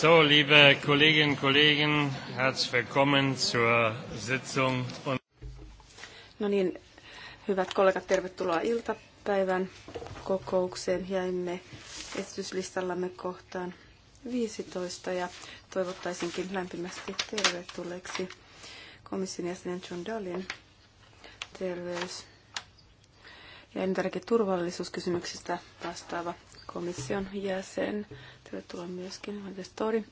So, liebe Kolleginnen und Kollegen, herzlich willkommen zur Sitzung. No niin, hyvät kollegat, tervetuloa iltapäivän kokoukseen. Jäimme esityslistallamme kohtaan 15 ja toivottaisinkin lämpimästi tervetulleeksi komission jäsenen John Dallin terveys- ja elintarviketurvallisuuskysymyksistä vastaava komission jäsen. Tervetuloa myöskin Story,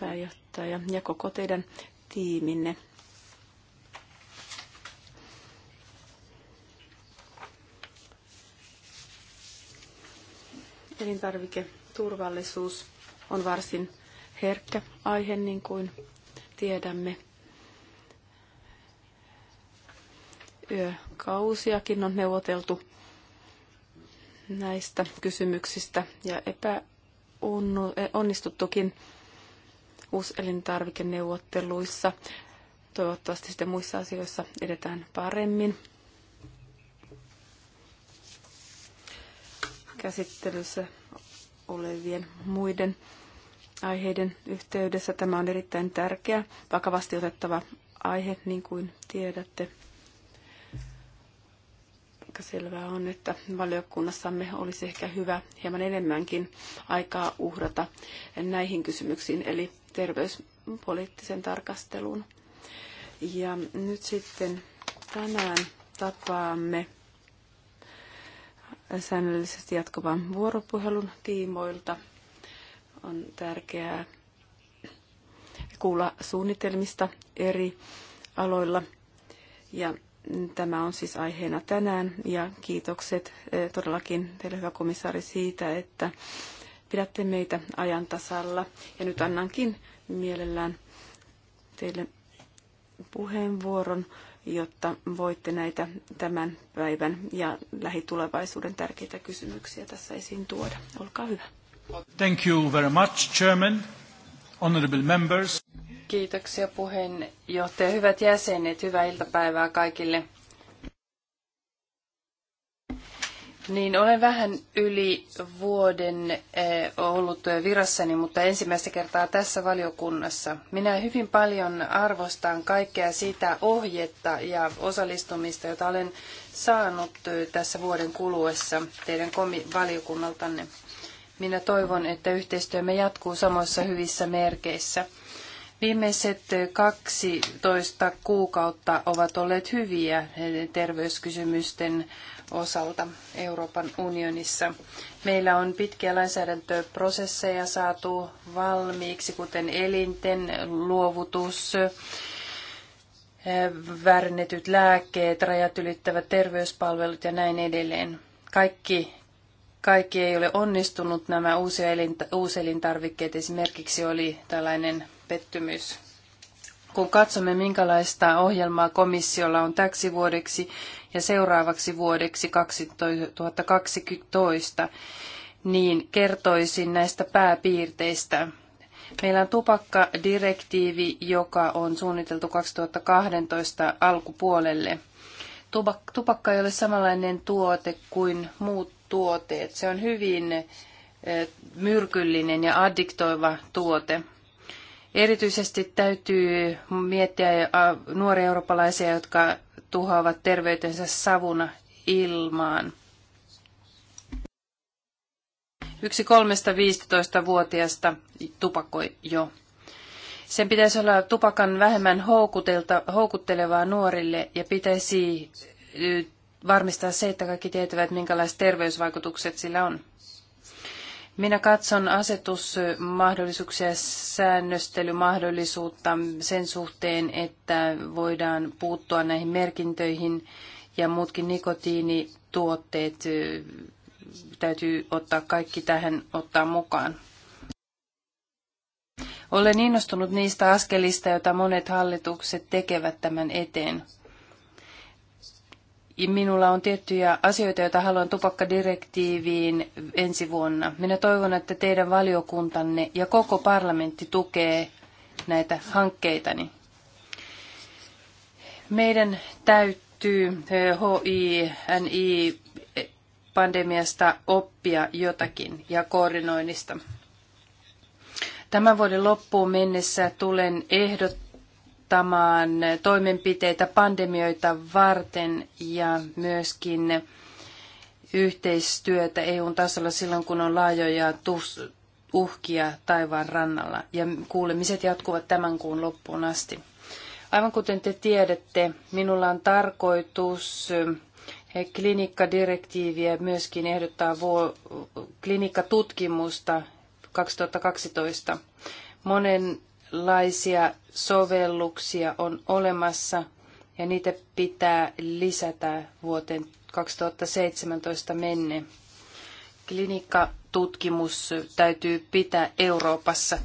pääjohtaja ja koko teidän tiiminne. Elintarviketurvallisuus on varsin herkkä aihe, niin kuin tiedämme. Yökausiakin on neuvoteltu näistä kysymyksistä ja epä Eh, onnistuttukin uuselintarvikeneuvotteluissa. Toivottavasti sitten muissa asioissa edetään paremmin. Käsittelyssä olevien muiden aiheiden yhteydessä tämä on erittäin tärkeä, vakavasti otettava aihe, niin kuin tiedätte aika selvää on, että valiokunnassamme olisi ehkä hyvä hieman enemmänkin aikaa uhrata näihin kysymyksiin, eli terveyspoliittisen tarkasteluun. Ja nyt sitten tänään tapaamme säännöllisesti jatkuvan vuoropuhelun tiimoilta. On tärkeää kuulla suunnitelmista eri aloilla ja Tämä on siis aiheena tänään ja kiitokset e, todellakin teille hyvä komissaari siitä, että pidätte meitä ajan tasalla. Ja nyt annankin mielellään teille puheenvuoron, jotta voitte näitä tämän päivän ja lähitulevaisuuden tärkeitä kysymyksiä tässä esiin tuoda. Olkaa hyvä. Thank you very much, Chairman, honorable members. Kiitoksia puheenjohtaja. Hyvät jäsenet, hyvää iltapäivää kaikille. Niin, olen vähän yli vuoden eh, ollut virassani, mutta ensimmäistä kertaa tässä valiokunnassa. Minä hyvin paljon arvostan kaikkea sitä ohjetta ja osallistumista, jota olen saanut eh, tässä vuoden kuluessa teidän valiokunnaltanne. Minä toivon, että yhteistyömme jatkuu samoissa hyvissä merkeissä. Viimeiset 12 kuukautta ovat olleet hyviä terveyskysymysten osalta Euroopan unionissa. Meillä on pitkiä lainsäädäntöprosesseja saatu valmiiksi, kuten elinten luovutus, värnetyt lääkkeet, rajat ylittävät terveyspalvelut ja näin edelleen. Kaikki, kaikki ei ole onnistunut. Nämä uuselintarvikkeet esimerkiksi oli tällainen pettymys. Kun katsomme, minkälaista ohjelmaa komissiolla on täksi vuodeksi ja seuraavaksi vuodeksi 2012, niin kertoisin näistä pääpiirteistä. Meillä on tupakkadirektiivi, joka on suunniteltu 2012 alkupuolelle. Tupakka ei ole samanlainen tuote kuin muut tuotteet. Se on hyvin myrkyllinen ja addiktoiva tuote. Erityisesti täytyy miettiä äh, nuoria eurooppalaisia, jotka tuhoavat terveytensä savuna ilmaan. Yksi kolmesta 15-vuotiaasta tupakoi jo. Sen pitäisi olla tupakan vähemmän houkuttelevaa nuorille ja pitäisi äh, varmistaa se, että kaikki tietävät, minkälaiset terveysvaikutukset sillä on. Minä katson asetusmahdollisuuksia ja säännöstelymahdollisuutta sen suhteen, että voidaan puuttua näihin merkintöihin ja muutkin nikotiinituotteet täytyy ottaa kaikki tähän ottaa mukaan. Olen innostunut niistä askelista, joita monet hallitukset tekevät tämän eteen minulla on tiettyjä asioita, joita haluan tupakkadirektiiviin ensi vuonna. Minä toivon, että teidän valiokuntanne ja koko parlamentti tukee näitä hankkeitani. Meidän täytyy HINI-pandemiasta eh, oppia jotakin ja koordinoinnista. Tämän vuoden loppuun mennessä tulen ehdottaa, ottamaan toimenpiteitä pandemioita varten ja myöskin yhteistyötä EUn tasolla silloin, kun on laajoja uhkia taivaan rannalla. Ja kuulemiset jatkuvat tämän kuun loppuun asti. Aivan kuten te tiedätte, minulla on tarkoitus eh, klinikkadirektiiviä myöskin ehdottaa vuo, klinikkatutkimusta 2012. Monen erilaisia sovelluksia on olemassa ja niitä pitää lisätä vuoteen 2017 menne. Klinikkatutkimus täytyy pitää Euroopassa.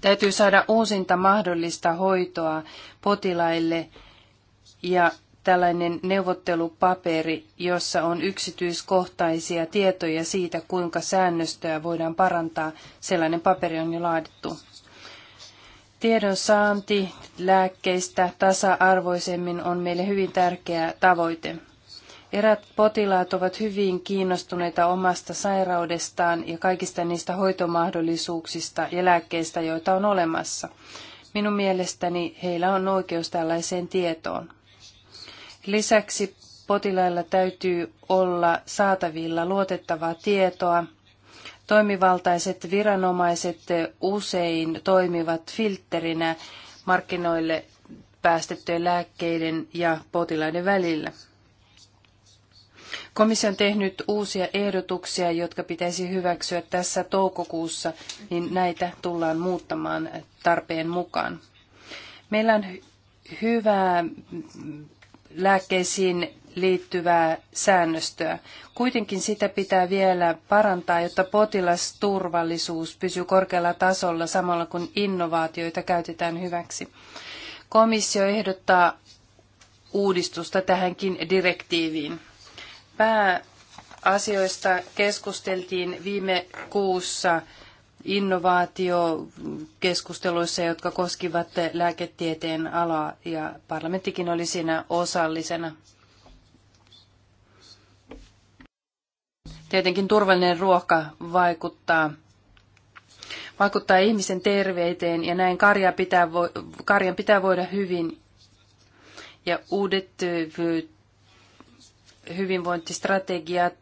Täytyy saada uusinta mahdollista hoitoa potilaille ja tällainen neuvottelupaperi, jossa on yksityiskohtaisia tietoja siitä, kuinka säännöstöä voidaan parantaa. Sellainen paperi on jo laadittu. Tiedon saanti lääkkeistä tasa-arvoisemmin on meille hyvin tärkeä tavoite. Erät potilaat ovat hyvin kiinnostuneita omasta sairaudestaan ja kaikista niistä hoitomahdollisuuksista ja lääkkeistä, joita on olemassa. Minun mielestäni heillä on oikeus tällaiseen tietoon. Lisäksi potilailla täytyy olla saatavilla luotettavaa tietoa. Toimivaltaiset viranomaiset usein toimivat filtterinä markkinoille päästettyjen lääkkeiden ja potilaiden välillä. Komissio on tehnyt uusia ehdotuksia, jotka pitäisi hyväksyä tässä toukokuussa, niin näitä tullaan muuttamaan tarpeen mukaan. Meillä on hyvää lääkkeisiin liittyvää säännöstöä. Kuitenkin sitä pitää vielä parantaa, jotta potilasturvallisuus pysyy korkealla tasolla samalla kun innovaatioita käytetään hyväksi. Komissio ehdottaa uudistusta tähänkin direktiiviin. Pääasioista keskusteltiin viime kuussa innovaatiokeskusteluissa, jotka koskivat lääketieteen alaa, ja parlamenttikin oli siinä osallisena. Tietenkin turvallinen ruoka vaikuttaa, vaikuttaa ihmisen terveyteen, ja näin karja pitää, karjan pitää voida hyvin. Ja uudet hyvinvointistrategiat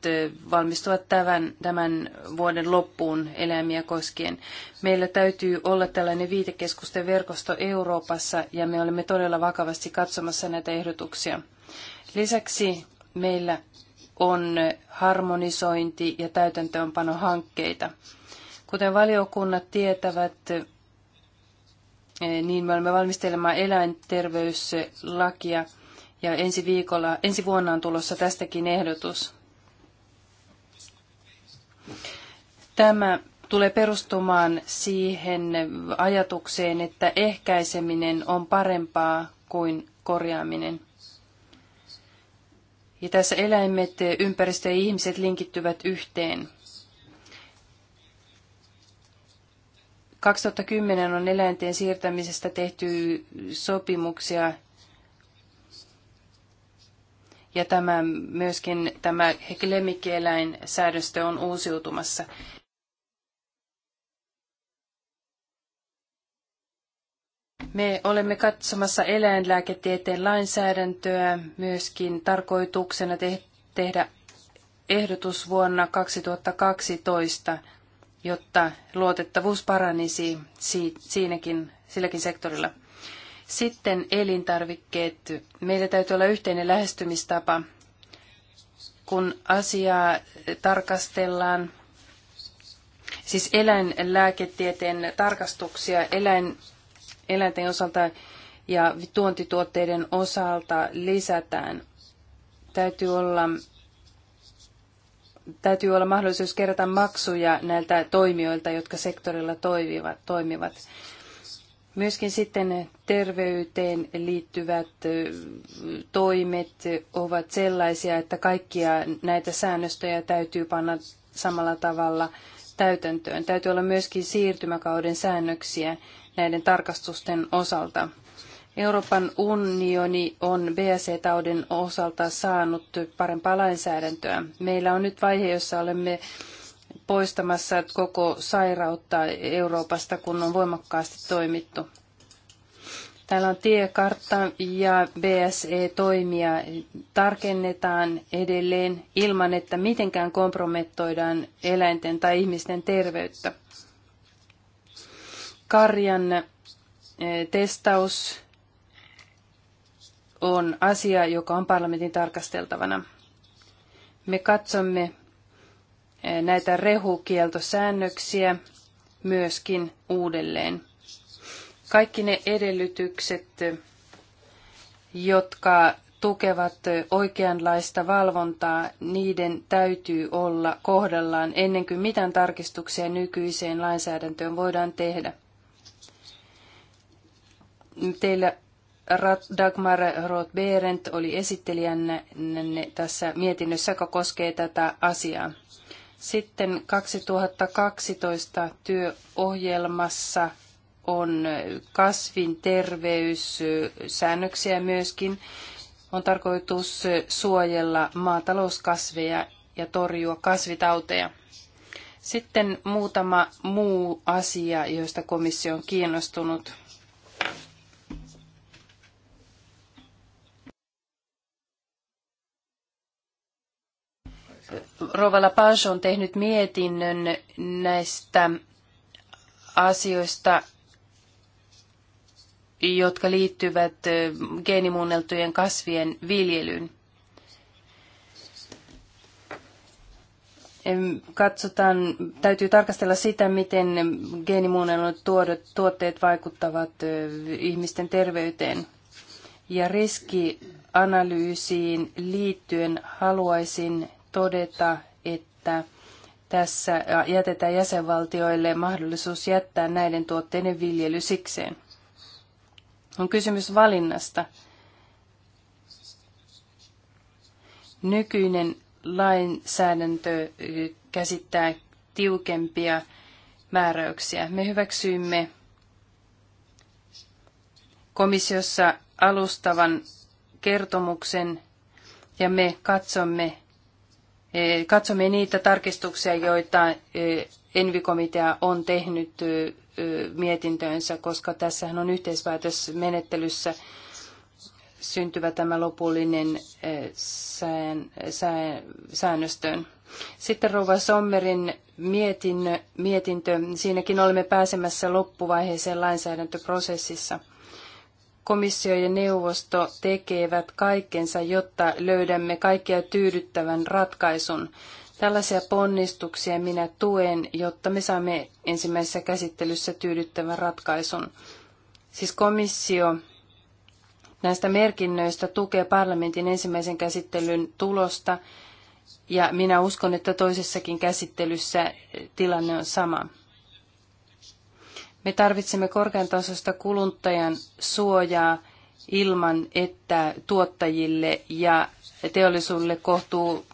valmistuvat tämän, tämän vuoden loppuun eläimiä koskien. Meillä täytyy olla tällainen viitekeskusten verkosto Euroopassa ja me olemme todella vakavasti katsomassa näitä ehdotuksia. Lisäksi meillä on harmonisointi- ja täytäntöönpanohankkeita. Kuten valiokunnat tietävät, niin me olemme valmistelemaan eläinterveyslakia – ja ensi, viikolla, ensi vuonna on tulossa tästäkin ehdotus. Tämä tulee perustumaan siihen ajatukseen, että ehkäiseminen on parempaa kuin korjaaminen. Ja tässä eläimet, ympäristö ja ihmiset linkittyvät yhteen. 2010 on eläinten siirtämisestä tehty sopimuksia ja tämä myöskin tämä lemmikkieläinsäädöstö on uusiutumassa. Me olemme katsomassa eläinlääketieteen lainsäädäntöä myöskin tarkoituksena te- tehdä ehdotus vuonna 2012, jotta luotettavuus paranisi si- siinäkin, silläkin sektorilla. Sitten elintarvikkeet. Meillä täytyy olla yhteinen lähestymistapa, kun asiaa tarkastellaan. Siis eläinlääketieteen tarkastuksia eläin, eläinten osalta ja tuontituotteiden osalta lisätään. Täytyy olla, täytyy olla mahdollisuus kerätä maksuja näiltä toimijoilta, jotka sektorilla toimivat. toimivat. Myöskin sitten terveyteen liittyvät toimet ovat sellaisia, että kaikkia näitä säännöstöjä täytyy panna samalla tavalla täytäntöön. Täytyy olla myöskin siirtymäkauden säännöksiä näiden tarkastusten osalta. Euroopan unioni on bse tauden osalta saanut parempaa lainsäädäntöä. Meillä on nyt vaihe, jossa olemme poistamassa koko sairautta Euroopasta, kun on voimakkaasti toimittu. Täällä on tiekartta ja BSE-toimia tarkennetaan edelleen ilman, että mitenkään kompromettoidaan eläinten tai ihmisten terveyttä. Karjan eh, testaus on asia, joka on parlamentin tarkasteltavana. Me katsomme näitä rehukieltosäännöksiä myöskin uudelleen. Kaikki ne edellytykset, jotka tukevat oikeanlaista valvontaa, niiden täytyy olla kohdallaan ennen kuin mitään tarkistuksia nykyiseen lainsäädäntöön voidaan tehdä. Teillä Dagmar Roth-Berendt oli esittelijänne tässä mietinnössä, joka koskee tätä asiaa. Sitten 2012 työohjelmassa on kasvinterveyssäännöksiä myöskin. On tarkoitus suojella maatalouskasveja ja torjua kasvitauteja. Sitten muutama muu asia, joista komissio on kiinnostunut. Rova Lapage on tehnyt mietinnön näistä asioista, jotka liittyvät geenimuunneltujen kasvien viljelyyn. Katsotaan, täytyy tarkastella sitä, miten geenimuunnellut tuotteet vaikuttavat ihmisten terveyteen. Ja riskianalyysiin liittyen haluaisin todeta, että tässä jätetään jäsenvaltioille mahdollisuus jättää näiden tuotteiden viljely sikseen. On kysymys valinnasta. Nykyinen lainsäädäntö käsittää tiukempia määräyksiä. Me hyväksyimme komissiossa alustavan kertomuksen ja me katsomme, Eh, katsomme niitä tarkistuksia, joita eh, Envikomitea on tehnyt eh, mietintöönsä, koska tässähän on yhteispäätösmenettelyssä syntyvä tämä lopullinen sään, sään, Sitten Rouva Sommerin mietintö, siinäkin olemme pääsemässä loppuvaiheeseen lainsäädäntöprosessissa komissio ja neuvosto tekevät kaikkensa, jotta löydämme kaikkia tyydyttävän ratkaisun. Tällaisia ponnistuksia minä tuen, jotta me saamme ensimmäisessä käsittelyssä tyydyttävän ratkaisun. Siis komissio näistä merkinnöistä tukee parlamentin ensimmäisen käsittelyn tulosta, ja minä uskon, että toisessakin käsittelyssä tilanne on sama. Me tarvitsemme korkean tasosta kuluttajan suojaa ilman, että tuottajille ja teollisuudelle kohtuu,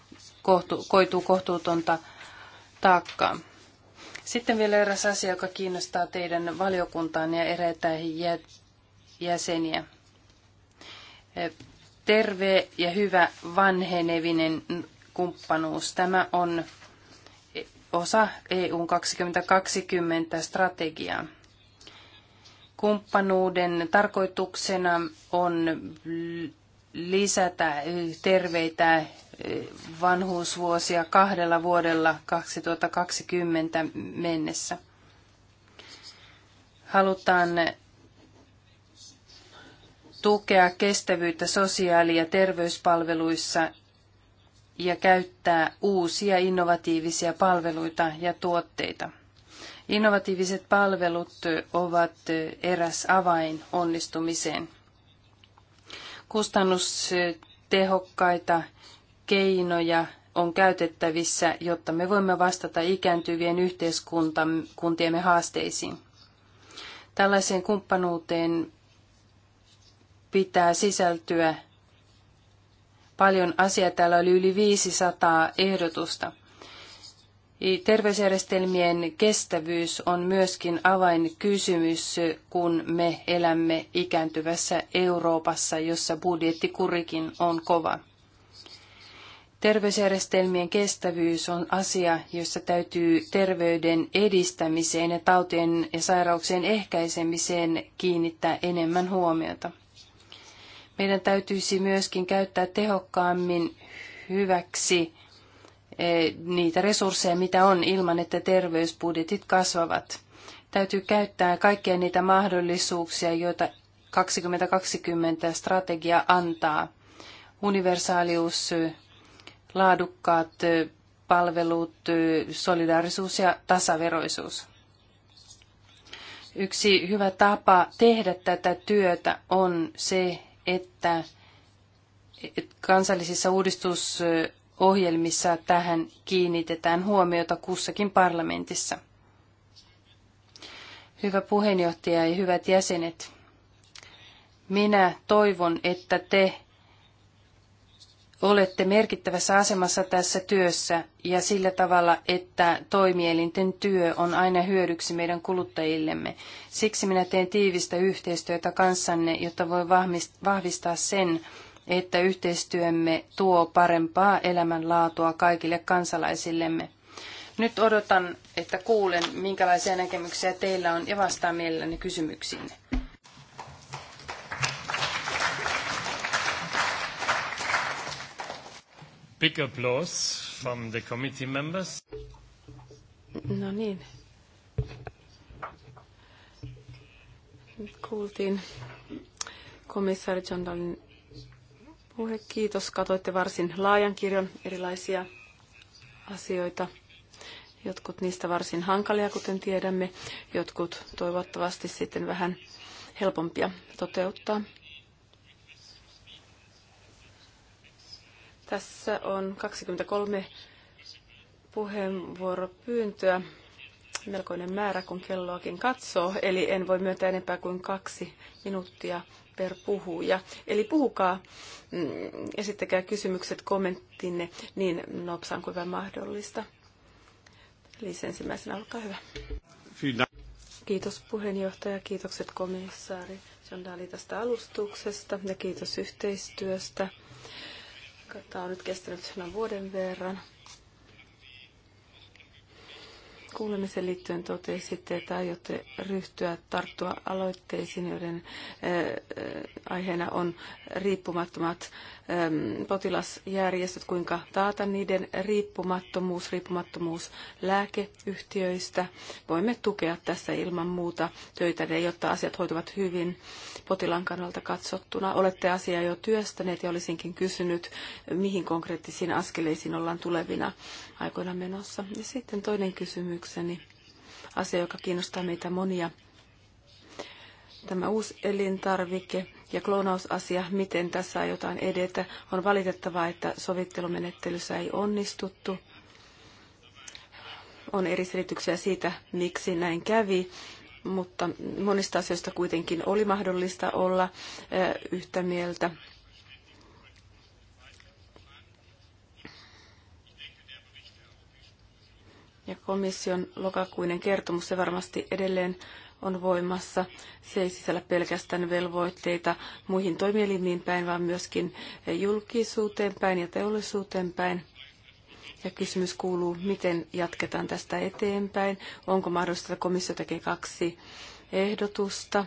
kohtu, koituu kohtuutonta taakkaa. Sitten vielä eräs asia, joka kiinnostaa teidän valiokuntaan ja eräitä jäseniä. Terve ja hyvä vanhenevinen kumppanuus. Tämä on osa EUn 2020 strategiaa. Kumppanuuden tarkoituksena on lisätä terveitä eh, vanhuusvuosia kahdella vuodella 2020 mennessä. Halutaan tukea kestävyyttä sosiaali- ja terveyspalveluissa ja käyttää uusia innovatiivisia palveluita ja tuotteita. Innovatiiviset palvelut ovat eräs avain onnistumiseen. Kustannustehokkaita keinoja on käytettävissä, jotta me voimme vastata ikääntyvien yhteiskuntiemme haasteisiin. Tällaiseen kumppanuuteen pitää sisältyä paljon asiaa. Täällä oli yli 500 ehdotusta. Terveysjärjestelmien kestävyys on myöskin avainkysymys, kun me elämme ikääntyvässä Euroopassa, jossa budjettikurikin on kova. Terveysjärjestelmien kestävyys on asia, jossa täytyy terveyden edistämiseen ja tautien ja sairauksien ehkäisemiseen kiinnittää enemmän huomiota. Meidän täytyisi myöskin käyttää tehokkaammin hyväksi Eh, niitä resursseja, mitä on, ilman että terveysbudjetit kasvavat. Täytyy käyttää kaikkia niitä mahdollisuuksia, joita 2020 strategia antaa. Universaalius, laadukkaat eh, palvelut, eh, solidaarisuus ja tasaveroisuus. Yksi hyvä tapa tehdä tätä työtä on se, että kansallisissa uudistus ohjelmissa tähän kiinnitetään huomiota kussakin parlamentissa. Hyvä puheenjohtaja ja hyvät jäsenet, minä toivon, että te olette merkittävässä asemassa tässä työssä ja sillä tavalla, että toimielinten työ on aina hyödyksi meidän kuluttajillemme. Siksi minä teen tiivistä yhteistyötä kanssanne, jotta voi vahvistaa sen, että yhteistyömme tuo parempaa elämänlaatua kaikille kansalaisillemme. Nyt odotan, että kuulen, minkälaisia näkemyksiä teillä on ja vastaan mielelläni kysymyksiin. Big applause from the committee members. No niin. Nyt kuultiin komissaari John Dallin puhe. Kiitos. Katoitte varsin laajan kirjon erilaisia asioita. Jotkut niistä varsin hankalia, kuten tiedämme. Jotkut toivottavasti sitten vähän helpompia toteuttaa. Tässä on 23 puheenvuoropyyntöä. Melkoinen määrä, kun kelloakin katsoo, eli en voi myöntää enempää kuin kaksi minuuttia per puhuja. Eli puhukaa, mm, esittäkää kysymykset, kommenttinne niin nopsaan kuin vain mahdollista. Eli ensimmäisenä, olkaa hyvä. Kiitos puheenjohtaja, kiitokset komissaari John Dali tästä alustuksesta ja kiitos yhteistyöstä. Tämä on nyt kestänyt noin vuoden verran kuulemisen liittyen totesitte, että aiotte ryhtyä tarttua aloitteisiin, joiden eh, eh, aiheena on riippumattomat potilasjärjestöt, kuinka taata niiden riippumattomuus, riippumattomuus lääkeyhtiöistä. Voimme tukea tässä ilman muuta töitä, jotta asiat hoituvat hyvin potilaan kannalta katsottuna. Olette asiaa jo työstäneet ja olisinkin kysynyt, mihin konkreettisiin askeleisiin ollaan tulevina aikoina menossa. Ja sitten toinen kysymys kysymykseni. Asia, joka kiinnostaa meitä monia. Tämä uusi elintarvike ja kloonausasia, miten tässä aiotaan edetä. On valitettavaa, että sovittelumenettelyssä ei onnistuttu. On eri selityksiä siitä, miksi näin kävi mutta monista asioista kuitenkin oli mahdollista olla yhtä mieltä. Ja komission lokakuinen kertomus, se varmasti edelleen on voimassa. Se ei sisällä pelkästään velvoitteita muihin toimielimiin päin, vaan myöskin julkisuuteen päin ja teollisuuteen päin. Ja kysymys kuuluu, miten jatketaan tästä eteenpäin? Onko mahdollista, että komissio tekee kaksi ehdotusta?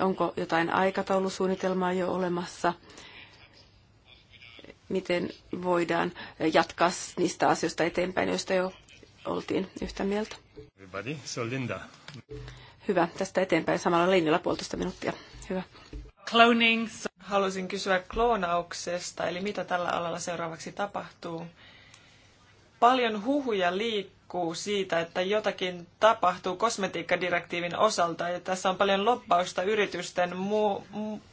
Onko jotain aikataulusuunnitelmaa jo olemassa? Miten voidaan jatkaa niistä asioista eteenpäin, joista jo oltiin yhtä mieltä. Everybody, so Linda. Hyvä, tästä eteenpäin samalla linjalla puolitoista minuuttia. Hyvä. Cloning. Haluaisin kysyä kloonauksesta, eli mitä tällä alalla seuraavaksi tapahtuu. Paljon huhuja liittyy jatkuu siitä, että jotakin tapahtuu kosmetiikkadirektiivin osalta ja tässä on paljon loppausta yritysten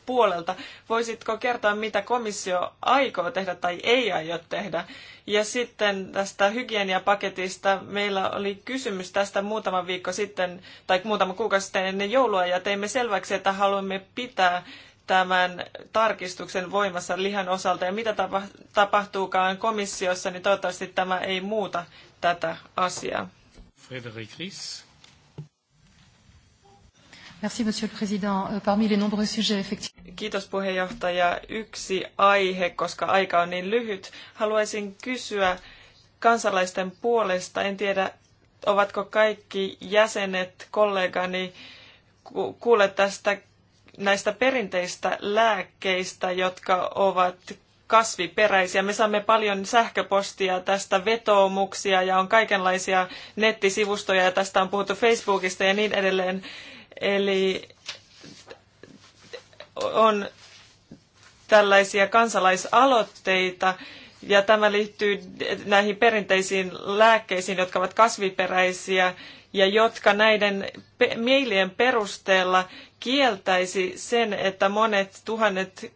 puolelta. Voisitko kertoa, mitä komissio aikoo tehdä tai ei aio tehdä? Ja sitten tästä hygieniapaketista meillä oli kysymys tästä muutama viikko sitten tai muutama kuukausi sitten ennen joulua ja teimme selväksi, että haluamme pitää tämän tarkistuksen voimassa lihan osalta ja mitä tapahtuukaan komissiossa, niin toivottavasti tämä ei muuta tätä asiaa. Frédéric Ries. Merci, Monsieur le Président. Euh, parmi les nombreux sujets, effectivement. Kiitos puheenjohtaja. Yksi aihe, koska aika on niin lyhyt. Haluaisin kysyä kansalaisten puolesta. En tiedä, ovatko kaikki jäsenet, kollegani kuulleet tästä näistä perinteistä lääkkeistä, jotka ovat kasviperäisiä. Me saamme paljon sähköpostia tästä vetoomuksia ja on kaikenlaisia nettisivustoja ja tästä on puhuttu Facebookista ja niin edelleen. Eli on tällaisia kansalaisaloitteita ja tämä liittyy näihin perinteisiin lääkkeisiin, jotka ovat kasviperäisiä ja jotka näiden pe- mielien perusteella kieltäisi sen, että monet tuhannet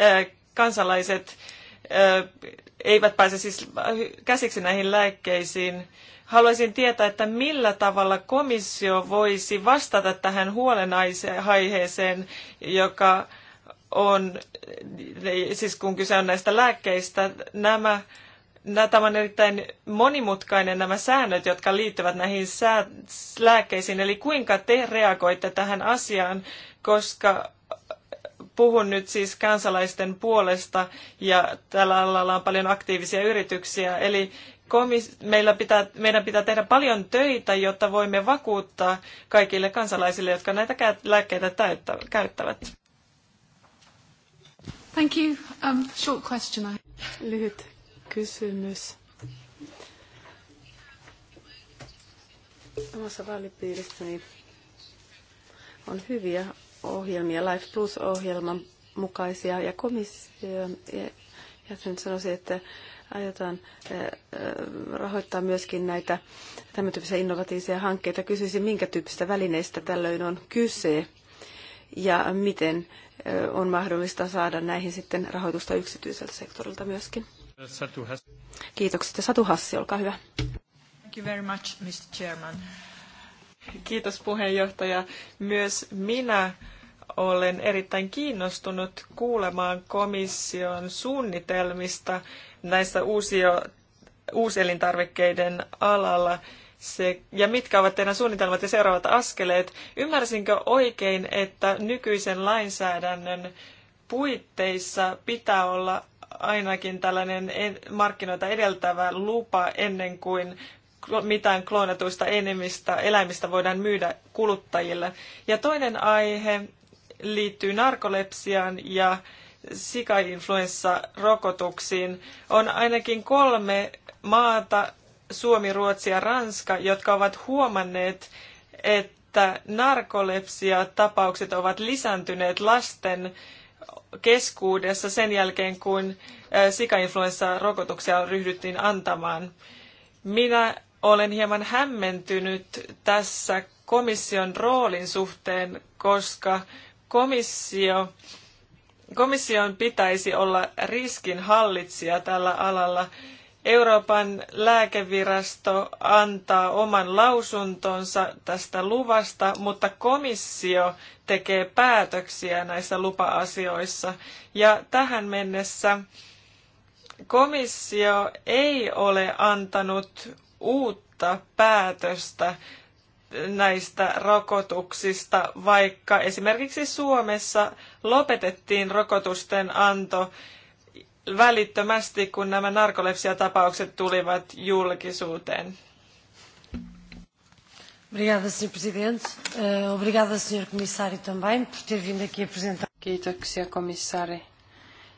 äh, kansalaiset eivät pääse siis käsiksi näihin lääkkeisiin. Haluaisin tietää, että millä tavalla komissio voisi vastata tähän huolenaiheeseen, joka on, siis kun kyse on näistä lääkkeistä, nämä, nämä tämä on erittäin monimutkainen nämä säännöt, jotka liittyvät näihin sää, lääkkeisiin. Eli kuinka te reagoitte tähän asiaan, koska puhun nyt siis kansalaisten puolesta ja tällä alalla on paljon aktiivisia yrityksiä. Eli komis- meillä pitää, meidän pitää tehdä paljon töitä, jotta voimme vakuuttaa kaikille kansalaisille, jotka näitä lääkkeitä täyttä, käyttävät. Thank you. Um, short question. Lyhyt kysymys. Omassa vaalipiirissäni on hyviä ohjelmia, Life Plus-ohjelman mukaisia, ja komission jäsen sanoisi, että aiotaan eh, eh, rahoittaa myöskin näitä tämän tyyppisiä innovatiivisia hankkeita. Kysyisin, minkä tyyppistä välineistä tällöin on kyse ja miten eh, on mahdollista saada näihin sitten rahoitusta yksityiseltä sektorilta myöskin. Satu Hassi. Kiitokset. Satu Hassi, olkaa hyvä. Thank you very much, Mr. Chairman. Kiitos puheenjohtaja. Myös minä olen erittäin kiinnostunut kuulemaan komission suunnitelmista näissä uusio, uuselintarvikkeiden alalla. Se, ja mitkä ovat teidän suunnitelmat ja seuraavat askeleet? Ymmärsinkö oikein, että nykyisen lainsäädännön puitteissa pitää olla ainakin tällainen markkinoita edeltävä lupa ennen kuin mitään kloonatuista enemmistä eläimistä voidaan myydä kuluttajille. Ja toinen aihe liittyy narkolepsiaan ja sikainfluenssarokotuksiin. On ainakin kolme maata, Suomi, Ruotsi ja Ranska, jotka ovat huomanneet, että narkolepsia-tapaukset ovat lisääntyneet lasten keskuudessa sen jälkeen, kun sikainfluenssarokotuksia ryhdyttiin antamaan. Minä olen hieman hämmentynyt tässä komission roolin suhteen, koska komissio, komission pitäisi olla riskinhallitsija tällä alalla. Euroopan lääkevirasto antaa oman lausuntonsa tästä luvasta, mutta komissio tekee päätöksiä näissä lupa-asioissa. Ja tähän mennessä komissio ei ole antanut uutta päätöstä näistä rokotuksista, vaikka esimerkiksi Suomessa lopetettiin rokotusten anto välittömästi, kun nämä narkolepsiatapaukset tulivat julkisuuteen. Obrigada, Presidente. Eh, obrigada, Comissário, também por ter vindo aqui apresentar. Kiitoksia, komissaari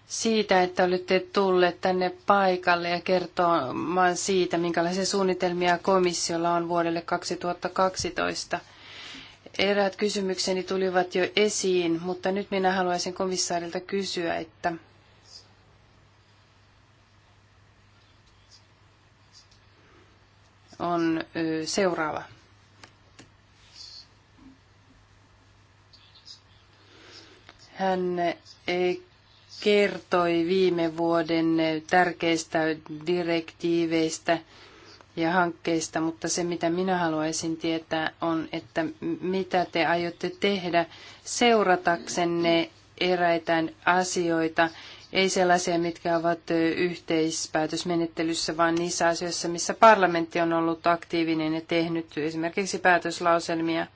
siitä, että olette tulleet tänne paikalle ja kertomaan siitä, minkälaisia suunnitelmia komissiolla on vuodelle 2012. Eräät kysymykseni tulivat jo esiin, mutta nyt minä haluaisin komissaarilta kysyä, että on seuraava. Hän ei kertoi viime vuoden tärkeistä direktiiveistä ja hankkeista, mutta se mitä minä haluaisin tietää on, että mitä te aiotte tehdä seurataksenne eräitä asioita, ei sellaisia, mitkä ovat yhteispäätösmenettelyssä, vaan niissä asioissa, missä parlamentti on ollut aktiivinen ja tehnyt esimerkiksi päätöslauselmia.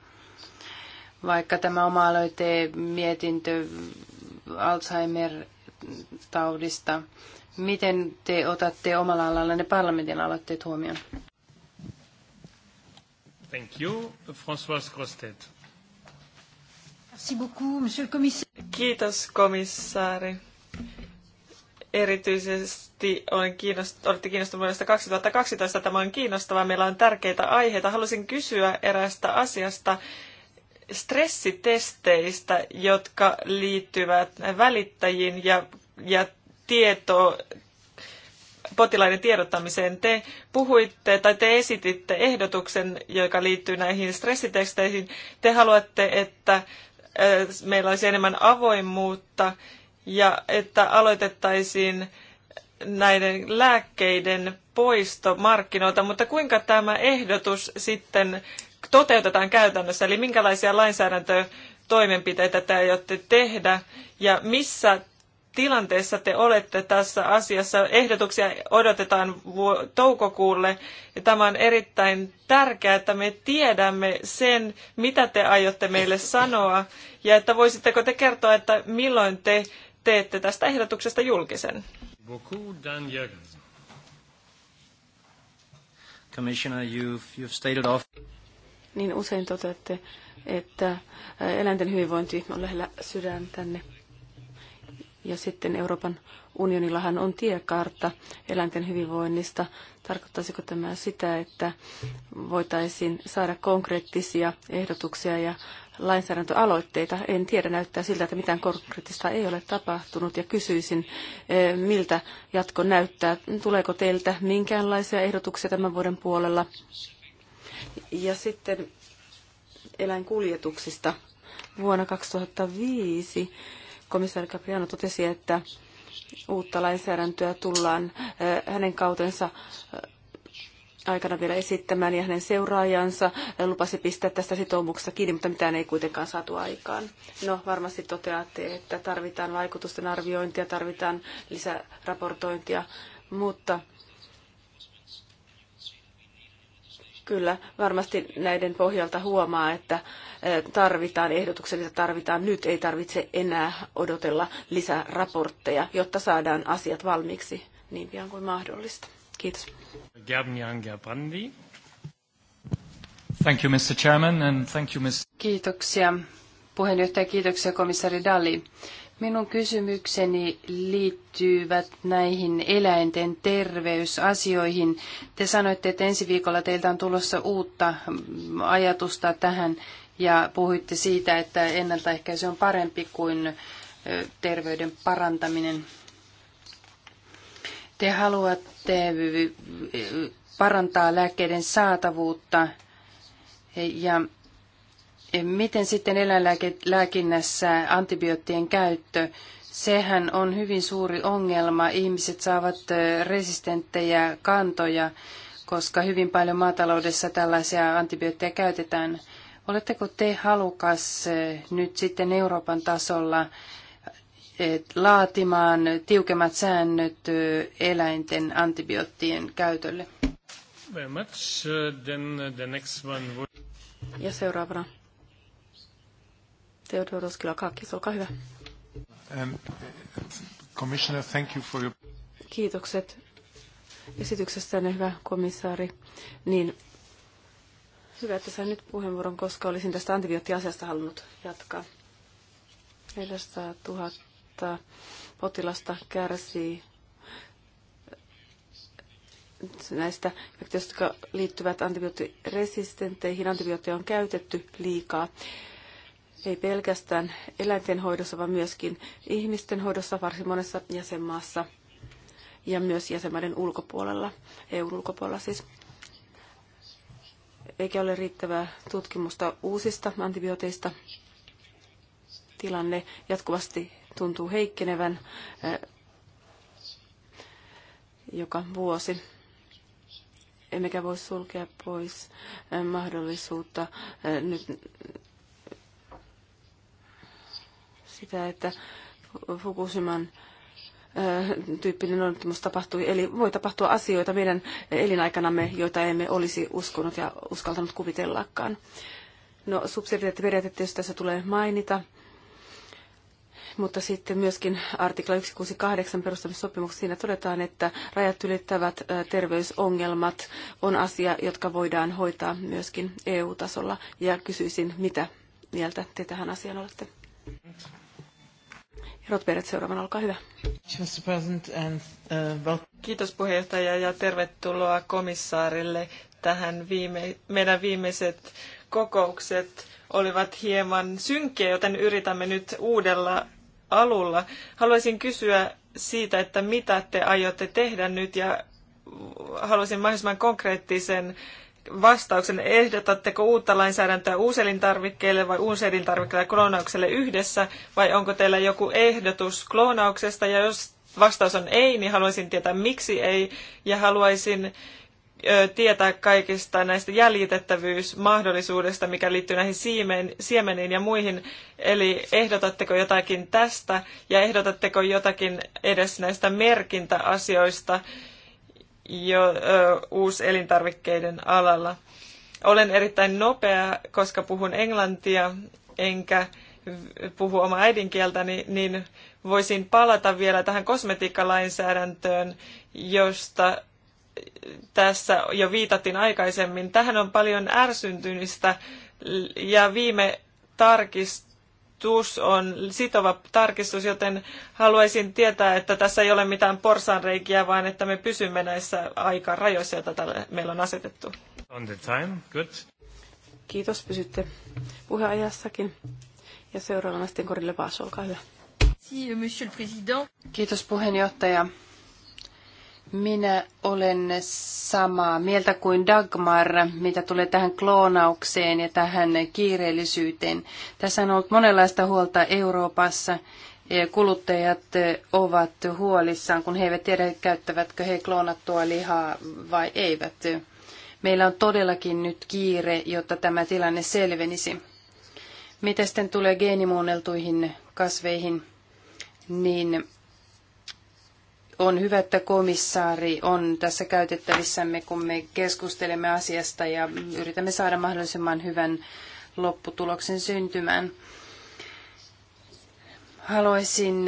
Vaikka tämä oma aloite mietintö Alzheimer-taudista. Miten te otatte omalla ne parlamentin aloitteet huomioon? Thank you. François Grostet. Merci beaucoup, monsieur le commissaire. Kiitos komissaari. Erityisesti olen kiinnost, olette kiinnostuneet vuodesta 2012. Tämä on kiinnostavaa. Meillä on tärkeitä aiheita. Haluaisin kysyä eräästä asiasta, stressitesteistä, jotka liittyvät välittäjiin ja, ja tieto, potilaiden tiedottamiseen. Te puhuitte tai te esititte ehdotuksen, joka liittyy näihin stressitesteihin. Te haluatte, että meillä olisi enemmän avoimuutta ja että aloitettaisiin näiden lääkkeiden poisto markkinoilta, mutta kuinka tämä ehdotus sitten toteutetaan käytännössä, eli minkälaisia lainsäädäntötoimenpiteitä te aiotte tehdä ja missä tilanteessa te olette tässä asiassa. Ehdotuksia odotetaan toukokuulle ja tämä on erittäin tärkeää, että me tiedämme sen, mitä te aiotte meille sanoa ja että voisitteko te kertoa, että milloin te teette tästä ehdotuksesta julkisen. Commissioner, you've, you've stated off niin usein toteatte, että eläinten hyvinvointi on lähellä sydäntänne. Ja sitten Euroopan unionillahan on tiekartta eläinten hyvinvoinnista. Tarkoittaisiko tämä sitä, että voitaisiin saada konkreettisia ehdotuksia ja lainsäädäntöaloitteita? En tiedä, näyttää siltä, että mitään konkreettista ei ole tapahtunut ja kysyisin, miltä jatko näyttää. Tuleeko teiltä minkäänlaisia ehdotuksia tämän vuoden puolella? Ja sitten eläinkuljetuksista vuonna 2005 komissaari Capriano totesi, että uutta lainsäädäntöä tullaan eh, hänen kautensa eh, aikana vielä esittämään ja hänen seuraajansa eh, lupasi pistää tästä sitoumuksesta kiinni, mutta mitään ei kuitenkaan saatu aikaan. No varmasti toteatte, että tarvitaan vaikutusten arviointia, tarvitaan lisäraportointia, mutta Kyllä, varmasti näiden pohjalta huomaa, että eh, tarvitaan ehdotuksia, tarvitaan nyt, ei tarvitse enää odotella lisäraportteja, jotta saadaan asiat valmiiksi niin pian kuin mahdollista. Kiitos. Thank you, Mr. Chairman, and thank you, Mr. Kiitoksia puheenjohtaja, kiitoksia komissaari Dalli. Minun kysymykseni liittyvät näihin eläinten terveysasioihin. Te sanoitte, että ensi viikolla teiltä on tulossa uutta ajatusta tähän ja puhuitte siitä, että ennaltaehkäisy on parempi kuin terveyden parantaminen. Te haluatte parantaa lääkkeiden saatavuutta ja Miten sitten eläinlääkinnässä antibioottien käyttö? Sehän on hyvin suuri ongelma. Ihmiset saavat resistenttejä kantoja, koska hyvin paljon maataloudessa tällaisia antibiootteja käytetään. Oletteko te halukas nyt sitten Euroopan tasolla laatimaan tiukemmat säännöt eläinten antibioottien käytölle? Very much. Uh, then uh, the next one. Ja seuraavana Theodoros Kylakakis, olkaa hyvä. Um, commissioner, thank you for your... Kiitokset esityksestänne, hyvä komissaari. Niin, hyvä, että sain nyt puheenvuoron, koska olisin tästä antibioottiasiasta halunnut jatkaa. 400 000 potilasta kärsii näistä jotka liittyvät antibioottiresistenteihin. Antibiootteja on käytetty liikaa ei pelkästään eläinten hoidossa, vaan myöskin ihmisten hoidossa varsin monessa jäsenmaassa ja myös jäsenmaiden ulkopuolella, EUn ulkopuolella siis. Eikä ole riittävää tutkimusta uusista antibiooteista. Tilanne jatkuvasti tuntuu heikkenevän eh, joka vuosi emmekä voi sulkea pois eh, mahdollisuutta eh, nyt sitä, että Fukushiman tyyppinen onnettomuus tapahtui. Eli voi tapahtua asioita meidän elinaikanamme, joita emme olisi uskonut ja uskaltanut kuvitellakaan. No, subsidiariteettiperiaate tietysti tässä tulee mainita, mutta sitten myöskin artikla 168 perustamissopimuksessa siinä todetaan, että rajat ylittävät terveysongelmat on asia, jotka voidaan hoitaa myöskin EU-tasolla. Ja kysyisin, mitä mieltä te tähän asiaan olette? Rotberet seuraavana, olkaa hyvä. Uh, Kiitos puheenjohtaja ja tervetuloa komissaarille tähän viime, meidän viimeiset kokoukset olivat hieman synkkiä, joten yritämme nyt uudella alulla. Haluaisin kysyä siitä, että mitä te aiotte tehdä nyt ja haluaisin mahdollisimman konkreettisen vastauksen. Ehdotatteko uutta lainsäädäntöä uuselintarvikkeille vai uuselintarvikkeille ja kloonaukselle yhdessä, vai onko teillä joku ehdotus kloonauksesta, ja jos vastaus on ei, niin haluaisin tietää miksi ei, ja haluaisin tietää kaikista näistä jäljitettävyysmahdollisuudesta, mikä liittyy näihin siemeniin ja muihin. Eli ehdotatteko jotakin tästä ja ehdotatteko jotakin edes näistä merkintäasioista, jo ö, elintarvikkeiden alalla. Olen erittäin nopea, koska puhun englantia enkä puhu omaa äidinkieltäni, niin voisin palata vielä tähän kosmetiikkalainsäädäntöön, josta tässä jo viitattiin aikaisemmin. Tähän on paljon ärsyntymistä ja viime tarkist tarkistus on sitova tarkistus, joten haluaisin tietää, että tässä ei ole mitään porsanreikiä, vaan että me pysymme näissä aikarajoissa, joita tälle meillä on asetettu. On the time. Good. Kiitos, pysytte puheajassakin. Ja seuraavana sitten Korille Vaas, olkaa hyvä. Euh, Kiitos puheenjohtaja. Minä olen samaa mieltä kuin Dagmar, mitä tulee tähän kloonaukseen ja tähän kiireellisyyteen. Tässä on ollut monenlaista huolta Euroopassa. Kuluttajat ovat huolissaan, kun he eivät tiedä, käyttävätkö he kloonattua lihaa vai eivät. Meillä on todellakin nyt kiire, jotta tämä tilanne selvenisi. Mitä sitten tulee geenimuunneltuihin kasveihin, niin on hyvä, että komissaari on tässä käytettävissämme, kun me keskustelemme asiasta ja yritämme saada mahdollisimman hyvän lopputuloksen syntymään. Haluaisin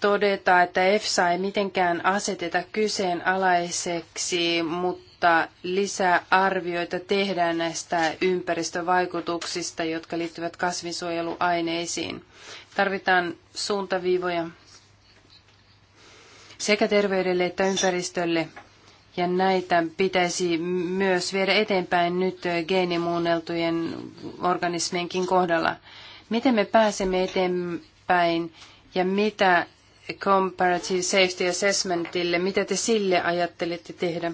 todeta, että EFSA ei mitenkään aseteta kyseenalaiseksi, mutta lisäarvioita tehdään näistä ympäristövaikutuksista, jotka liittyvät kasvinsuojeluaineisiin. Tarvitaan suuntaviivoja sekä terveydelle että ympäristölle. Ja näitä pitäisi myös viedä eteenpäin nyt geenimuunneltujen organismienkin kohdalla. Miten me pääsemme eteenpäin ja mitä Comparative Safety Assessmentille, mitä te sille ajattelitte tehdä?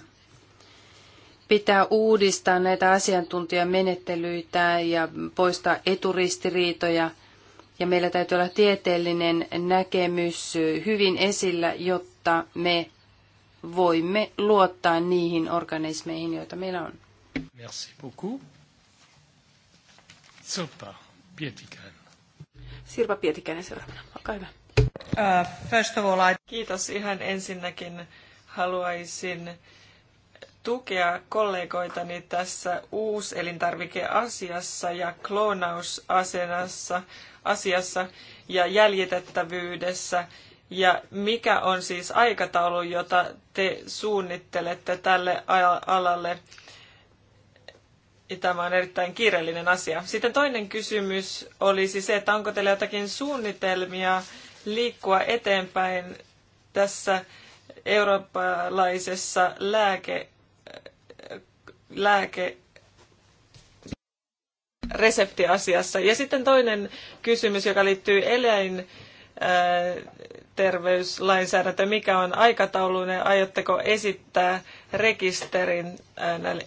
Pitää uudistaa näitä asiantuntijamenettelyitä ja poistaa eturistiriitoja. Ja meillä täytyy olla tieteellinen näkemys hyvin esillä, jotta jotta me voimme luottaa niihin organismeihin, joita meillä on. Merci beaucoup. Sirpa Pietikäinen. Sirpa Pietikäinen seuraavana. Olkaa hyvä. Uh, first of all, I... Kiitos ihan ensinnäkin. Haluaisin tukea kollegoitani tässä uuselintarvikeasiassa ja kloonausasiassa asiassa ja jäljitettävyydessä ja mikä on siis aikataulu, jota te suunnittelette tälle alalle? tämä on erittäin kiireellinen asia. Sitten toinen kysymys olisi se, että onko teillä jotakin suunnitelmia liikkua eteenpäin tässä eurooppalaisessa lääke, lääke reseptiasiassa. Ja sitten toinen kysymys, joka liittyy eläin äh, terveyslainsäädäntö, mikä on aikatauluinen, aiotteko esittää rekisterin näille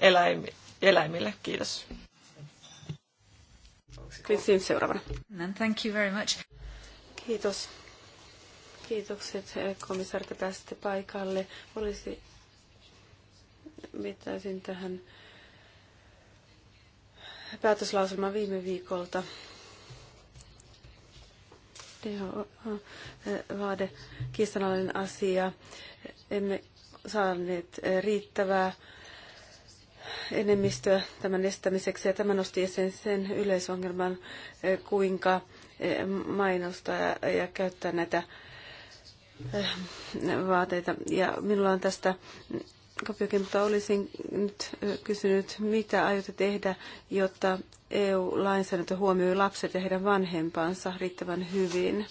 eläimille? Kiitos. Kristin seuraavana. Thank you very much. Kiitos. Kiitokset komissaari, että pääsitte paikalle. Olisi viittaisin tähän päätöslauselmaan viime viikolta TH-vaade, äh, äh, kiistanalainen asia. Emme saaneet äh, riittävää enemmistöä tämän estämiseksi ja tämä nosti esiin sen yleisongelman, kuinka mainostaa ja käyttää näitä vaateita. Ja minulla on tästä Kopiokin, mutta olisin nyt kysynyt, mitä aiotte tehdä, jotta EU-lainsäädäntö huomioi lapset ja heidän vanhempansa riittävän hyvin?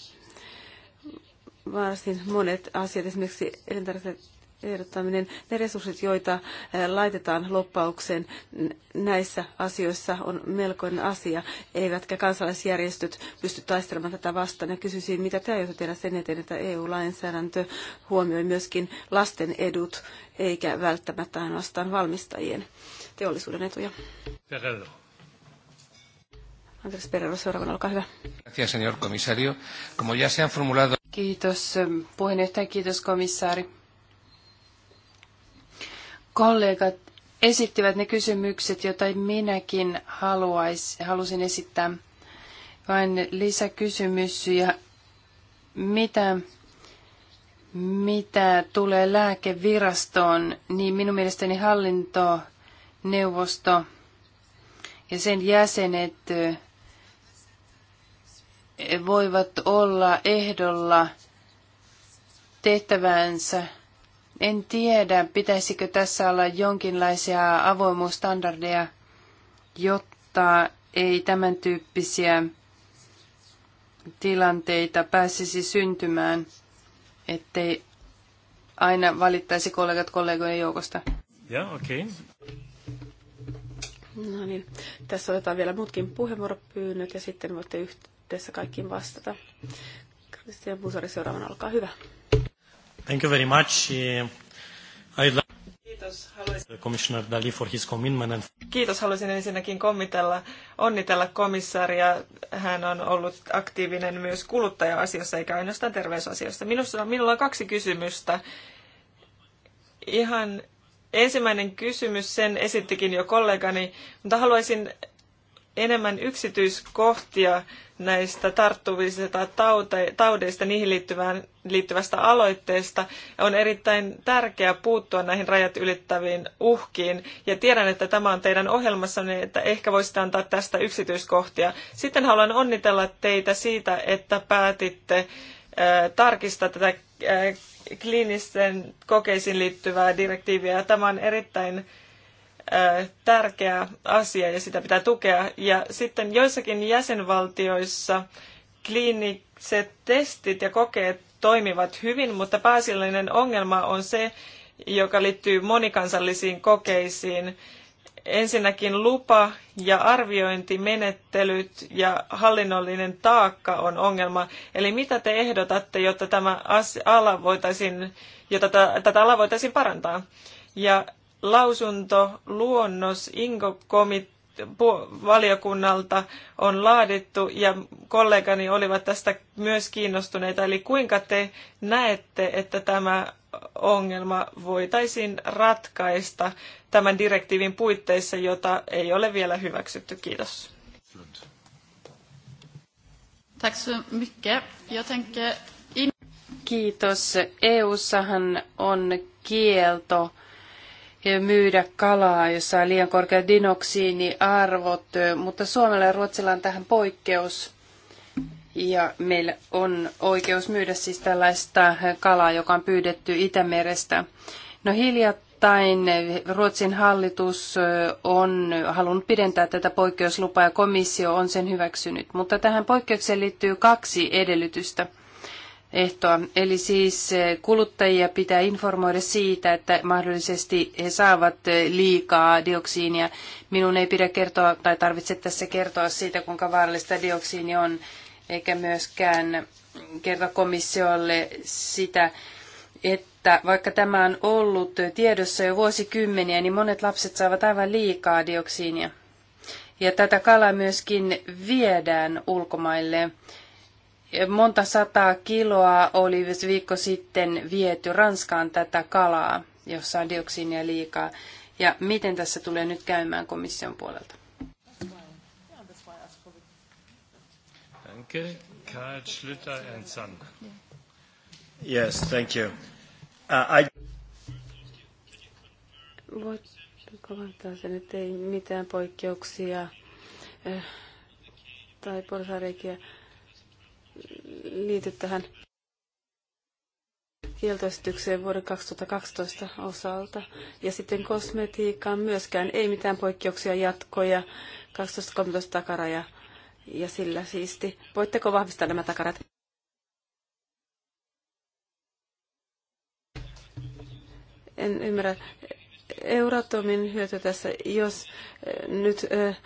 Varsin monet asiat, esimerkiksi elintarvikkeet ehdottaminen, ne resurssit, joita eh, laitetaan loppaukseen näissä asioissa on melkoinen asia, eivätkä kansalaisjärjestöt pysty taistelemaan tätä vastaan. Ja kysyisin, mitä te aiotte tehdä sen eteen, että EU-lainsäädäntö huomioi myöskin lasten edut, eikä välttämättä ainoastaan valmistajien teollisuuden etuja. Perello. Andrés Perello, seuraavana, olkaa hyvä. Gracias, señor comisario. Como ya se han formulado... Kiitos eh, puheenjohtaja, kiitos komissaari kollegat esittivät ne kysymykset, joita minäkin haluais, halusin esittää. Vain lisäkysymys ja mitä, mitä tulee lääkevirastoon, niin minun mielestäni hallinto neuvosto ja sen jäsenet eh, voivat olla ehdolla tehtävänsä en tiedä, pitäisikö tässä olla jonkinlaisia avoimuustandardeja, jotta ei tämän tyyppisiä tilanteita pääsisi syntymään, ettei aina valittaisi kollegat kollegojen joukosta. Joo, yeah, okei. Okay. No niin, tässä otetaan vielä muutkin puheenvuoropyynnöt ja sitten voitte yhdessä kaikkiin vastata. Kristian Busari seuraavana, olkaa hyvä. Thank you very much. I'd Kiitos. Haluaisin... Commissioner Dali for his commitment and... Kiitos. Haluaisin ensinnäkin kommitella, onnitella komissaaria. Hän on ollut aktiivinen myös kuluttaja asiassa eikä ainoastaan terveysasioissa. Minusta, minulla on kaksi kysymystä. Ihan ensimmäinen kysymys, sen esittikin jo kollegani, mutta haluaisin enemmän yksityiskohtia näistä tarttuvista taudeista niihin liittyvään, liittyvästä aloitteesta. On erittäin tärkeää puuttua näihin rajat ylittäviin uhkiin. Ja tiedän, että tämä on teidän ohjelmassanne, että ehkä voisitte antaa tästä yksityiskohtia. Sitten haluan onnitella teitä siitä, että päätitte tarkistaa tätä kliinisten kokeisiin liittyvää direktiiviä. Tämä on erittäin tärkeä asia ja sitä pitää tukea. Ja sitten joissakin jäsenvaltioissa kliiniset testit ja kokeet toimivat hyvin, mutta pääasiallinen ongelma on se, joka liittyy monikansallisiin kokeisiin. Ensinnäkin lupa- ja arviointimenettelyt ja hallinnollinen taakka on ongelma. Eli mitä te ehdotatte, jotta tämä ala voitaisiin, jotta tätä alaa voitaisiin parantaa? Ja lausunto, luonnos Inko valiokunnalta on laadittu ja kollegani olivat tästä myös kiinnostuneita. Eli kuinka te näette, että tämä ongelma voitaisiin ratkaista tämän direktiivin puitteissa, jota ei ole vielä hyväksytty? Kiitos. Kiitos. eu mycket. Kiitos. EUssahan on kielto myydä kalaa, jossa on liian korkeat dinoksiiniarvot, mutta Suomella ja Ruotsilla on tähän poikkeus. Ja meillä on oikeus myydä siis tällaista kalaa, joka on pyydetty Itämerestä. No hiljattain Ruotsin hallitus on halunnut pidentää tätä poikkeuslupaa ja komissio on sen hyväksynyt. Mutta tähän poikkeukseen liittyy kaksi edellytystä – ehtoa. Eli siis eh, kuluttajia pitää informoida siitä, että mahdollisesti he saavat eh, liikaa dioksiinia. Minun ei pidä kertoa tai tarvitse tässä kertoa siitä, kuinka vaarallista dioksiini on, eikä myöskään kertoa komissiolle sitä, että vaikka tämä on ollut tiedossa jo vuosikymmeniä, niin monet lapset saavat aivan liikaa dioksiinia. Ja tätä kalaa myöskin viedään ulkomaille monta sataa kiloa oli viikko sitten viety Ranskaan tätä kalaa, jossa on dioksiinia liikaa. Ja miten tässä tulee nyt käymään komission puolelta? Danke. Karl Schlüter and Son. Yes, thank you. Uh, I... Voitko Kovantaa sen, että ei mitään poikkeuksia eh, tai porsareikiä? liity tähän kieltoesitykseen vuoden 2012 osalta. Ja sitten kosmetiikkaan myöskään ei mitään poikkeuksia jatkoja 12.13 takaraja ja sillä siisti. Voitteko vahvistaa nämä takarat? En ymmärrä. Euratomin hyöty tässä, jos eh, nyt äh,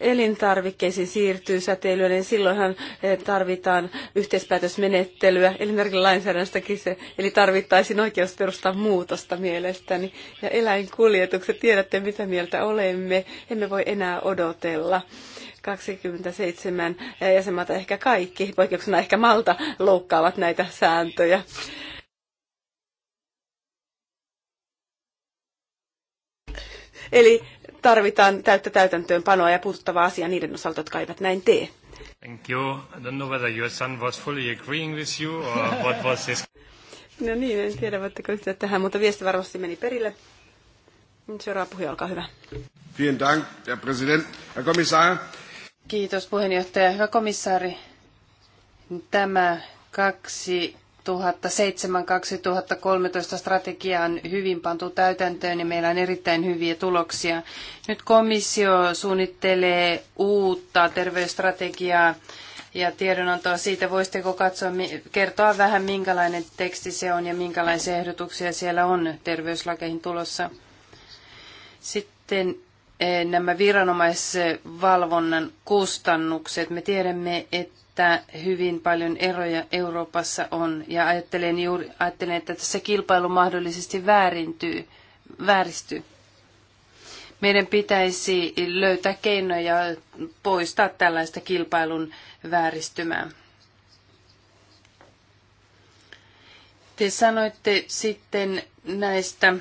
elintarvikkeisiin siirtyy säteilyä, niin silloinhan eh, tarvitaan yhteispäätösmenettelyä. lainsäädännöstäkin se, eli tarvittaisiin oikeusperustan muutosta mielestäni. Ja eläinkuljetukset, tiedätte mitä mieltä olemme, emme voi enää odotella. 27 eh, jäsenmaata, ehkä kaikki, poikkeuksena ehkä Malta, loukkaavat näitä sääntöjä. Eli tarvitaan täyttä täytäntöönpanoa ja puututtavaa asiaa niiden osalta, jotka eivät näin tee. Thank you. I don't know whether your son was fully agreeing with you or what was his... No niin, en tiedä, voitteko yhtyä tähän, mutta viesti varmasti meni perille. Seuraava puhuja, olkaa hyvä. Vielen dank, herr Präsident, herr Kommissar. Kiitos puheenjohtaja. Hyvä komissaari. Tämä kaksi 2007-2013 strategia on hyvin pantu täytäntöön ja meillä on erittäin hyviä tuloksia. Nyt komissio suunnittelee uutta terveysstrategiaa ja tiedonantoa siitä. Voisitteko katsoa, kertoa vähän minkälainen teksti se on ja minkälaisia ehdotuksia siellä on terveyslakeihin tulossa? Sitten eh, nämä viranomaisvalvonnan kustannukset. Me tiedämme, että että hyvin paljon eroja Euroopassa on. Ja ajattelen, juuri, ajattelen että tässä kilpailu mahdollisesti väärintyy, vääristyy. Meidän pitäisi löytää keinoja poistaa tällaista kilpailun vääristymää. Te sanoitte sitten näistä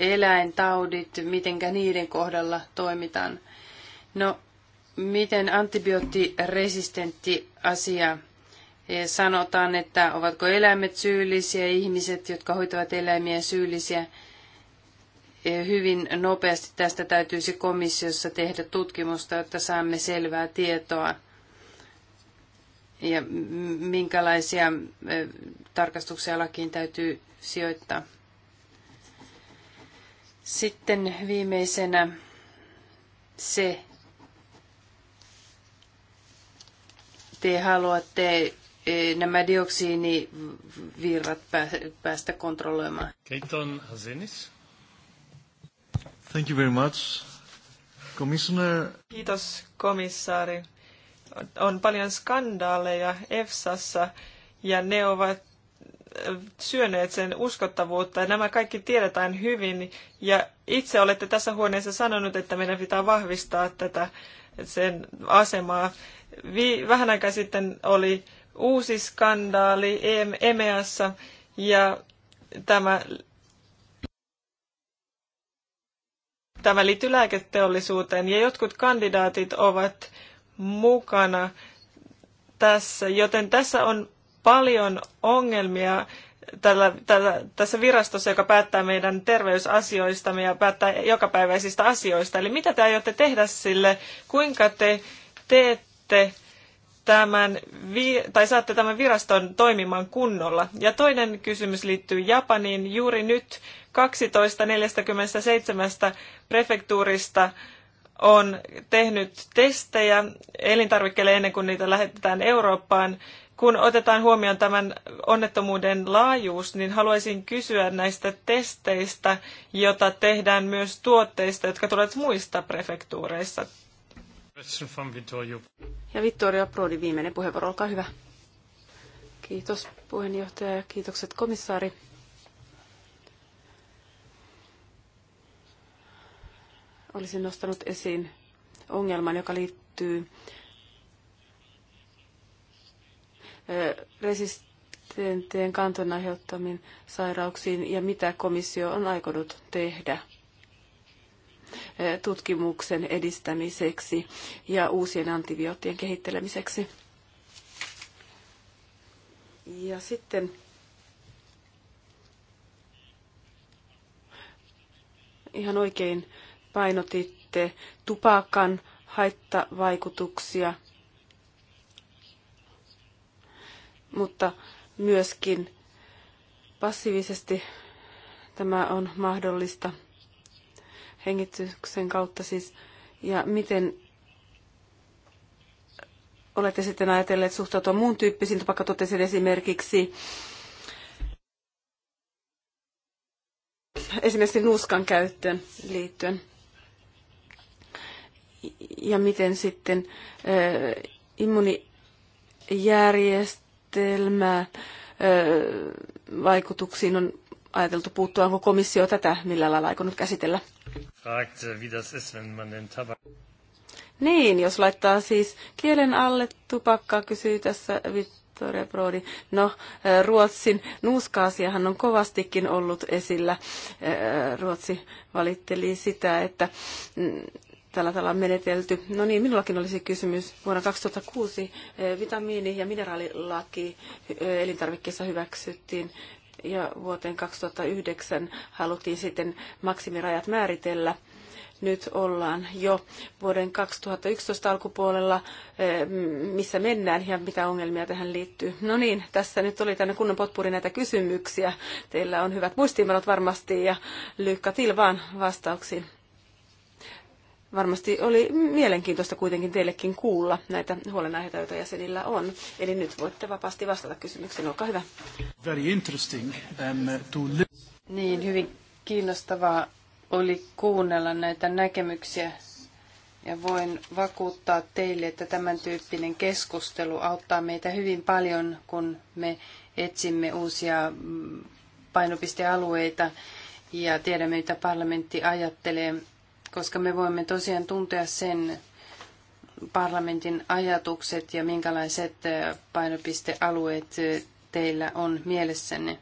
eläintaudit, miten niiden kohdalla toimitaan. No, miten antibioottiresistentti asia sanotaan, että ovatko eläimet syyllisiä, ihmiset, jotka hoitavat eläimiä syyllisiä. Hyvin nopeasti tästä täytyisi komissiossa tehdä tutkimusta, jotta saamme selvää tietoa ja minkälaisia tarkastuksia lakiin täytyy sijoittaa. Sitten viimeisenä se, te haluatte eh, nämä dioksiinivirrat päästä kontrolloimaan. Keiton Hazenis. Thank you very much. Commissioner... Kiitos komissaari. On paljon skandaaleja EFSassa ja ne ovat syöneet sen uskottavuutta. Ja nämä kaikki tiedetään hyvin. Ja itse olette tässä huoneessa sanonut, että meidän pitää vahvistaa tätä sen asemaa. Vi- vähän aikaa sitten oli uusi skandaali EMEassa e ja tämä, tämä liittyy lääketeollisuuteen ja jotkut kandidaatit ovat mukana tässä, joten tässä on paljon ongelmia tällä, tällä, tässä virastossa, joka päättää meidän terveysasioistamme ja päättää jokapäiväisistä asioista. Eli mitä te aiotte tehdä sille, kuinka te teette tämän, tai saatte tämän viraston toimimaan kunnolla. Ja toinen kysymys liittyy Japaniin. Juuri nyt 12.47 prefektuurista on tehnyt testejä elintarvikkeille ennen kuin niitä lähetetään Eurooppaan kun otetaan huomioon tämän onnettomuuden laajuus, niin haluaisin kysyä näistä testeistä, joita tehdään myös tuotteista, jotka tulevat muista prefektuureista. Ja Vittorio Prodi, viimeinen puheenvuoro, olkaa hyvä. Kiitos puheenjohtaja ja kiitokset komissaari. Olisin nostanut esiin ongelman, joka liittyy resistenttien kanton aiheuttamiin sairauksiin ja mitä komissio on aikonut tehdä tutkimuksen edistämiseksi ja uusien antibioottien kehittelemiseksi. Ja sitten ihan oikein painotitte tupakan haittavaikutuksia – mutta myöskin passiivisesti tämä on mahdollista hengityksen kautta siis. Ja miten olette sitten ajatelleet suhtautua muun tyyppisiin tupakkatuotteisiin esimerkiksi esimerkiksi nuuskan käyttöön liittyen? Ja miten sitten eh, immunijärjestelmä järjestelmää vaikutuksiin on ajateltu puuttua. Onko komissio tätä millään lailla aikonut käsitellä? Äh, niin, jos laittaa siis kielen alle tupakkaa, kysyy tässä Victoria Brodi. No, Ruotsin nuuska-asiahan on kovastikin ollut esillä. Ruotsi valitteli sitä, että mm, tällä tavalla menetelty. No niin, minullakin olisi kysymys. Vuonna 2006 eh, vitamiini- ja mineraalilaki eh, elintarvikkeissa hyväksyttiin ja vuoteen 2009 haluttiin sitten maksimirajat määritellä. Nyt ollaan jo vuoden 2011 alkupuolella, eh, missä mennään ja mitä ongelmia tähän liittyy. No niin, tässä nyt oli tänne kunnon potpuri näitä kysymyksiä. Teillä on hyvät muistiinpanot varmasti ja lyykkä til vaan vastauksiin. Varmasti oli mielenkiintoista kuitenkin teillekin kuulla näitä huolenaiheita, joita jäsenillä on. Eli nyt voitte vapaasti vastata kysymykseen. Olkaa hyvä. Very interesting, um, to... Niin, hyvin kiinnostavaa oli kuunnella näitä näkemyksiä. Ja voin vakuuttaa teille, että tämän tyyppinen keskustelu auttaa meitä hyvin paljon, kun me etsimme uusia mm, painopistealueita ja tiedämme, mitä parlamentti ajattelee koska me voimme tosiaan tuntea sen parlamentin ajatukset ja minkälaiset painopistealueet teillä on mielessänne.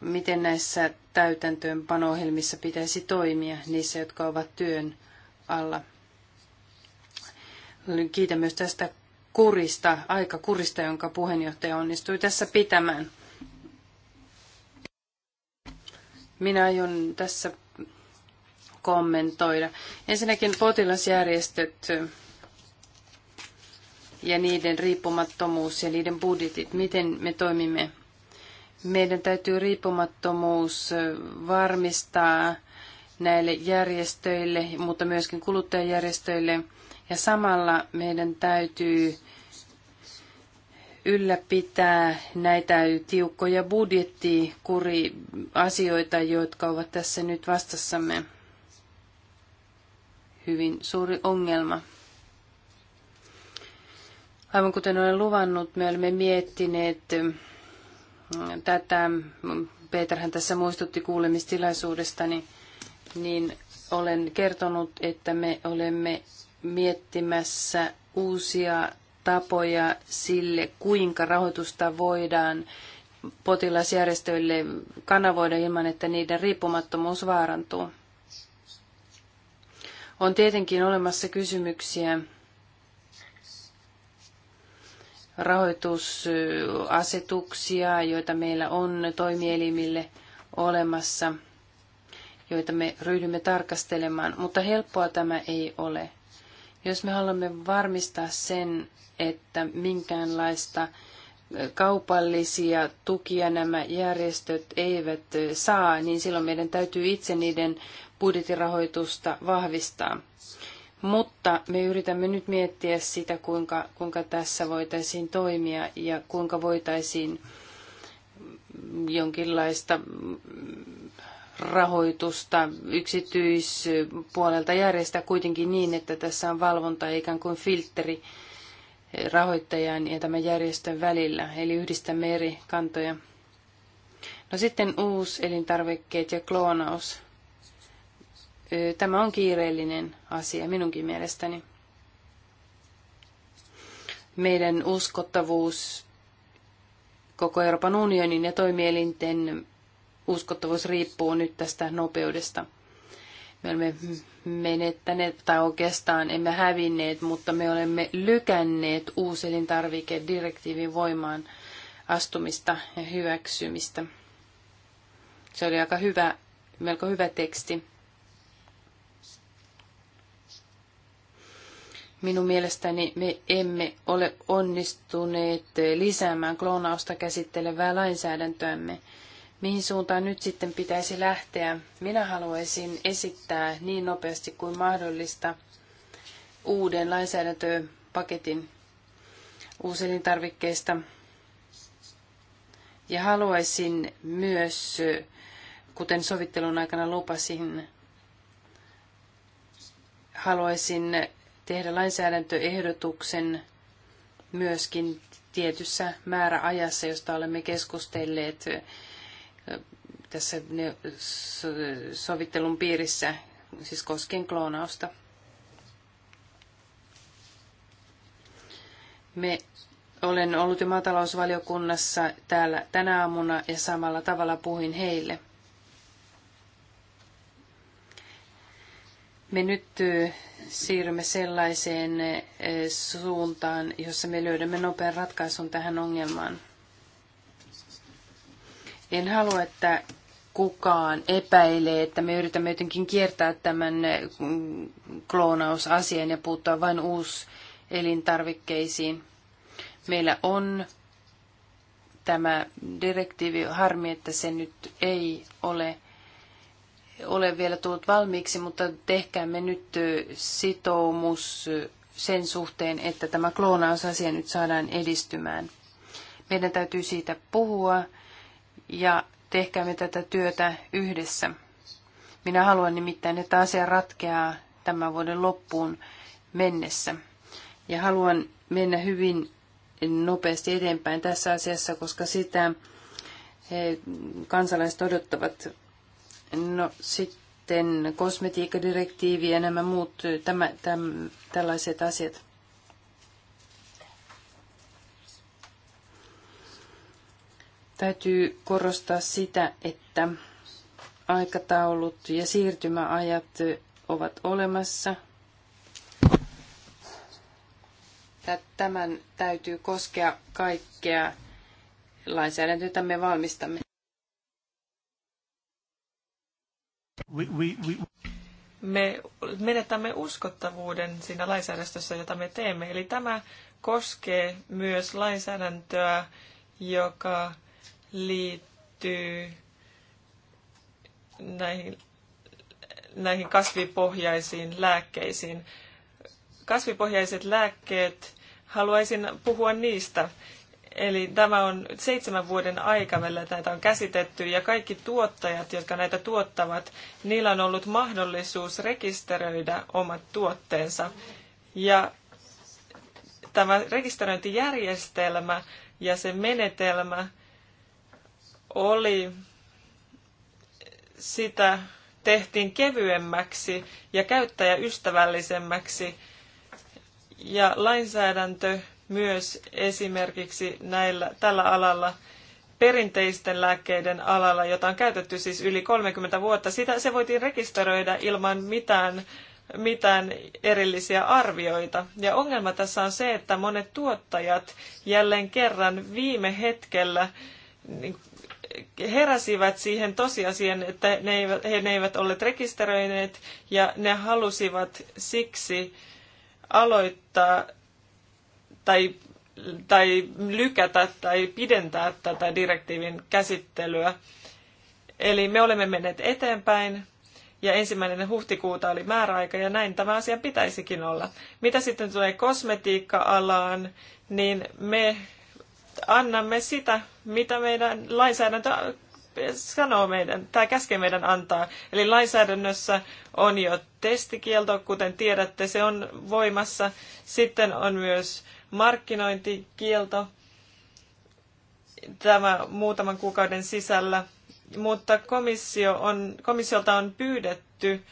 Miten näissä täytäntöönpano pitäisi toimia, niissä, jotka ovat työn alla. Kiitän myös tästä kurista, aika kurista, jonka puheenjohtaja onnistui tässä pitämään. Minä aion tässä kommentoida. Ensinnäkin potilasjärjestöt ja niiden riippumattomuus ja niiden budjetit, miten me toimimme. Meidän täytyy riippumattomuus varmistaa näille järjestöille, mutta myöskin kuluttajajärjestöille. Ja samalla meidän täytyy ylläpitää näitä tiukkoja budjettikuriasioita, jotka ovat tässä nyt vastassamme. Hyvin suuri ongelma. Aivan kuten olen luvannut, me olemme miettineet mm, tätä, mm, Peterhän tässä muistutti kuulemistilaisuudestani, niin olen kertonut, että me olemme miettimässä uusia tapoja sille, kuinka rahoitusta voidaan potilasjärjestöille kanavoida ilman, että niiden riippumattomuus vaarantuu. On tietenkin olemassa kysymyksiä rahoitusasetuksia, joita meillä on toimielimille olemassa, joita me ryhdymme tarkastelemaan, mutta helppoa tämä ei ole. Jos me haluamme varmistaa sen, että minkäänlaista kaupallisia tukia nämä järjestöt eivät saa, niin silloin meidän täytyy itse niiden budjetirahoitusta vahvistaa. Mutta me yritämme nyt miettiä sitä, kuinka, kuinka tässä voitaisiin toimia ja kuinka voitaisiin jonkinlaista rahoitusta yksityispuolelta järjestää kuitenkin niin, että tässä on valvonta ikään kuin filtteri rahoittajan ja tämän järjestön välillä, eli yhdistämme eri kantoja. No sitten uusi elintarvikkeet ja kloonaus. Tämä on kiireellinen asia minunkin mielestäni. Meidän uskottavuus koko Euroopan unionin ja toimielinten uskottavuus riippuu nyt tästä nopeudesta. Me olemme menettäneet, tai oikeastaan emme hävinneet, mutta me olemme lykänneet uuselintarvikedirektiivin voimaan astumista ja hyväksymistä. Se oli aika hyvä, melko hyvä teksti. Minun mielestäni me emme ole onnistuneet lisäämään kloonausta käsittelevää lainsäädäntöämme mihin suuntaan nyt sitten pitäisi lähteä. Minä haluaisin esittää niin nopeasti kuin mahdollista uuden lainsäädäntöpaketin uuselintarvikkeista. Ja haluaisin myös, kuten sovittelun aikana lupasin, haluaisin tehdä lainsäädäntöehdotuksen myöskin tietyssä määräajassa, josta olemme keskustelleet tässä sovittelun piirissä, siis koskien kloonausta. Me olen ollut jo maatalousvaliokunnassa täällä tänä aamuna ja samalla tavalla puhuin heille. Me nyt siirrymme sellaiseen suuntaan, jossa me löydämme nopean ratkaisun tähän ongelmaan. En halua, että kukaan epäilee, että me yritämme jotenkin kiertää tämän mm, kloonausasian ja puuttua vain uusi elintarvikkeisiin. Meillä on tämä direktiivi, harmi, että se nyt ei ole, ole vielä tullut valmiiksi, mutta tehkäämme nyt sitoumus sen suhteen, että tämä kloonausasia nyt saadaan edistymään. Meidän täytyy siitä puhua ja tehkäämme tätä työtä yhdessä. Minä haluan nimittäin, että asia ratkeaa tämän vuoden loppuun mennessä. Ja haluan mennä hyvin nopeasti eteenpäin tässä asiassa, koska sitä he, kansalaiset odottavat. No sitten kosmetiikkadirektiivi ja nämä muut tämä, täm, tällaiset asiat. Täytyy korostaa sitä, että aikataulut ja siirtymäajat ovat olemassa. Tämän täytyy koskea kaikkea lainsäädäntöä, me valmistamme. Me menetämme uskottavuuden siinä lainsäädännössä, jota me teemme. Eli tämä koskee myös lainsäädäntöä, joka liittyy näihin, näihin kasvipohjaisiin lääkkeisiin. Kasvipohjaiset lääkkeet, haluaisin puhua niistä. Eli tämä on seitsemän vuoden aikavälillä näitä on käsitetty ja kaikki tuottajat, jotka näitä tuottavat, niillä on ollut mahdollisuus rekisteröidä omat tuotteensa. Ja tämä rekisteröintijärjestelmä ja se menetelmä oli, sitä tehtiin kevyemmäksi ja käyttäjäystävällisemmäksi. Ja lainsäädäntö myös esimerkiksi näillä, tällä alalla, perinteisten lääkkeiden alalla, jota on käytetty siis yli 30 vuotta, sitä, se voitiin rekisteröidä ilman mitään, mitään erillisiä arvioita. Ja ongelma tässä on se, että monet tuottajat jälleen kerran viime hetkellä niin heräsivät siihen tosiasian, että ne eivät, he ne eivät olleet rekisteröineet ja ne halusivat siksi aloittaa tai, tai lykätä tai pidentää tätä direktiivin käsittelyä. Eli me olemme menneet eteenpäin ja ensimmäinen huhtikuuta oli määräaika ja näin tämä asia pitäisikin olla. Mitä sitten tulee kosmetiikka-alaan, niin me annamme sitä, mitä meidän lainsäädäntö sanoo meidän, tai käskee meidän antaa. Eli lainsäädännössä on jo testikielto, kuten tiedätte, se on voimassa. Sitten on myös markkinointikielto tämä muutaman kuukauden sisällä. Mutta komissio on, komissiolta on pyydetty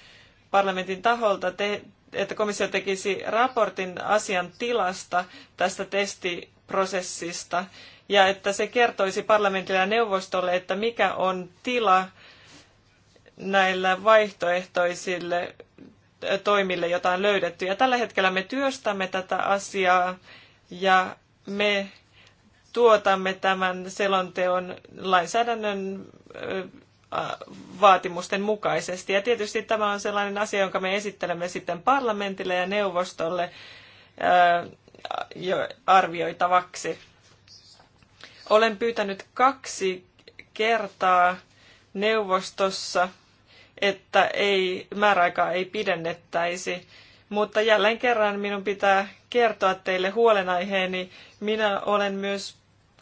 parlamentin taholta, te, että komissio tekisi raportin asian tilasta tästä testi prosessista ja että se kertoisi parlamentille ja neuvostolle, että mikä on tila näillä vaihtoehtoisille toimille, joita on löydetty. Ja tällä hetkellä me työstämme tätä asiaa ja me tuotamme tämän selonteon lainsäädännön vaatimusten mukaisesti. Ja tietysti tämä on sellainen asia, jonka me esittelemme sitten parlamentille ja neuvostolle arvioitavaksi. Olen pyytänyt kaksi kertaa neuvostossa, että ei, määräaikaa ei pidennettäisi. Mutta jälleen kerran minun pitää kertoa teille huolenaiheeni. Minä olen myös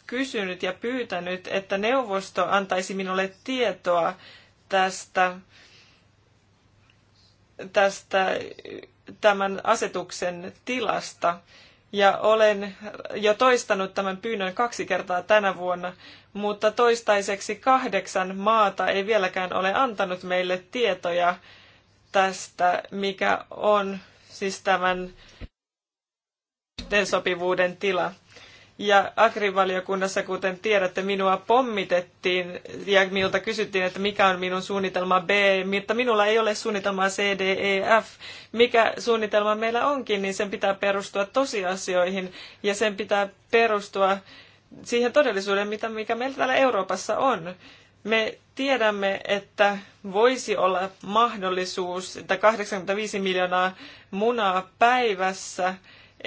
kysynyt ja pyytänyt, että neuvosto antaisi minulle tietoa tästä, tästä tämän asetuksen tilasta ja olen jo toistanut tämän pyynnön kaksi kertaa tänä vuonna, mutta toistaiseksi kahdeksan maata ei vieläkään ole antanut meille tietoja tästä, mikä on siis tämän yhteensopivuuden tila. Ja agrivaliokunnassa, kuten tiedätte, minua pommitettiin ja minulta kysyttiin, että mikä on minun suunnitelma B, mutta minulla ei ole suunnitelmaa C, D, E, F. Mikä suunnitelma meillä onkin, niin sen pitää perustua tosiasioihin ja sen pitää perustua siihen todellisuuden, mitä, mikä meillä täällä Euroopassa on. Me tiedämme, että voisi olla mahdollisuus, että 85 miljoonaa munaa päivässä –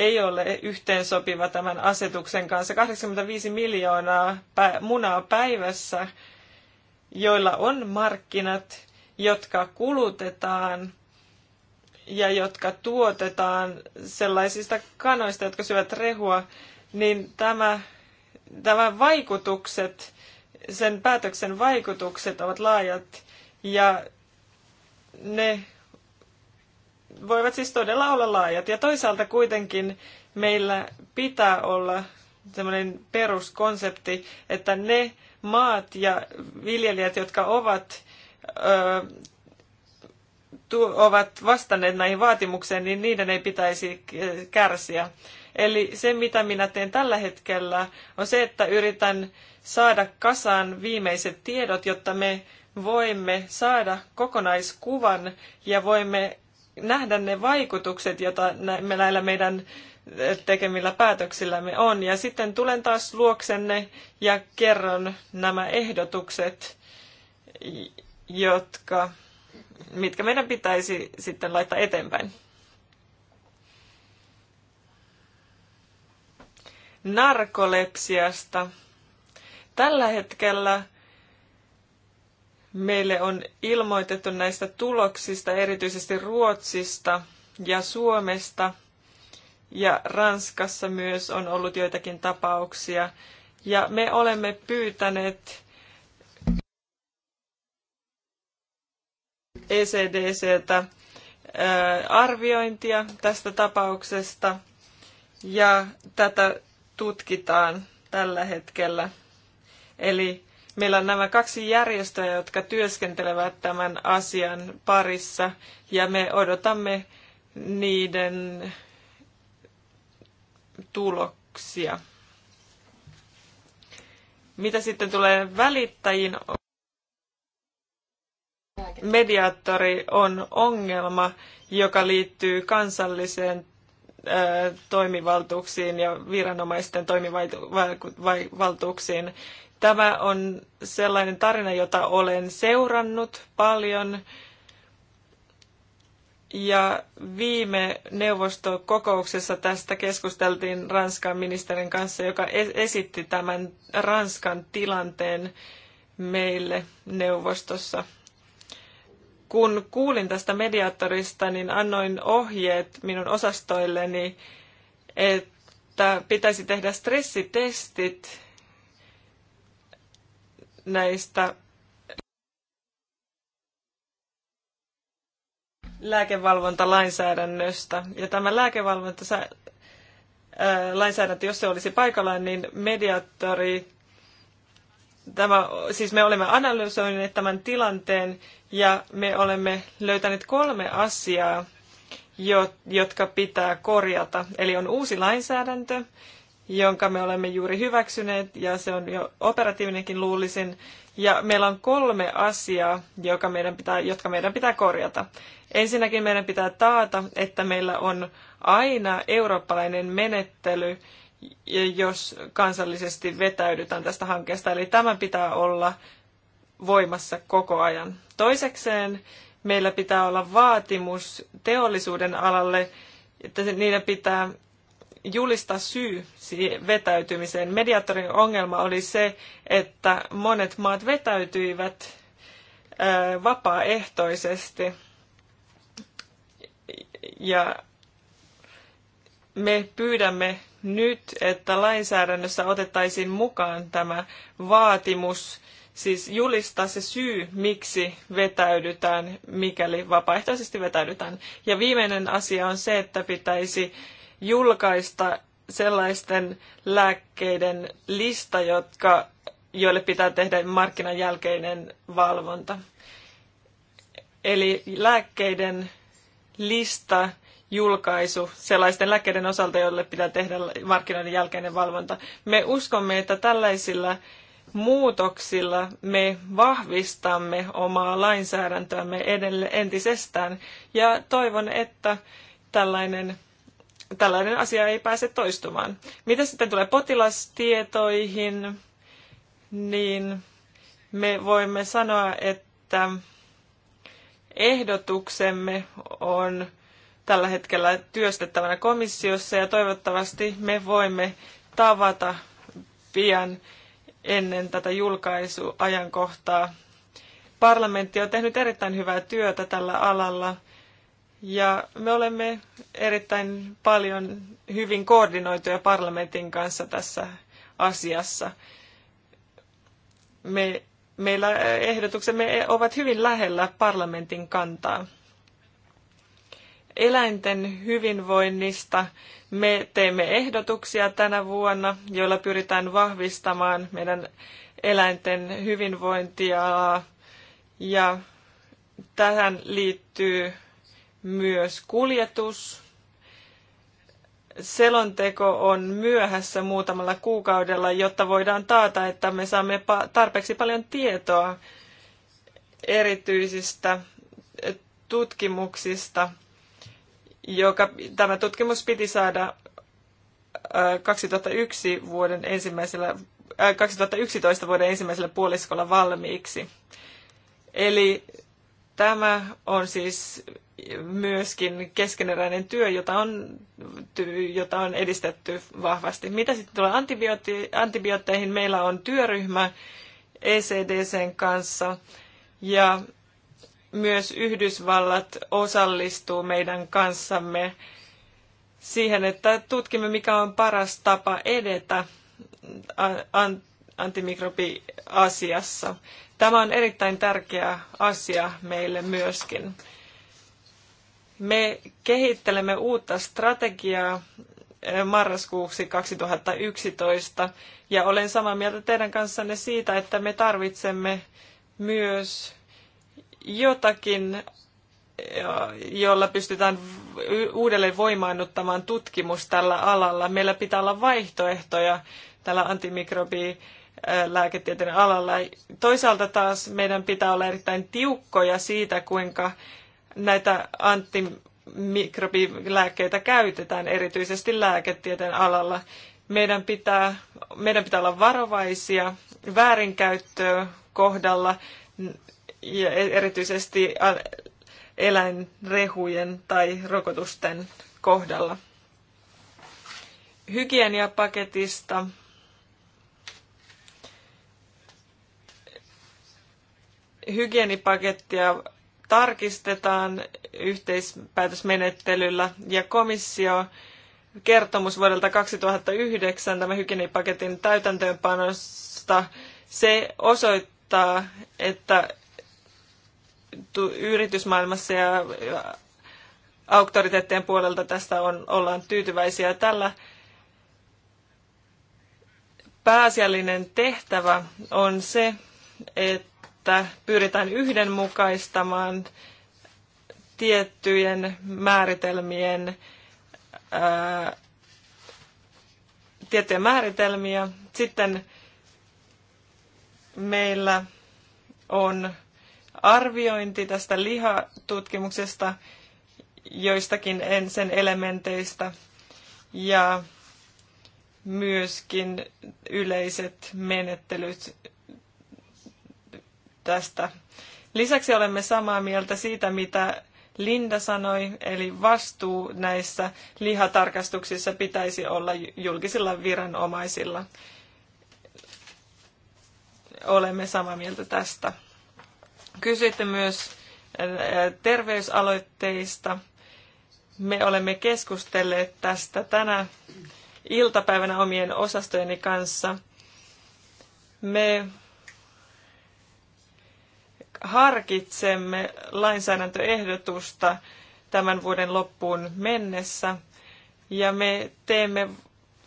ei ole yhteensopiva tämän asetuksen kanssa. 85 miljoonaa munaa päivässä, joilla on markkinat, jotka kulutetaan ja jotka tuotetaan sellaisista kanoista, jotka syövät rehua, niin tämä, tämä vaikutukset, sen päätöksen vaikutukset ovat laajat ja ne voivat siis todella olla laajat. Ja toisaalta kuitenkin meillä pitää olla semmoinen peruskonsepti, että ne maat ja viljelijät, jotka ovat, ö, tu, ovat vastanneet näihin vaatimuksiin, niin niiden ei pitäisi kärsiä. Eli se, mitä minä teen tällä hetkellä, on se, että yritän saada kasaan viimeiset tiedot, jotta me voimme saada kokonaiskuvan ja voimme nähdä ne vaikutukset, joita näillä meidän eh, tekemillä päätöksillämme on. Ja sitten tulen taas luoksenne ja kerron nämä ehdotukset, jotka, mitkä meidän pitäisi sitten laittaa eteenpäin. Narkolepsiasta. Tällä hetkellä Meille on ilmoitettu näistä tuloksista, erityisesti Ruotsista ja Suomesta. Ja Ranskassa myös on ollut joitakin tapauksia. Ja me olemme pyytäneet ECDCltä arviointia tästä tapauksesta ja tätä tutkitaan tällä hetkellä. Eli Meillä on nämä kaksi järjestöä, jotka työskentelevät tämän asian parissa ja me odotamme niiden tuloksia. Mitä sitten tulee välittäjiin? Mediaattori on ongelma, joka liittyy kansalliseen toimivaltuuksiin ja viranomaisten toimivaltuuksiin. Tämä on sellainen tarina, jota olen seurannut paljon. Ja viime neuvostokokouksessa tästä keskusteltiin Ranskan ministerin kanssa, joka esitti tämän Ranskan tilanteen meille neuvostossa. Kun kuulin tästä mediaattorista, niin annoin ohjeet minun osastoilleni, että pitäisi tehdä stressitestit näistä lääkevalvontalainsäädännöstä. Ja tämä lääkevalvonta lainsäädäntö, jos se olisi paikallaan, niin mediatori, tämä, siis me olemme analysoineet tämän tilanteen ja me olemme löytäneet kolme asiaa, jotka pitää korjata. Eli on uusi lainsäädäntö, jonka me olemme juuri hyväksyneet, ja se on jo operatiivinenkin luulisin. Ja meillä on kolme asiaa, joka meidän pitää, jotka meidän pitää korjata. Ensinnäkin meidän pitää taata, että meillä on aina eurooppalainen menettely, jos kansallisesti vetäydytään tästä hankkeesta. Eli tämän pitää olla voimassa koko ajan. Toisekseen meillä pitää olla vaatimus teollisuuden alalle, että niiden pitää julista syy vetäytymiseen. Mediaattorin ongelma oli se, että monet maat vetäytyivät vapaaehtoisesti. Ja me pyydämme nyt, että lainsäädännössä otettaisiin mukaan tämä vaatimus, siis julistaa se syy, miksi vetäydytään, mikäli vapaaehtoisesti vetäydytään. Ja viimeinen asia on se, että pitäisi julkaista sellaisten lääkkeiden lista, jotka, joille pitää tehdä markkinan jälkeinen valvonta. Eli lääkkeiden lista julkaisu sellaisten lääkkeiden osalta, joille pitää tehdä markkinoiden jälkeinen valvonta. Me uskomme, että tällaisilla muutoksilla me vahvistamme omaa lainsäädäntöämme edelle entisestään ja toivon, että tällainen tällainen asia ei pääse toistumaan. Mitä sitten tulee potilastietoihin, niin me voimme sanoa, että ehdotuksemme on tällä hetkellä työstettävänä komissiossa ja toivottavasti me voimme tavata pian ennen tätä julkaisuajankohtaa. Parlamentti on tehnyt erittäin hyvää työtä tällä alalla ja me olemme erittäin paljon hyvin koordinoituja parlamentin kanssa tässä asiassa. Me, meillä ehdotuksemme ovat hyvin lähellä parlamentin kantaa. Eläinten hyvinvoinnista me teemme ehdotuksia tänä vuonna, joilla pyritään vahvistamaan meidän eläinten hyvinvointia. Ja tähän liittyy myös kuljetus. Selonteko on myöhässä muutamalla kuukaudella, jotta voidaan taata, että me saamme tarpeeksi paljon tietoa erityisistä tutkimuksista, joka tämä tutkimus piti saada 2001 vuoden ensimmäisellä, 2011 vuoden ensimmäisellä puoliskolla valmiiksi. Eli tämä on siis myöskin keskeneräinen työ, jota on, jota on edistetty vahvasti. Mitä sitten tulee antibiootti, antibiootteihin? Meillä on työryhmä ECDCn kanssa ja myös Yhdysvallat osallistuu meidän kanssamme siihen, että tutkimme, mikä on paras tapa edetä antimikrobiasiassa. Tämä on erittäin tärkeä asia meille myöskin. Me kehittelemme uutta strategiaa eh, marraskuuksi 2011 ja olen samaa mieltä teidän kanssanne siitä, että me tarvitsemme myös jotakin, eh, jolla pystytään uudelleen voimaannuttamaan tutkimus tällä alalla. Meillä pitää olla vaihtoehtoja tällä antimikrobi eh, lääketieteen alalla. Toisaalta taas meidän pitää olla erittäin tiukkoja siitä, kuinka näitä antimikrobilääkkeitä käytetään, erityisesti lääketieteen alalla. Meidän pitää, meidän pitää olla varovaisia väärinkäyttöä kohdalla, ja erityisesti eläinrehujen tai rokotusten kohdalla. Hygieniapaketista hygienipakettia tarkistetaan yhteispäätösmenettelyllä ja komissio kertomus vuodelta 2009 tämän hygienipaketin täytäntöönpanosta, se osoittaa, että yritysmaailmassa ja auktoriteettien puolelta tästä on, ollaan tyytyväisiä. Tällä pääasiallinen tehtävä on se, että että pyritään yhdenmukaistamaan tiettyjen määritelmien ää, tiettyjä määritelmiä. Sitten meillä on arviointi tästä lihatutkimuksesta joistakin sen elementeistä ja myöskin yleiset menettelyt tästä. Lisäksi olemme samaa mieltä siitä, mitä Linda sanoi, eli vastuu näissä lihatarkastuksissa pitäisi olla julkisilla viranomaisilla. Olemme samaa mieltä tästä. Kysyitte myös äh, äh, terveysaloitteista. Me olemme keskustelleet tästä tänä iltapäivänä omien osastojeni kanssa. Me harkitsemme lainsäädäntöehdotusta tämän vuoden loppuun mennessä. Ja me teemme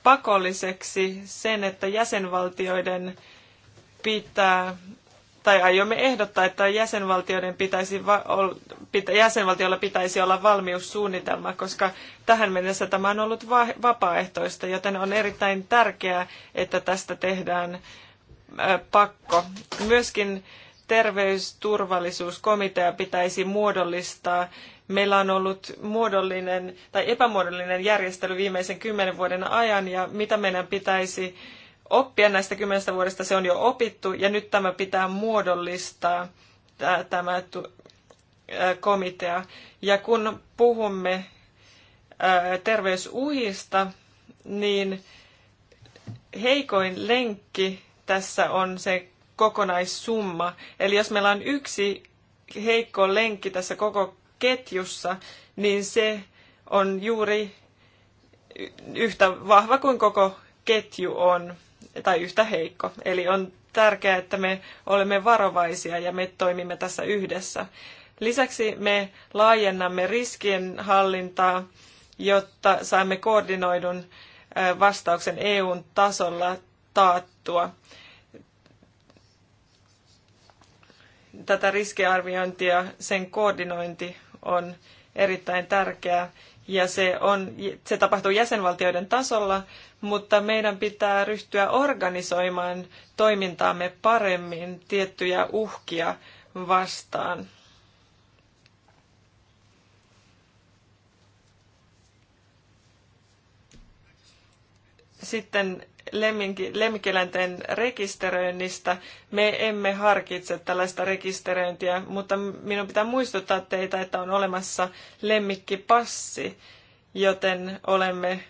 pakolliseksi sen, että jäsenvaltioiden pitää, tai aiomme ehdottaa, että jäsenvaltioiden pitäisi, pitä, jäsenvaltiolla pitäisi olla valmiussuunnitelma, koska tähän mennessä tämä on ollut vapaaehtoista, joten on erittäin tärkeää, että tästä tehdään pakko. Myöskin terveysturvallisuuskomitea pitäisi muodollistaa. Meillä on ollut muodollinen tai epämuodollinen järjestely viimeisen kymmenen vuoden ajan ja mitä meidän pitäisi oppia näistä kymmenestä vuodesta, se on jo opittu ja nyt tämä pitää muodollistaa tämä komitea. Ja kun puhumme terveysuhista, niin heikoin lenkki tässä on se kokonaissumma. Eli jos meillä on yksi heikko lenkki tässä koko ketjussa, niin se on juuri yhtä vahva kuin koko ketju on, tai yhtä heikko. Eli on tärkeää, että me olemme varovaisia ja me toimimme tässä yhdessä. Lisäksi me laajennamme riskien hallintaa, jotta saamme koordinoidun vastauksen EUn tasolla taattua. tätä riskiarviointia, sen koordinointi on erittäin tärkeää ja se, on, se tapahtuu jäsenvaltioiden tasolla, mutta meidän pitää ryhtyä organisoimaan toimintaamme paremmin tiettyjä uhkia vastaan. Sitten lemmikieläinten rekisteröinnistä. Me emme harkitse tällaista rekisteröintiä, mutta minun pitää muistuttaa teitä, että on olemassa lemmikkipassi, joten olemme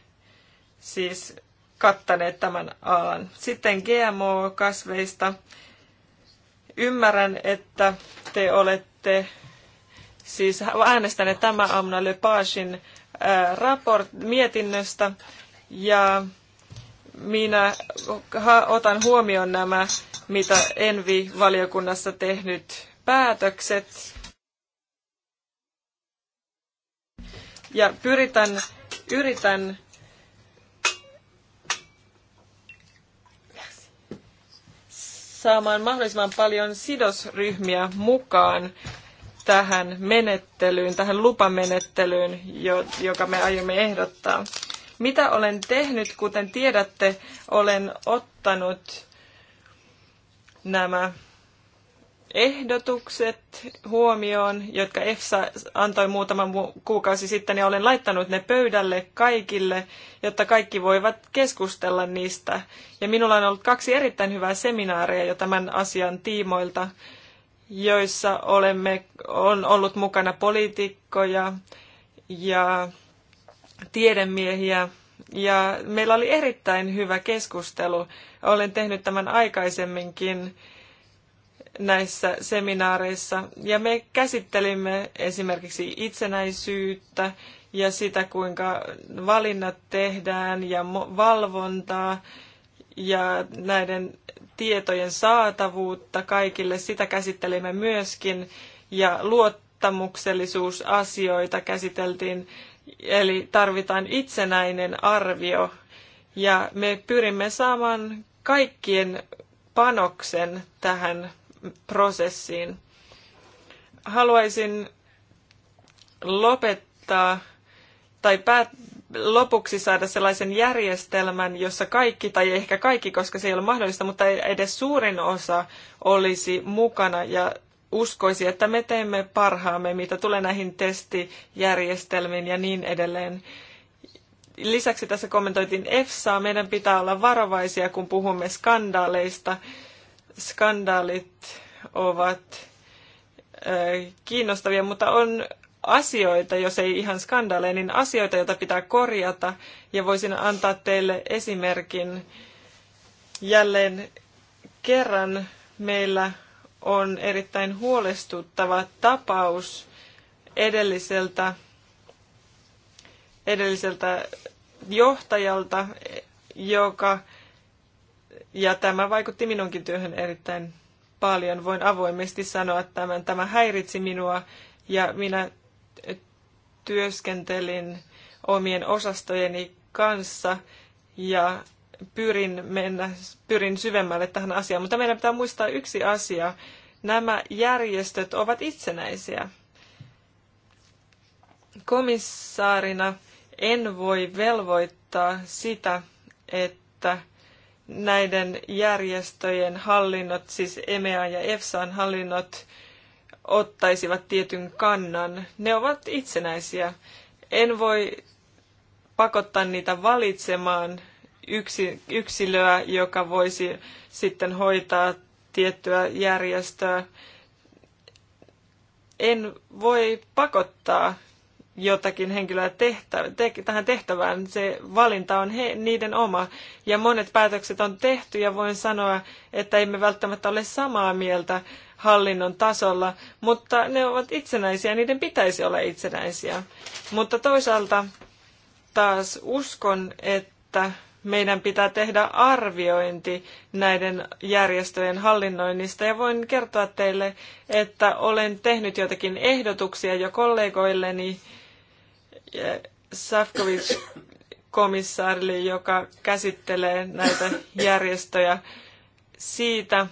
siis kattaneet tämän alan. Sitten GMO-kasveista. Ymmärrän, että te olette siis äänestäneet tämä aamuna Lepagein raport- mietinnöstä ja minä otan huomioon nämä, mitä Envi-valiokunnassa tehnyt päätökset. Ja pyritän, yritän saamaan mahdollisimman paljon sidosryhmiä mukaan tähän menettelyyn, tähän lupamenettelyyn, joka me aiomme ehdottaa. Mitä olen tehnyt, kuten tiedätte, olen ottanut nämä ehdotukset huomioon, jotka EFSA antoi muutaman kuukausi sitten, ja olen laittanut ne pöydälle kaikille, jotta kaikki voivat keskustella niistä. Ja minulla on ollut kaksi erittäin hyvää seminaaria jo tämän asian tiimoilta, joissa olemme, on ollut mukana poliitikkoja ja tiedemiehiä ja meillä oli erittäin hyvä keskustelu. Olen tehnyt tämän aikaisemminkin näissä seminaareissa ja me käsittelimme esimerkiksi itsenäisyyttä ja sitä, kuinka valinnat tehdään ja valvontaa ja näiden tietojen saatavuutta kaikille. Sitä käsittelimme myöskin ja luottamuksellisuusasioita käsiteltiin Eli tarvitaan itsenäinen arvio ja me pyrimme saamaan kaikkien panoksen tähän prosessiin. Haluaisin lopettaa tai päät- lopuksi saada sellaisen järjestelmän, jossa kaikki, tai ehkä kaikki, koska se ei ole mahdollista, mutta edes suurin osa olisi mukana ja uskoisi, että me teemme parhaamme, mitä tulee näihin testijärjestelmiin ja niin edelleen. Lisäksi tässä kommentoitiin EFSAa. Meidän pitää olla varovaisia, kun puhumme skandaaleista. Skandaalit ovat kiinnostavia, mutta on asioita, jos ei ihan skandaaleja, niin asioita, joita pitää korjata. Ja voisin antaa teille esimerkin. Jälleen kerran meillä on erittäin huolestuttava tapaus edelliseltä, edelliseltä johtajalta, joka, ja tämä vaikutti minunkin työhön erittäin paljon. Voin avoimesti sanoa tämän. Tämä häiritsi minua ja minä työskentelin omien osastojeni kanssa ja pyrin, mennä, pyrin syvemmälle tähän asiaan, mutta meidän pitää muistaa yksi asia. Nämä järjestöt ovat itsenäisiä. Komissaarina en voi velvoittaa sitä, että näiden järjestöjen hallinnot, siis EMEA ja EFSAn hallinnot, ottaisivat tietyn kannan. Ne ovat itsenäisiä. En voi pakottaa niitä valitsemaan yksi, yksilöä, joka voisi sitten hoitaa tiettyä järjestöä. En voi pakottaa jotakin henkilöä tehtä, te, tähän tehtävään. Se valinta on he, niiden oma. Ja monet päätökset on tehty ja voin sanoa, että emme välttämättä ole samaa mieltä hallinnon tasolla, mutta ne ovat itsenäisiä, niiden pitäisi olla itsenäisiä. Mutta toisaalta taas uskon, että meidän pitää tehdä arviointi näiden järjestöjen hallinnoinnista ja voin kertoa teille, että olen tehnyt jotakin ehdotuksia jo kollegoilleni Safkovic komissaarille, joka käsittelee näitä järjestöjä siitä,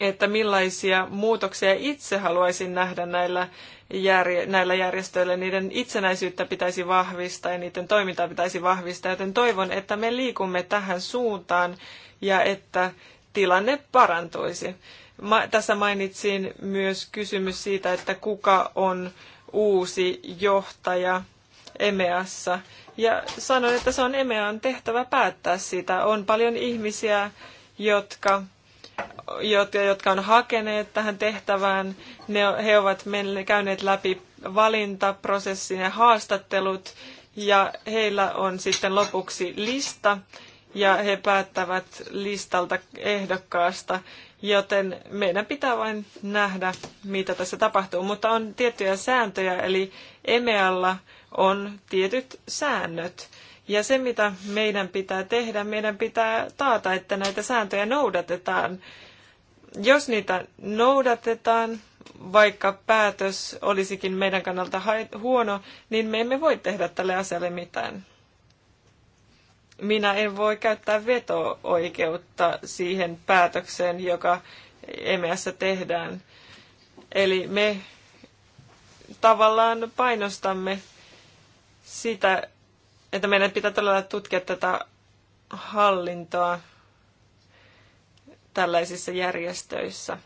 että millaisia muutoksia itse haluaisin nähdä näillä järje, näillä järjestöillä, niiden itsenäisyyttä pitäisi vahvistaa ja niiden toimintaa pitäisi vahvistaa, joten toivon, että me liikumme tähän suuntaan ja että tilanne parantuisi. Ma, tässä mainitsin myös kysymys siitä, että kuka on uusi johtaja EMEassa. Ja sanoin, että se on EMEAn tehtävä päättää sitä. On paljon ihmisiä, jotka jotka, jotka on hakeneet tähän tehtävään, ne, he ovat käyneet läpi valintaprosessin ja haastattelut, ja heillä on sitten lopuksi lista, ja he päättävät listalta ehdokkaasta, joten meidän pitää vain nähdä, mitä tässä tapahtuu. Mutta on tiettyjä sääntöjä, eli EMEAlla on tietyt säännöt, ja se, mitä meidän pitää tehdä, meidän pitää taata, että näitä sääntöjä noudatetaan. Jos niitä noudatetaan, vaikka päätös olisikin meidän kannalta huono, niin me emme voi tehdä tälle asialle mitään. Minä en voi käyttää veto-oikeutta siihen päätökseen, joka EMEässä tehdään. Eli me tavallaan painostamme sitä että meidän pitää todella tutkia tätä hallintoa tällaisissa järjestöissä.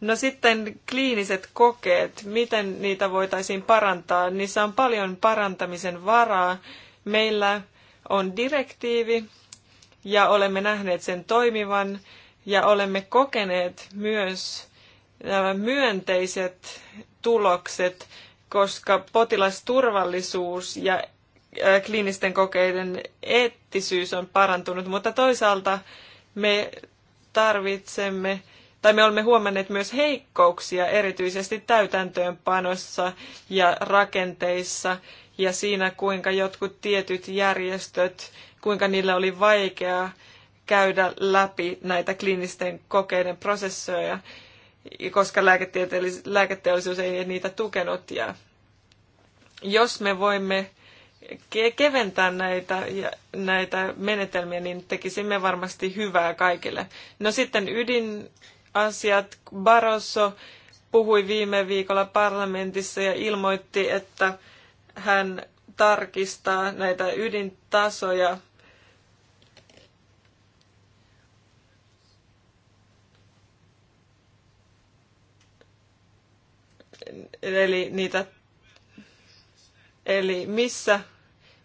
No sitten kliiniset kokeet, miten niitä voitaisiin parantaa? Niissä on paljon parantamisen varaa. Meillä on direktiivi ja olemme nähneet sen toimivan ja olemme kokeneet myös nämä äh, myönteiset tulokset koska potilasturvallisuus ja äh, kliinisten kokeiden eettisyys on parantunut, mutta toisaalta me tarvitsemme tai me olemme huomanneet myös heikkouksia erityisesti täytäntöönpanossa ja rakenteissa ja siinä, kuinka jotkut tietyt järjestöt, kuinka niillä oli vaikeaa käydä läpi näitä kliinisten kokeiden prosessoja koska lääketeollisuus ei niitä tukenut. Ja jos me voimme keventää näitä, näitä menetelmiä, niin tekisimme varmasti hyvää kaikille. No sitten ydinasiat. Barroso puhui viime viikolla parlamentissa ja ilmoitti, että hän tarkistaa näitä ydintasoja eli niitä, eli missä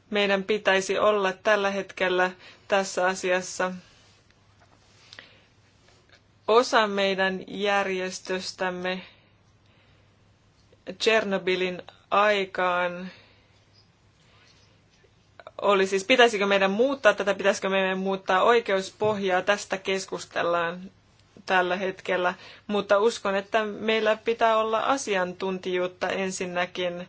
meidän pitäisi olla tällä hetkellä tässä asiassa. Osa meidän järjestöstämme Chernobylin aikaan oli siis, pitäisikö meidän muuttaa tätä, pitäisikö meidän muuttaa oikeuspohjaa, tästä keskustellaan tällä hetkellä, mutta uskon, että meillä pitää olla asiantuntijuutta ensinnäkin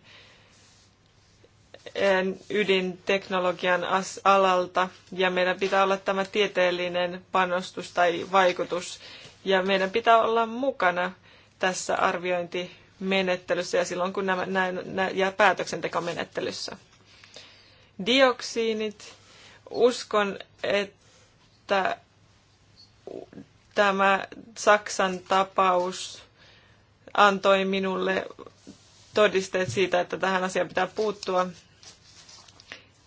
eh, ydinteknologian alalta ja meidän pitää olla tämä tieteellinen panostus tai vaikutus ja meidän pitää olla mukana tässä arviointimenettelyssä ja silloin kun nämä, näin, nä, ja päätöksentekomenettelyssä. Dioksiinit. Uskon, että tämä Saksan tapaus antoi minulle todisteet siitä, että tähän asiaan pitää puuttua.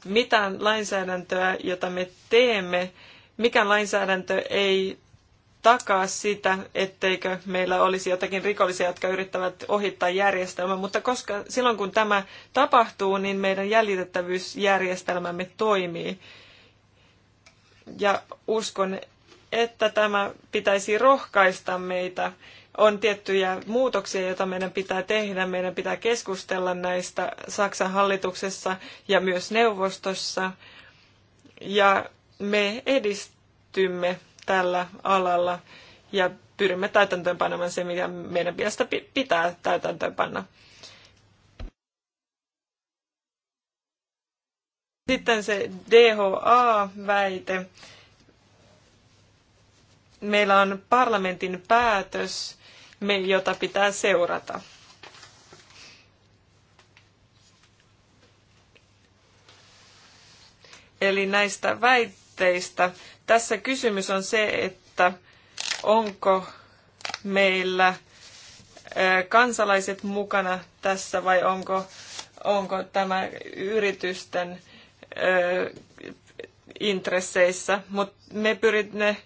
Mitään lainsäädäntöä, jota me teemme, mikä lainsäädäntö ei takaa sitä, etteikö meillä olisi jotakin rikollisia, jotka yrittävät ohittaa järjestelmän, mutta koska silloin kun tämä tapahtuu, niin meidän jäljitettävyysjärjestelmämme toimii. Ja uskon, että tämä pitäisi rohkaista meitä. On tiettyjä muutoksia, joita meidän pitää tehdä. Meidän pitää keskustella näistä Saksan hallituksessa ja myös neuvostossa. Ja me edistymme tällä alalla ja pyrimme täytäntöönpanemaan se, mikä meidän mielestä pitää täytäntöönpanna. Sitten se DHA-väite meillä on parlamentin päätös, jota pitää seurata. Eli näistä väitteistä. Tässä kysymys on se, että onko meillä kansalaiset mukana tässä vai onko, onko tämä yritysten intresseissä. Mutta me pyrimme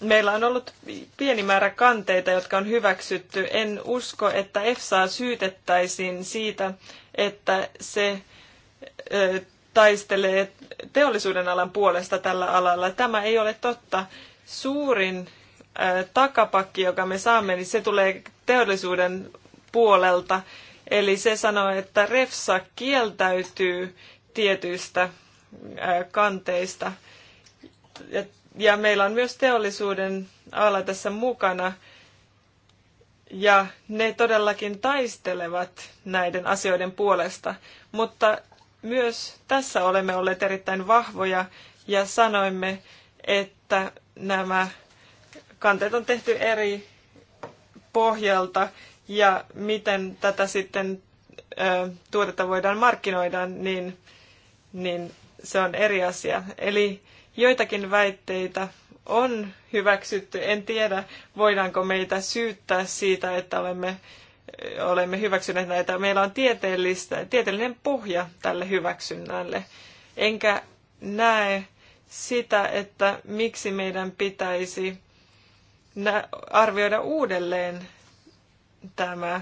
meillä on ollut pieni määrä kanteita, jotka on hyväksytty. En usko, että EFSAa syytettäisiin siitä, että se taistelee teollisuuden alan puolesta tällä alalla. Tämä ei ole totta. Suurin takapakki, joka me saamme, niin se tulee teollisuuden puolelta. Eli se sanoo, että refsa kieltäytyy tietyistä kanteista. Ja ja meillä on myös teollisuuden ala tässä mukana. Ja ne todellakin taistelevat näiden asioiden puolesta. Mutta myös tässä olemme olleet erittäin vahvoja ja sanoimme, että nämä kanteet on tehty eri pohjalta ja miten tätä sitten ö, tuotetta voidaan markkinoida, niin, niin se on eri asia. Eli Joitakin väitteitä on hyväksytty. En tiedä, voidaanko meitä syyttää siitä, että olemme, olemme hyväksyneet näitä. Meillä on tieteellistä, tieteellinen pohja tälle hyväksynnälle. Enkä näe sitä, että miksi meidän pitäisi arvioida uudelleen tämä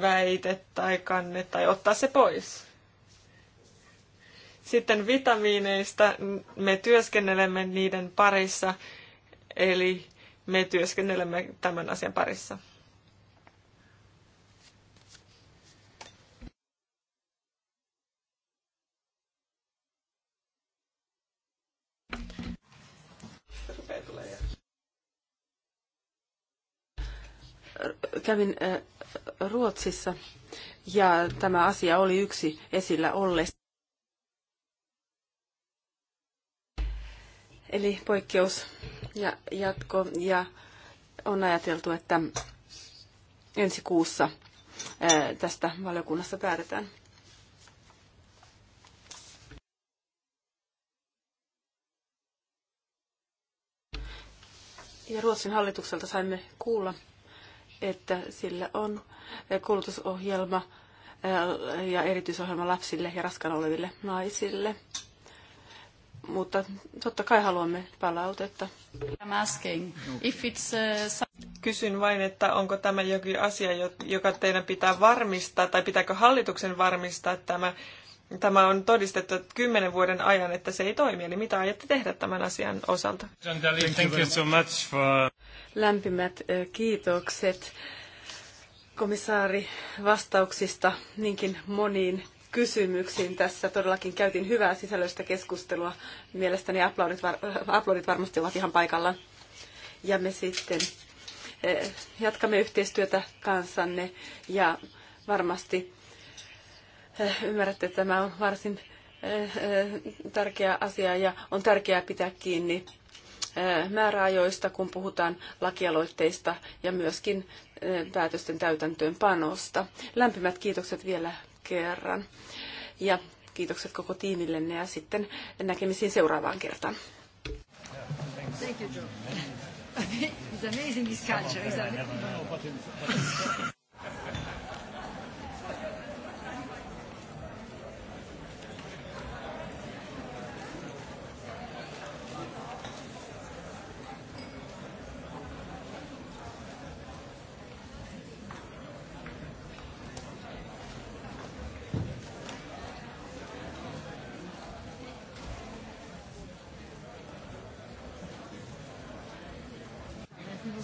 väite tai kanne tai ottaa se pois. Sitten vitamiineista me työskennelemme niiden parissa, eli me työskennelemme tämän asian parissa. Kävin äh, Ruotsissa ja tämä asia oli yksi esillä ollessa. Eli poikkeus ja jatko. Ja on ajateltu, että ensi kuussa tästä valiokunnassa päätetään. Ja Ruotsin hallitukselta saimme kuulla, että sillä on koulutusohjelma ja erityisohjelma lapsille ja raskaana oleville naisille mutta totta kai haluamme palautetta. I'm asking if it's uh, Kysyn vain, että onko tämä jokin asia, joka teidän pitää varmistaa, tai pitääkö hallituksen varmistaa tämä, tämä on todistettu kymmenen vuoden ajan, että se ei toimi. Eli mitä aiotte tehdä tämän asian osalta? Thank you so much for... Lämpimät kiitokset komissaari vastauksista niinkin moniin kysymyksiin. Tässä todellakin käytiin hyvää sisällöstä keskustelua. Mielestäni aplodit, var- aplodit äh, varmasti ovat ihan paikalla. Ja me sitten eh, jatkamme yhteistyötä kanssanne ja varmasti eh, ymmärrätte, että tämä on varsin eh, tärkeä asia ja on tärkeää pitää kiinni määräajoista, kun puhutaan lakialoitteista ja myöskin päätösten täytäntöönpanosta. Lämpimät kiitokset vielä kerran. Ja kiitokset koko tiimillenne ja sitten näkemisiin seuraavaan kertaan. Thank you, Joe. It's amazing this culture,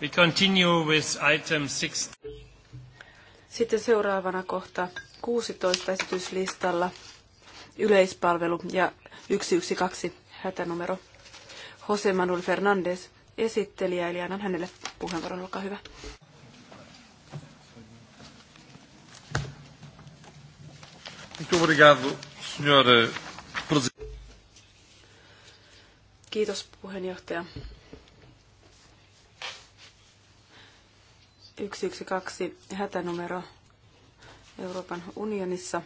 We continue with item six. Sitten seuraavana kohta 16 esityslistalla yleispalvelu ja 112 hätänumero. Jose Manuel Fernandez esittelijä, eli annan hänelle puheenvuoron, olkaa hyvä. Kiitos puheenjohtaja. 112 hätänumero Euroopan unionissa.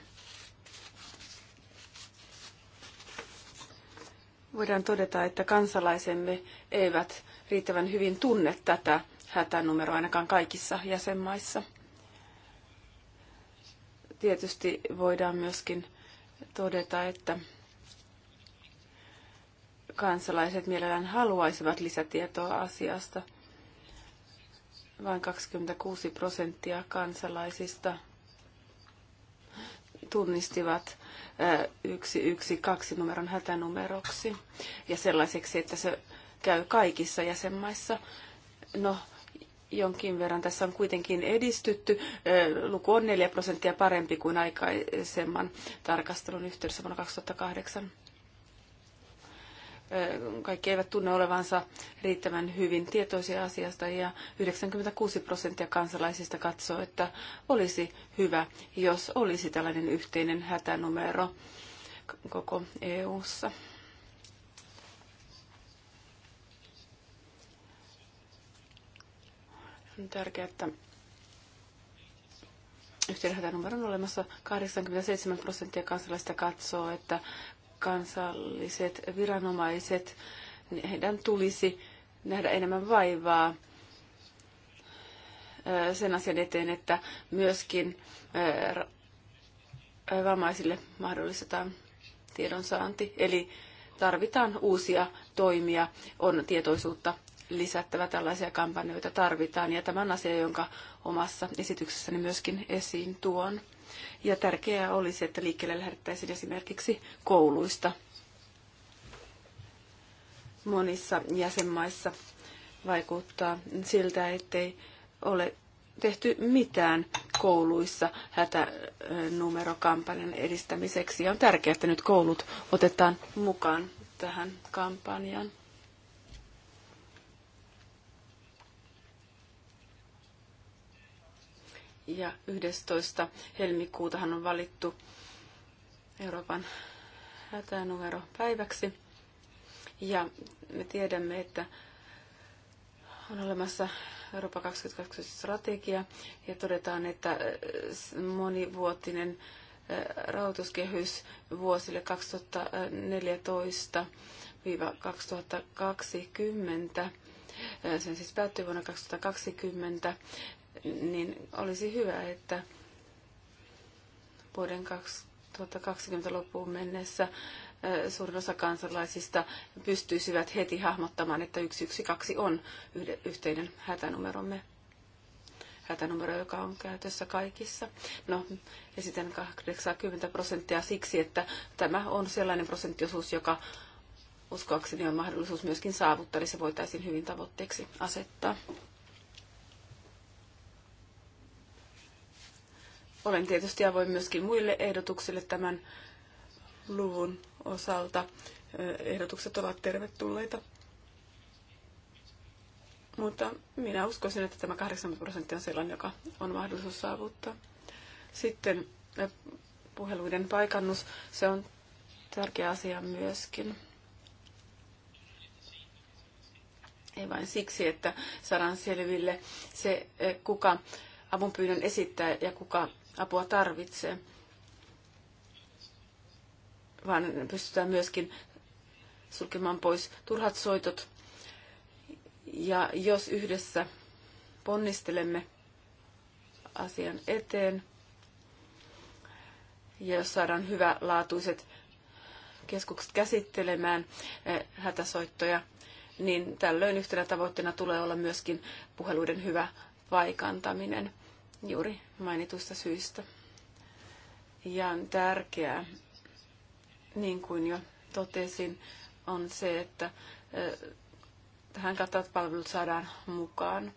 Voidaan todeta, että kansalaisemme eivät riittävän hyvin tunne tätä hätänumeroa ainakaan kaikissa jäsenmaissa. Tietysti voidaan myöskin todeta, että kansalaiset mielellään haluaisivat lisätietoa asiasta – vain 26 prosenttia kansalaisista tunnistivat 112 numeron hätänumeroksi ja sellaiseksi, että se käy kaikissa jäsenmaissa. No, jonkin verran tässä on kuitenkin edistytty. Luku on 4 prosenttia parempi kuin aikaisemman tarkastelun yhteydessä vuonna 2008 kaikki eivät tunne olevansa riittävän hyvin tietoisia asiasta ja 96 prosenttia kansalaisista katsoo, että olisi hyvä, jos olisi tällainen yhteinen hätänumero koko EU:ssa. On tärkeää, että yhteinen hätänumero on olemassa. 87 prosenttia kansalaisista katsoo, että kansalliset viranomaiset, niin heidän tulisi nähdä enemmän vaivaa sen asian eteen, että myöskin vammaisille mahdollistetaan tiedonsaanti. Eli tarvitaan uusia toimia, on tietoisuutta lisättävä, tällaisia kampanjoita tarvitaan, ja tämän asian, jonka omassa esityksessäni myöskin esiin tuon. Ja tärkeää olisi, että liikkeelle lähdettäisiin esimerkiksi kouluista. Monissa jäsenmaissa vaikuttaa siltä, ettei ole tehty mitään kouluissa hätänumerokampanjan edistämiseksi. Ja on tärkeää, että nyt koulut otetaan mukaan tähän kampanjaan. ja 11. helmikuutahan on valittu Euroopan hätänumero päiväksi. Ja me tiedämme, että on olemassa Eurooppa 2020 strategia ja todetaan, että äh, monivuotinen äh, rahoituskehys vuosille 2014 2020. Äh, sen siis päättyy vuonna 2020 niin olisi hyvä, että vuoden 2020 loppuun mennessä suurin osa kansalaisista pystyisivät heti hahmottamaan, että 112 on yhteinen hätänumeromme hätänumero, joka on käytössä kaikissa. No, esitän 80 prosenttia siksi, että tämä on sellainen prosenttiosuus, joka uskoakseni on mahdollisuus myöskin saavuttaa, eli se voitaisiin hyvin tavoitteeksi asettaa. Olen tietysti avoin myöskin muille ehdotuksille tämän luvun osalta. Ehdotukset ovat tervetulleita. Mutta minä uskoisin, että tämä 80 prosenttia on sellainen, joka on mahdollisuus saavuttaa. Sitten puheluiden paikannus, se on tärkeä asia myöskin. Ei vain siksi, että saadaan selville se, kuka avunpyynnön esittää ja kuka apua tarvitse, vaan pystytään myöskin sulkemaan pois turhat soitot. Ja jos yhdessä ponnistelemme asian eteen, ja jos saadaan hyvälaatuiset keskukset käsittelemään eh, hätäsoittoja, niin tällöin yhtenä tavoitteena tulee olla myöskin puheluiden hyvä paikantaminen juuri mainitusta syistä. Ja on tärkeää, niin kuin jo totesin, on se, että tähän kattavat palvelut saadaan mukaan.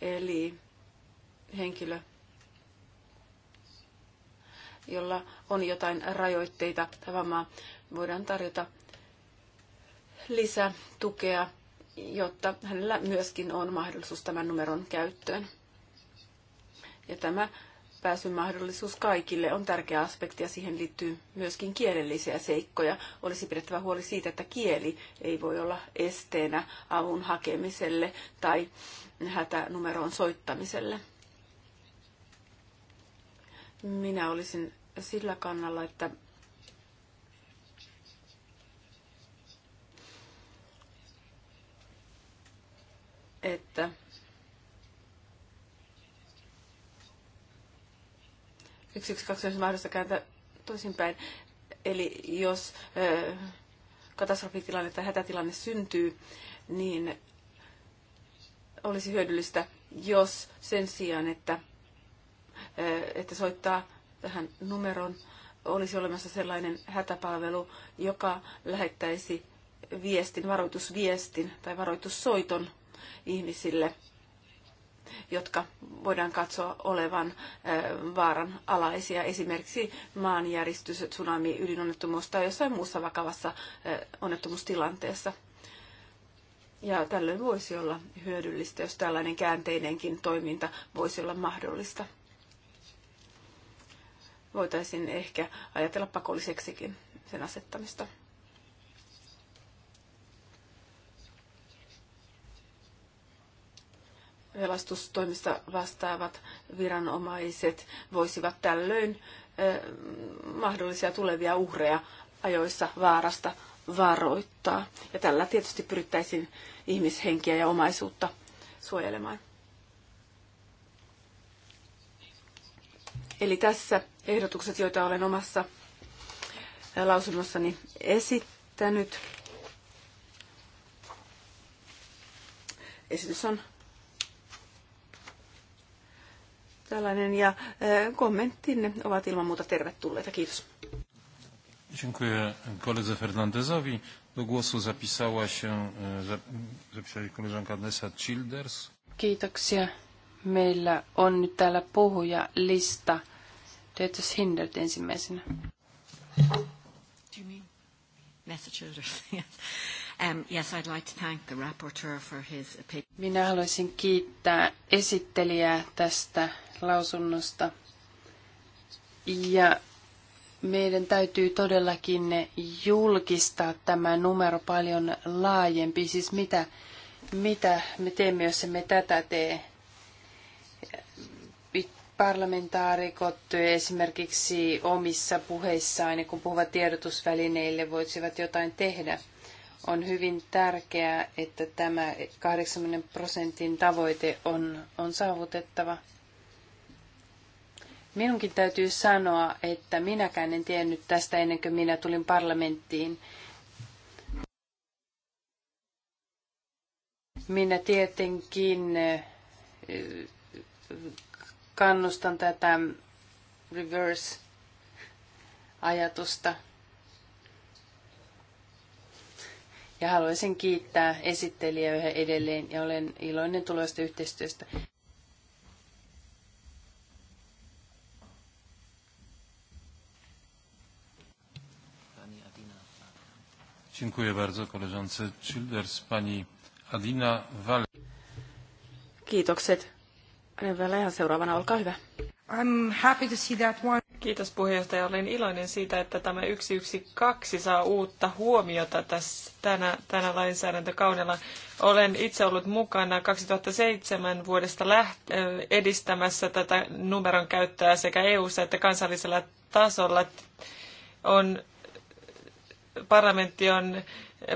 Eli henkilö, jolla on jotain rajoitteita tai vammaa, voidaan tarjota lisätukea, jotta hänellä myöskin on mahdollisuus tämän numeron käyttöön. Ja tämä pääsymahdollisuus kaikille on tärkeä aspekti ja siihen liittyy myöskin kielellisiä seikkoja. Olisi pidettävä huoli siitä, että kieli ei voi olla esteenä avun hakemiselle tai hätänumeroon soittamiselle. Minä olisin sillä kannalla, että että Yksi yksi kaksi olisi mahdollista kääntää toisinpäin. Eli jos ö, katastrofitilanne tai hätätilanne syntyy, niin olisi hyödyllistä, jos sen sijaan, että, ö, että soittaa tähän numeron, olisi olemassa sellainen hätäpalvelu, joka lähettäisi viestin, varoitusviestin tai varoitussoiton ihmisille – jotka voidaan katsoa olevan vaaran alaisia, esimerkiksi maanjäristys, tsunami, ydinonnettomuus tai jossain muussa vakavassa onnettomuustilanteessa. Ja tällöin voisi olla hyödyllistä, jos tällainen käänteinenkin toiminta voisi olla mahdollista. Voitaisiin ehkä ajatella pakolliseksikin sen asettamista. pelastustoimista vastaavat viranomaiset voisivat tällöin mahdollisia tulevia uhreja ajoissa vaarasta varoittaa. Ja tällä tietysti pyrittäisiin ihmishenkiä ja omaisuutta suojelemaan. Eli tässä ehdotukset, joita olen omassa lausunnossani esittänyt. Esitys on tällainen ja e, kommenttinne ovat ilman muuta tervetulleita. Kiitos. Dziękuję koledze Fernandezowi. Do głosu zapisała się, e, zapisali koleżanka Nessa Childers. Kiitoksia. Meillä on nyt täällä puhuja lista. Deetes Hindert ensimmäisenä. Do you mean Nessa Childers? yes. Um, yes, I'd like to thank the rapporteur for his opinion. Minä haluaisin kiittää esittelijää tästä lausunnosta. Ja meidän täytyy todellakin julkistaa tämä numero paljon laajempi. Siis mitä, mitä me teemme, jos emme tätä tee? Parlamentaarikot esimerkiksi omissa puheissaan, kun puhuvat tiedotusvälineille, voisivat jotain tehdä. On hyvin tärkeää, että tämä 80 prosentin tavoite on, on saavutettava. Minunkin täytyy sanoa, että minäkään en tiennyt tästä ennen kuin minä tulin parlamenttiin. Minä tietenkin eh, kannustan tätä reverse-ajatusta. Ja haluaisin kiittää esittelijöitä edelleen ja olen iloinen tuloista yhteistyöstä. Dziękuję bardzo koleżance Childers. Pani Adina Kiitokset. Revelehan seuraavana, olkaa hyvä. I'm happy to see that one. Kiitos puheenjohtaja. Olen iloinen siitä, että tämä 112 saa uutta huomiota tässä tänä, tänä lainsäädäntökaudella. Olen itse ollut mukana 2007 vuodesta läht- edistämässä tätä numeron käyttöä sekä eu -ssa että kansallisella tasolla. On parlamentti on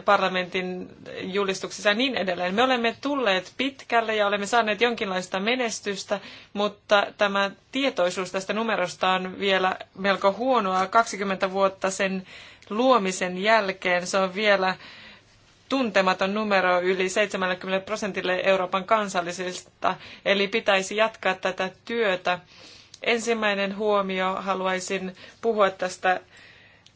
parlamentin julistuksissa ja niin edelleen. Me olemme tulleet pitkälle ja olemme saaneet jonkinlaista menestystä, mutta tämä tietoisuus tästä numerosta on vielä melko huonoa. 20 vuotta sen luomisen jälkeen se on vielä tuntematon numero yli 70 prosentille Euroopan kansallisista, eli pitäisi jatkaa tätä työtä. Ensimmäinen huomio haluaisin puhua tästä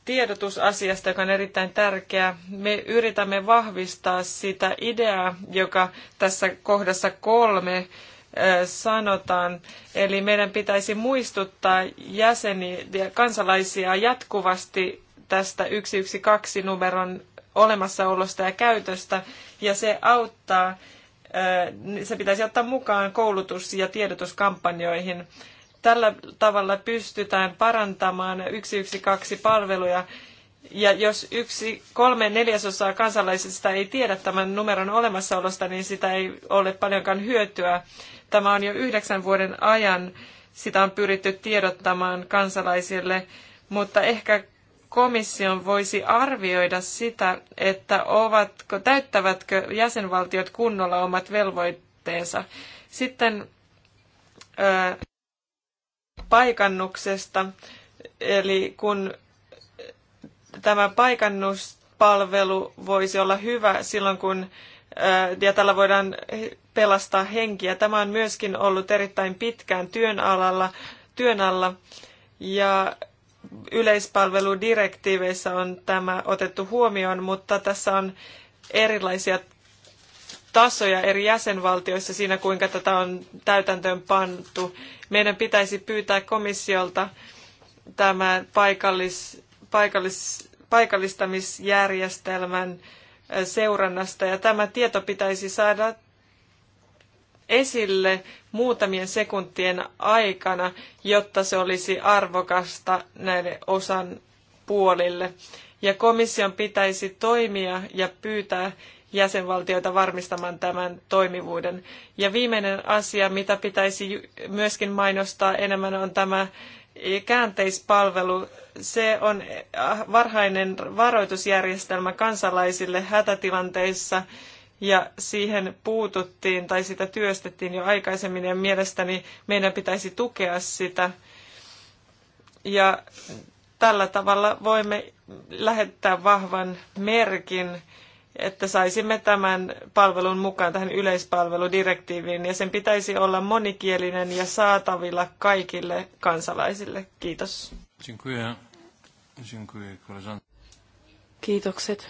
tiedotusasiasta, joka on erittäin tärkeä. Me yritämme vahvistaa sitä ideaa, joka tässä kohdassa kolme sanotaan. Eli meidän pitäisi muistuttaa jäseniä ja kansalaisia jatkuvasti tästä 112-numeron olemassaolosta ja käytöstä, ja se auttaa, se pitäisi ottaa mukaan koulutus- ja tiedotuskampanjoihin. Tällä tavalla pystytään parantamaan 112-palveluja. Ja jos yksi kolme neljäsosaa kansalaisista ei tiedä tämän numeron olemassaolosta, niin sitä ei ole paljonkaan hyötyä. Tämä on jo yhdeksän vuoden ajan. Sitä on pyritty tiedottamaan kansalaisille, mutta ehkä komission voisi arvioida sitä, että ovatko, täyttävätkö jäsenvaltiot kunnolla omat velvoitteensa. Sitten ää, paikannuksesta. Eli kun tämä paikannuspalvelu voisi olla hyvä silloin, kun äh, ja tällä voidaan pelastaa henkiä. Tämä on myöskin ollut erittäin pitkään työn, alalla, työn alla ja yleispalveludirektiiveissä on tämä otettu huomioon, mutta tässä on erilaisia tasoja eri jäsenvaltioissa siinä, kuinka tätä on täytäntöön pantu. Meidän pitäisi pyytää komissiolta tämä paikallis, paikallis, paikallistamisjärjestelmän seurannasta ja tämä tieto pitäisi saada esille muutamien sekuntien aikana, jotta se olisi arvokasta näille osan puolille. Ja komission pitäisi toimia ja pyytää jäsenvaltioita varmistamaan tämän toimivuuden. Ja viimeinen asia, mitä pitäisi myöskin mainostaa enemmän, on tämä käänteispalvelu. Se on äh, varhainen varoitusjärjestelmä kansalaisille hätätilanteissa ja siihen puututtiin tai sitä työstettiin jo aikaisemmin ja mielestäni meidän pitäisi tukea sitä. Ja tällä tavalla voimme lähettää vahvan merkin että saisimme tämän palvelun mukaan tähän yleispalveludirektiiviin ja sen pitäisi olla monikielinen ja saatavilla kaikille kansalaisille. Kiitos. Kiitokset.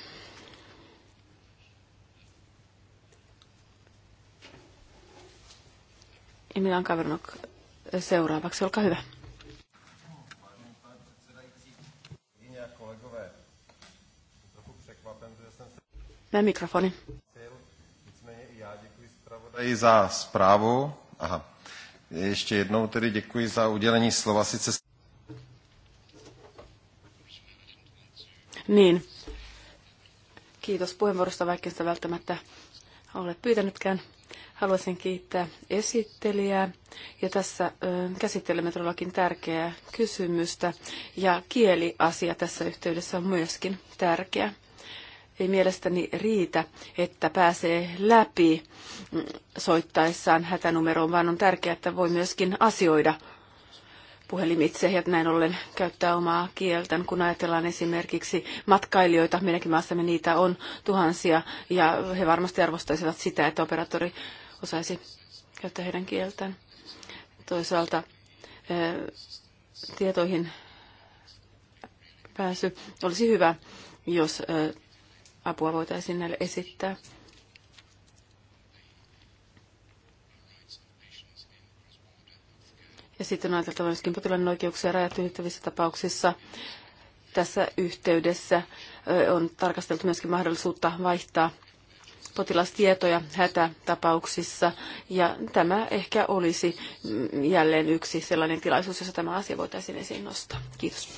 Emilian Kavernok seuraavaksi, olkaa hyvä. Ne mikrofoni. Děkuji za zprávu. Aha. Ještě jednou tedy děkuji za udělení slova. Sice... Niin. Kiitos puheenvuorosta, vaikka sitä välttämättä ole pyytänytkään. Haluaisin kiittää esittelijää ja tässä ö, käsittelemme todellakin tärkeää kysymystä ja kieliasia tässä yhteydessä on myöskin tärkeä ei mielestäni riitä, että pääsee läpi soittaessaan hätänumeroon, vaan on tärkeää, että voi myöskin asioida puhelimitse ja näin ollen käyttää omaa kieltä. Kun ajatellaan esimerkiksi matkailijoita, meidänkin maassamme niitä on tuhansia ja he varmasti arvostaisivat sitä, että operaattori osaisi käyttää heidän kieltään. Toisaalta tietoihin pääsy olisi hyvä, jos apua voitaisiin näille esittää. Ja sitten on ajateltava myöskin potilaan oikeuksia rajat ylittävissä tapauksissa. Tässä yhteydessä on tarkasteltu myöskin mahdollisuutta vaihtaa potilastietoja hätätapauksissa. Ja tämä ehkä olisi jälleen yksi sellainen tilaisuus, jossa tämä asia voitaisiin esiin nostaa. Kiitos.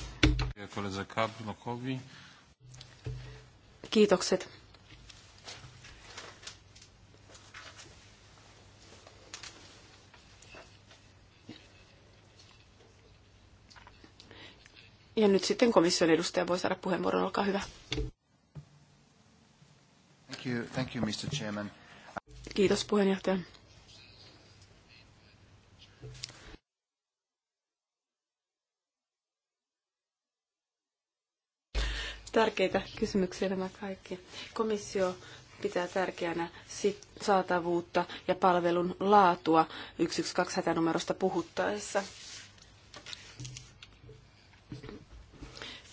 Kiitokset. Ja nyt sitten komission edustaja voi saada puheenvuoron. Olkaa hyvä. Thank you, thank you, Mr. Chairman. Kiitos puheenjohtaja. Tärkeitä kysymyksiä nämä kaikki. Komissio pitää tärkeänä sit saatavuutta ja palvelun laatua 112 numerosta puhuttaessa.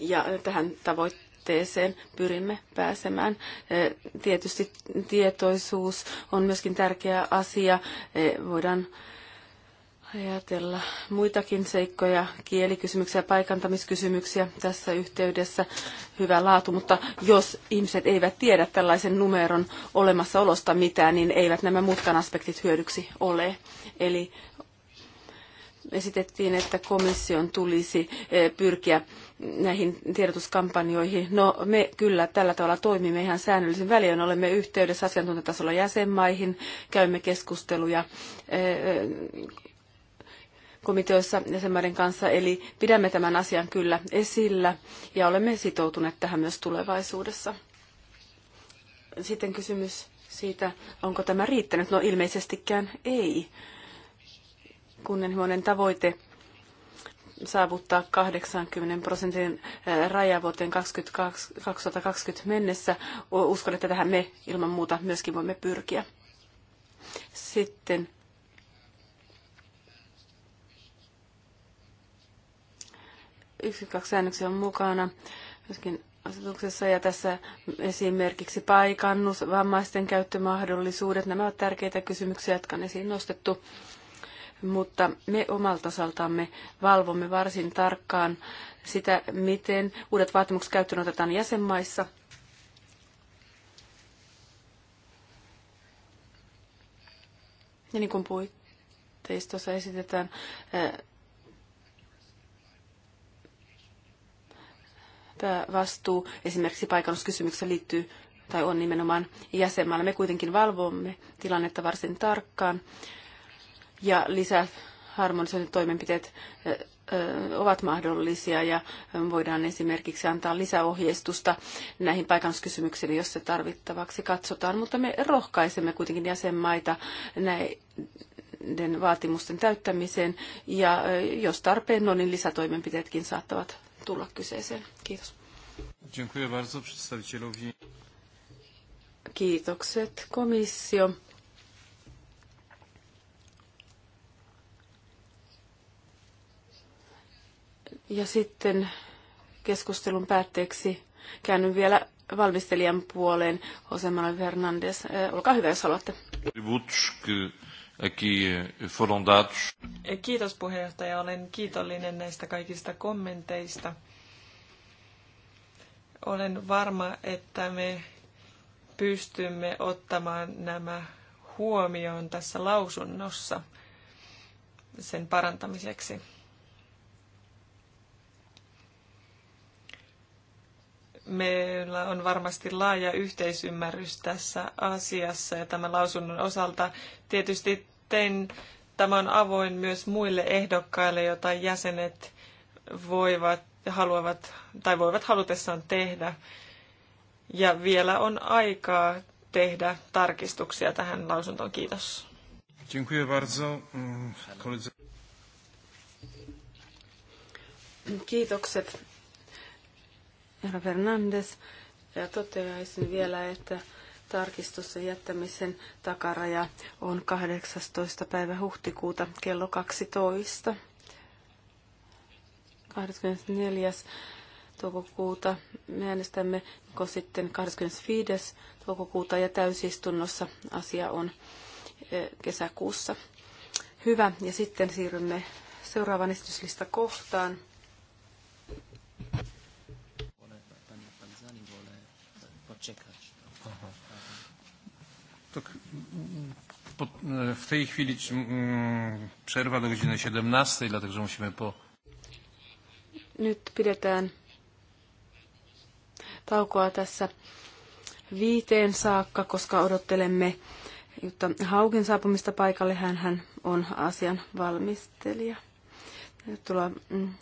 Ja tähän tavoitteeseen pyrimme pääsemään. Tietysti tietoisuus on myöskin tärkeä asia. Voidaan ajatella muitakin seikkoja, kielikysymyksiä, paikantamiskysymyksiä tässä yhteydessä. Hyvä laatu, mutta jos ihmiset eivät tiedä tällaisen numeron olemassaolosta mitään, niin eivät nämä muutkaan aspektit hyödyksi ole. Eli esitettiin, että komission tulisi eh, pyrkiä näihin tiedotuskampanjoihin. No me kyllä tällä tavalla toimimme ihan säännöllisin väliin. Olemme yhteydessä asiantuntijatasolla jäsenmaihin, käymme keskusteluja eh, eh, komiteoissa jäsenmaiden kanssa, eli pidämme tämän asian kyllä esillä ja olemme sitoutuneet tähän myös tulevaisuudessa. Sitten kysymys siitä, onko tämä riittänyt. No ilmeisestikään ei. Kunnianhimoinen tavoite saavuttaa 80 prosentin raja vuoteen 2020 mennessä. Uskon, että tähän me ilman muuta myöskin voimme pyrkiä. Sitten 1.2 säännöksiä on mukana myöskin asetuksessa ja tässä esimerkiksi paikannus, vammaisten käyttömahdollisuudet, nämä ovat tärkeitä kysymyksiä, jotka on esiin nostettu. Mutta me omalta osaltamme valvomme varsin tarkkaan sitä, miten uudet vaatimukset käyttöön otetaan jäsenmaissa. Ja niin kuin puitteistossa esitetään vastuu esimerkiksi paikannuskysymyksessä liittyy tai on nimenomaan jäsenmaalla. Me kuitenkin valvomme tilannetta varsin tarkkaan ja lisäharmonisoinnit toimenpiteet ovat mahdollisia ja voidaan esimerkiksi antaa lisäohjeistusta näihin paikannuskysymyksiin, jos se tarvittavaksi katsotaan. Mutta me rohkaisemme kuitenkin jäsenmaita näiden vaatimusten täyttämiseen ja jos tarpeen on, no niin lisätoimenpiteetkin saattavat tulla kyseeseen. Kiitos. Kiitokset komissio. Ja sitten keskustelun päätteeksi käännyn vielä valmistelijan puoleen. Jose Manuel Fernandez, eh, olkaa hyvä, jos haluatte aqui eh, foram dados. Eh, kiitos puheenjohtaja, olen kiitollinen näistä kaikista kommenteista. Olen varma, että me pystymme ottamaan nämä huomioon tässä lausunnossa sen parantamiseksi. meillä on varmasti laaja yhteisymmärrys tässä asiassa ja tämän lausunnon osalta tietysti tein tämä on avoin myös muille ehdokkaille, joita jäsenet voivat haluavat tai voivat halutessaan tehdä. Ja vielä on aikaa tehdä tarkistuksia tähän lausuntoon. Kiitos. Dziękuję bardzo. Mm, Kiitokset herra Fernandes. Ja toteaisin vielä, että tarkistusten jättämisen takaraja on 18. päivä huhtikuuta kello 12. 24. toukokuuta me äänestämme, joko sitten 25. toukokuuta ja täysistunnossa asia on eh, kesäkuussa. Hyvä, ja sitten siirrymme seuraavaan esityslistakohtaan. kohtaan. E, w tej chwili przerwa do godziny 17, dlatego że musimy po... Nyt pidetään taukoa tässä viiteen saakka, koska odottelemme Jutta Haukin saapumista paikalle. Hän, hän on asian valmistelija. Tervetuloa mm,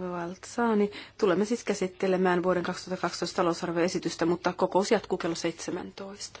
Valtsaani. Tulemme siis käsittelemään vuoden 2012 talousarvioesitystä, mutta kokous jatkuu kello 17.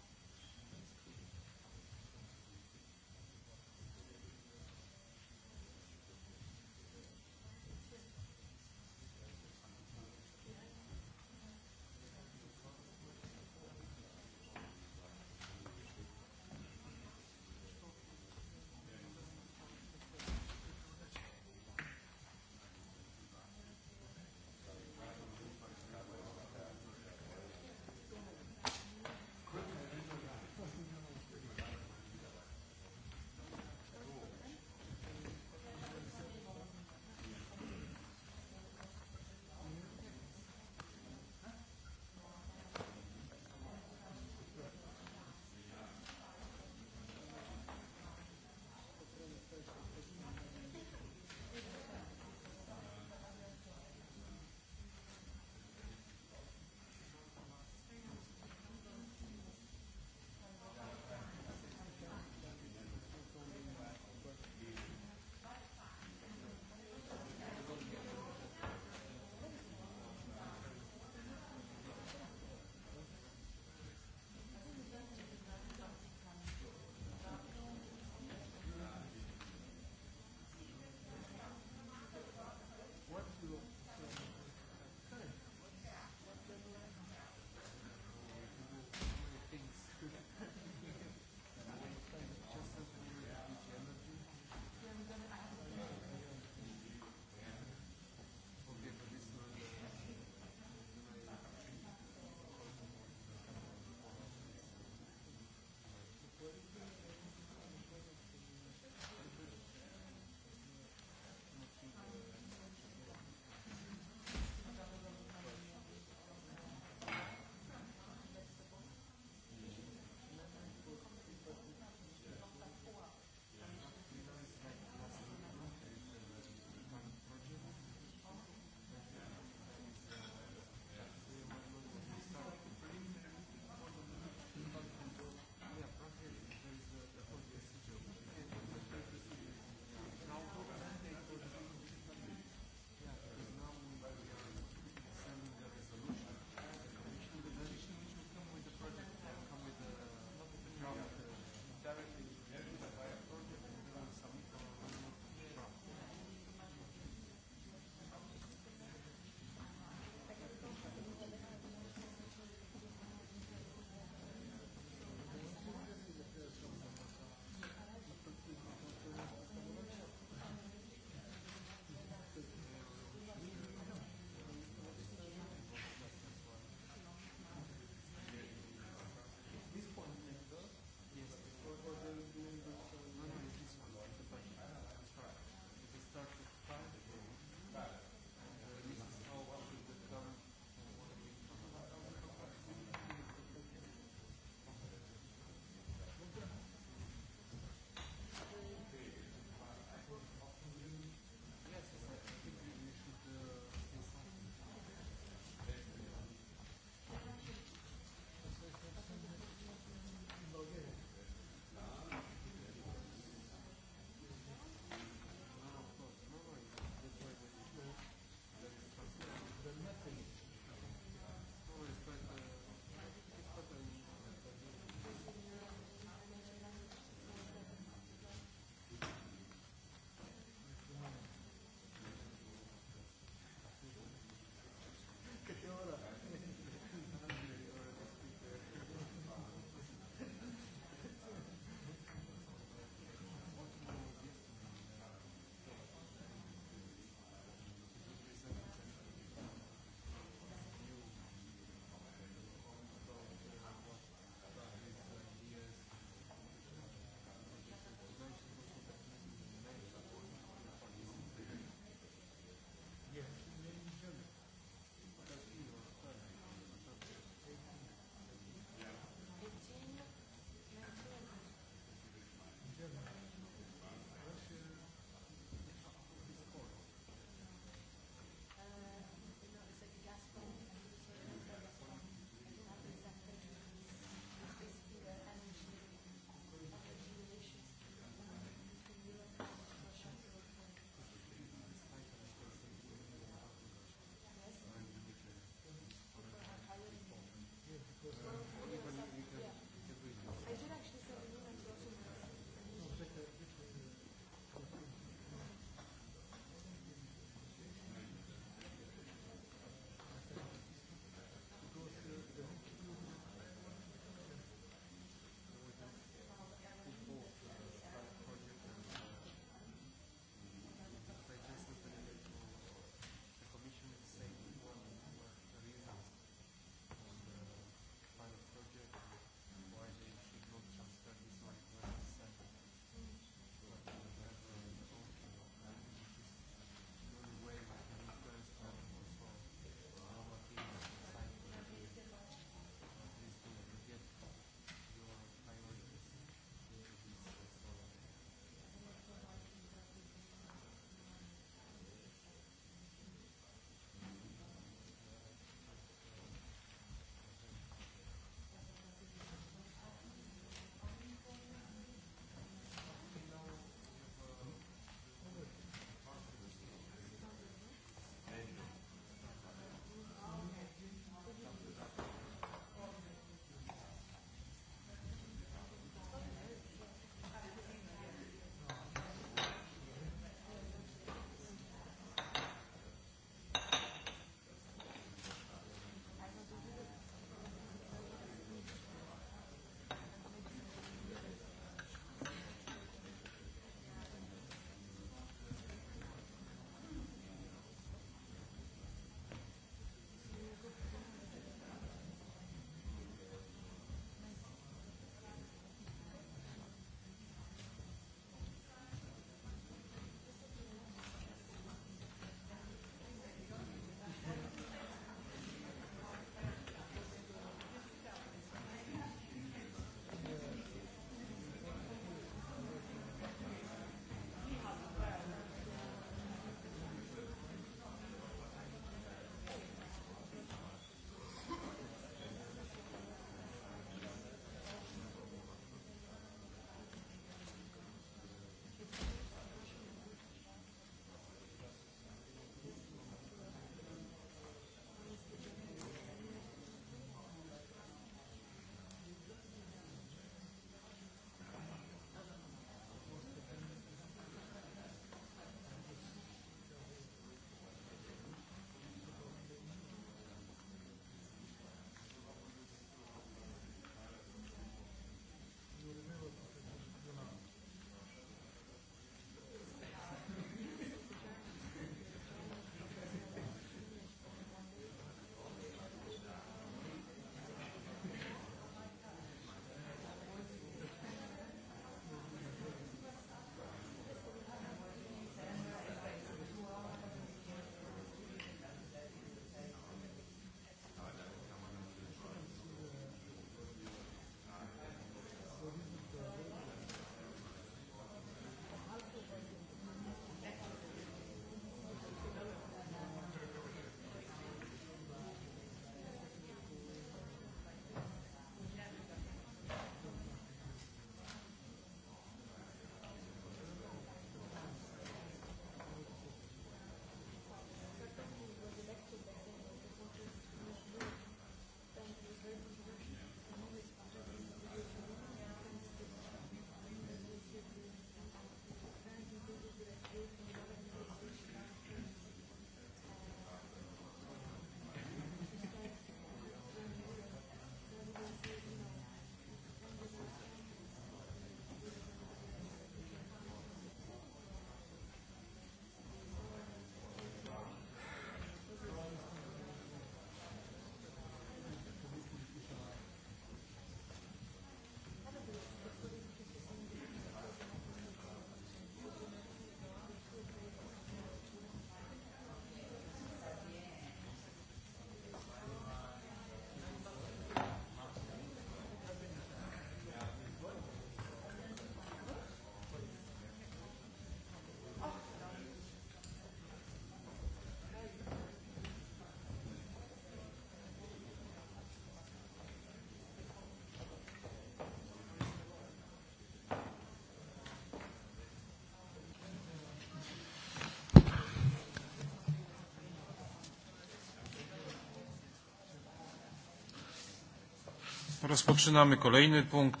Rozpoczynamy kolejny punkt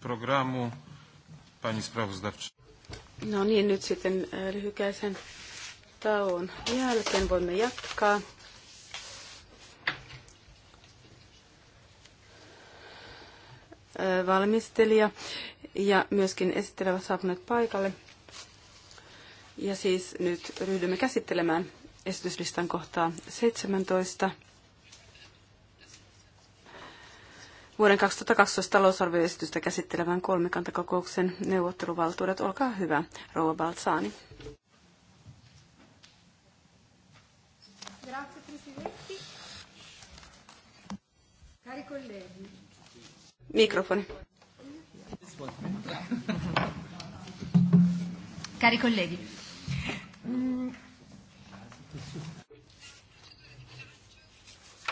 programu. Pani sprawozdawczyni. No niin, nyt sitten lyhykäisen tauon jälkeen voimme jatkaa. valmistelija ja myöskin esittelevä saapuneet paikalle. Ja siis nyt ryhdymme käsittelemään esityslistan kohtaa 17. vuoden 2012 talousarvioesitystä käsittelevän kolmikantakokouksen neuvotteluvaltuudet. Olkaa hyvä, Rouva Baltsaani. Mikrofoni. Cari colleghi. Mm.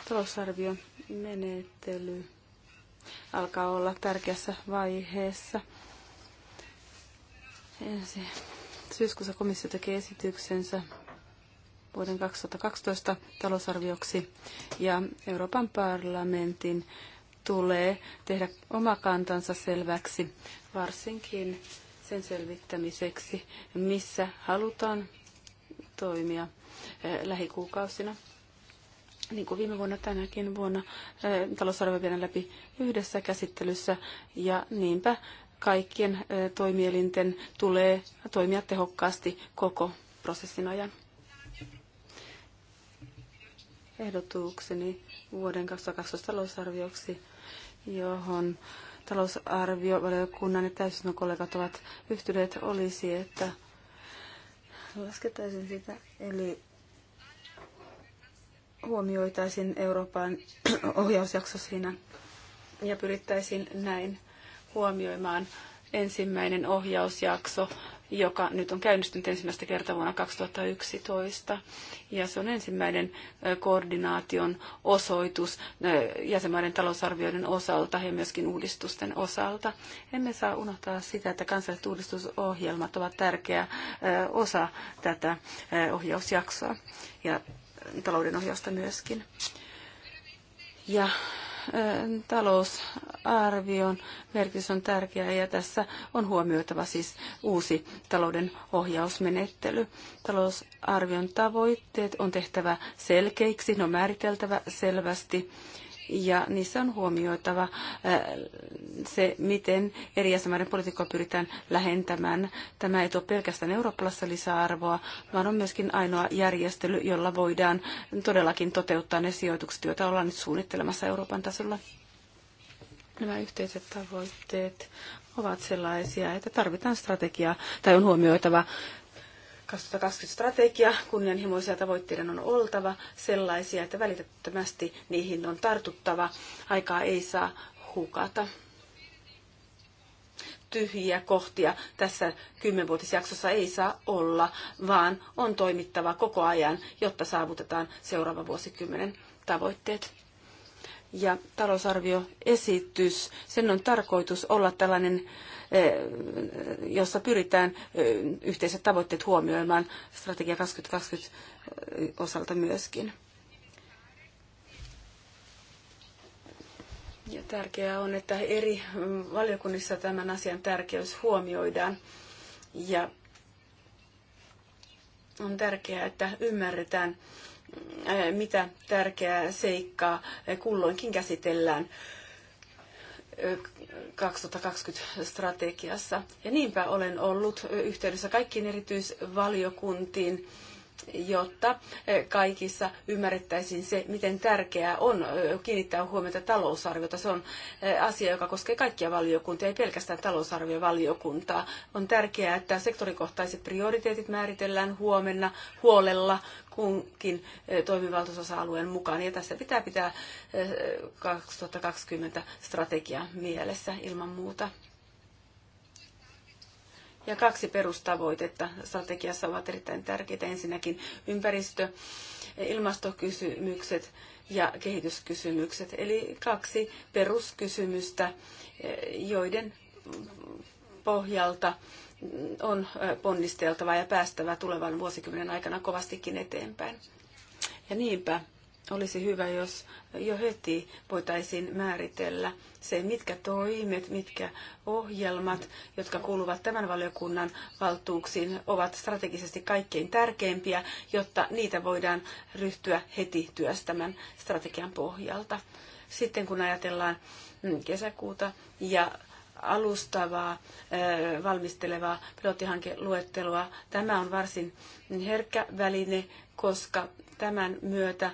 Talousarvio menettely alkaa olla tärkeässä vaiheessa. Ensi syyskuussa komissio tekee esityksensä vuoden 2012 talousarvioksi ja Euroopan parlamentin tulee tehdä oma kantansa selväksi, varsinkin sen selvittämiseksi, missä halutaan toimia eh, lähikuukausina niin kuin viime vuonna tänäkin vuonna eh, talousarvio viedään läpi yhdessä käsittelyssä ja niinpä kaikkien eh, toimielinten tulee toimia tehokkaasti koko prosessin ajan. Ehdotukseni vuoden 2012 talousarvioksi, johon talousarviovaliokunnan ja täysin kollegat ovat yhtyneet, olisi, että laskettaisiin sitä, eli huomioitaisiin Euroopan ohjausjakso siinä ja pyrittäisiin näin huomioimaan ensimmäinen ohjausjakso, joka nyt on käynnistynyt ensimmäistä kertaa vuonna 2011. Ja se on ensimmäinen koordinaation osoitus jäsenmaiden talousarvioiden osalta ja myöskin uudistusten osalta. Emme saa unohtaa sitä, että kansalliset uudistusohjelmat ovat tärkeä osa tätä ohjausjaksoa. Ja talouden ohjausta myöskin. Ja talousarvion merkitys on tärkeä ja tässä on huomioitava siis uusi talouden ohjausmenettely. Talousarvion tavoitteet on tehtävä selkeiksi, ne on määriteltävä selvästi ja niissä on huomioitava äh, se, miten eri jäsenmaiden politiikkaa pyritään lähentämään. Tämä ei tuo pelkästään eurooppalaista lisäarvoa, vaan on myöskin ainoa järjestely, jolla voidaan todellakin toteuttaa ne sijoitukset, joita ollaan nyt suunnittelemassa Euroopan tasolla. Nämä yhteiset tavoitteet ovat sellaisia, että tarvitaan strategiaa tai on huomioitava 2020 strategia, kunnianhimoisia tavoitteiden on oltava sellaisia, että välittömästi niihin on tartuttava. Aikaa ei saa hukata tyhjiä kohtia tässä kymmenvuotisjaksossa ei saa olla, vaan on toimittava koko ajan, jotta saavutetaan seuraava vuosikymmenen tavoitteet. Ja talousarvioesitys, sen on tarkoitus olla tällainen Eh, jossa pyritään eh, yhteiset tavoitteet huomioimaan strategia 2020 eh, osalta myöskin. Ja tärkeää on, että eri valiokunnissa tämän asian tärkeys huomioidaan. Ja on tärkeää, että ymmärretään, mitä tärkeää seikkaa kulloinkin käsitellään 2020 strategiassa. Ja niinpä olen ollut yhteydessä kaikkiin erityisvaliokuntiin jotta eh, kaikissa ymmärrettäisiin se, miten tärkeää on eh, kiinnittää huomiota talousarviota. Se on eh, asia, joka koskee kaikkia valiokuntia, ei pelkästään talousarviovaliokuntaa. On tärkeää, että sektorikohtaiset prioriteetit määritellään huomenna huolella kunkin toimivaltuusosa-alueen mukaan. Ja tässä pitää pitää 2020 strategia mielessä ilman muuta. Ja kaksi perustavoitetta strategiassa ovat erittäin tärkeitä. Ensinnäkin ympäristö, ilmastokysymykset ja kehityskysymykset. Eli kaksi peruskysymystä, joiden pohjalta on ponnisteltava ja päästävä tulevan vuosikymmenen aikana kovastikin eteenpäin. Ja niinpä olisi hyvä, jos jo heti voitaisiin määritellä se, mitkä toimet, mitkä ohjelmat, jotka kuuluvat tämän valiokunnan valtuuksiin, ovat strategisesti kaikkein tärkeimpiä, jotta niitä voidaan ryhtyä heti työstämään strategian pohjalta. Sitten kun ajatellaan mm, kesäkuuta ja alustavaa, valmistelevaa pilottihankeluettelua. Tämä on varsin herkkä väline, koska tämän myötä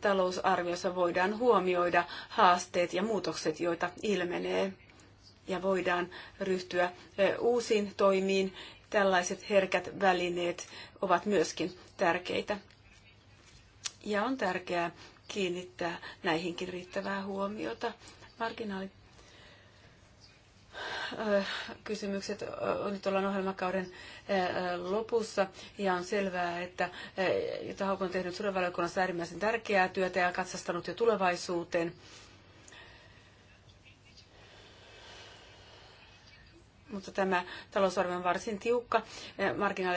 talousarviossa voidaan huomioida haasteet ja muutokset, joita ilmenee, ja voidaan ryhtyä uusiin toimiin. Tällaiset herkät välineet ovat myöskin tärkeitä. Ja on tärkeää kiinnittää näihinkin riittävää huomiota. Marginaalit kysymykset on nyt ollaan ohjelmakauden lopussa ja on selvää, että Jutta on tehnyt suuren valiokunnassa äärimmäisen tärkeää työtä ja katsastanut jo tulevaisuuteen. mutta tämä talousarvio on varsin tiukka,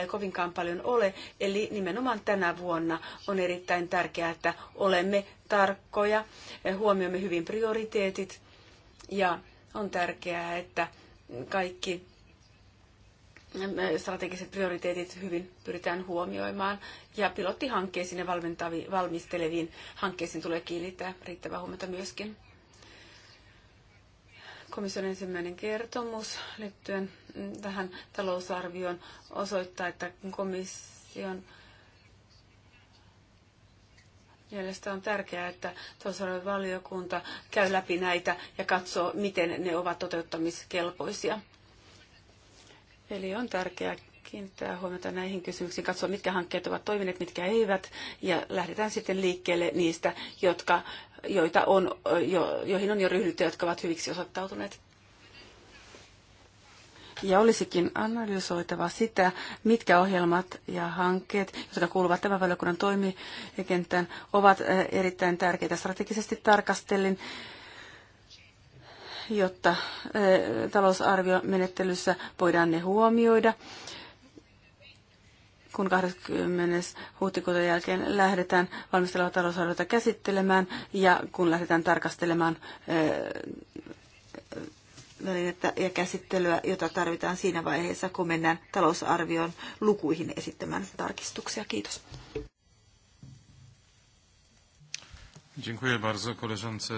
ei kovinkaan paljon ole, eli nimenomaan tänä vuonna on erittäin tärkeää, että olemme tarkkoja, huomioimme hyvin prioriteetit ja on tärkeää, että kaikki strategiset prioriteetit hyvin pyritään huomioimaan. Ja pilottihankkeisiin ja valmisteleviin hankkeisiin tulee kiinnittää riittävää huomiota myöskin. Komission ensimmäinen kertomus liittyen tähän talousarvioon osoittaa, että komission Mielestäni on tärkeää, että tosiaan valiokunta käy läpi näitä ja katsoo, miten ne ovat toteuttamiskelpoisia. Eli on tärkeää kiinnittää huomiota näihin kysymyksiin, katsoa mitkä hankkeet ovat toimineet, mitkä eivät, ja lähdetään sitten liikkeelle niistä, jotka, joita on, jo, joihin on jo ryhdytty, jotka ovat hyviksi osoittautuneet. Ja olisikin analysoitava sitä, mitkä ohjelmat ja hankkeet, jotka kuuluvat tämän valiokunnan toimikentään, ovat eh, erittäin tärkeitä strategisesti tarkastellin, jotta eh, talousarviomenettelyssä voidaan ne huomioida kun 20. huhtikuuta jälkeen lähdetään valmistelua talousarviota käsittelemään ja kun lähdetään tarkastelemaan eh, välinettä ja käsittelyä, jota tarvitaan siinä vaiheessa, kun mennään talousarvion lukuihin esittämään tarkistuksia. Kiitos. Dziękuję bardzo koleżance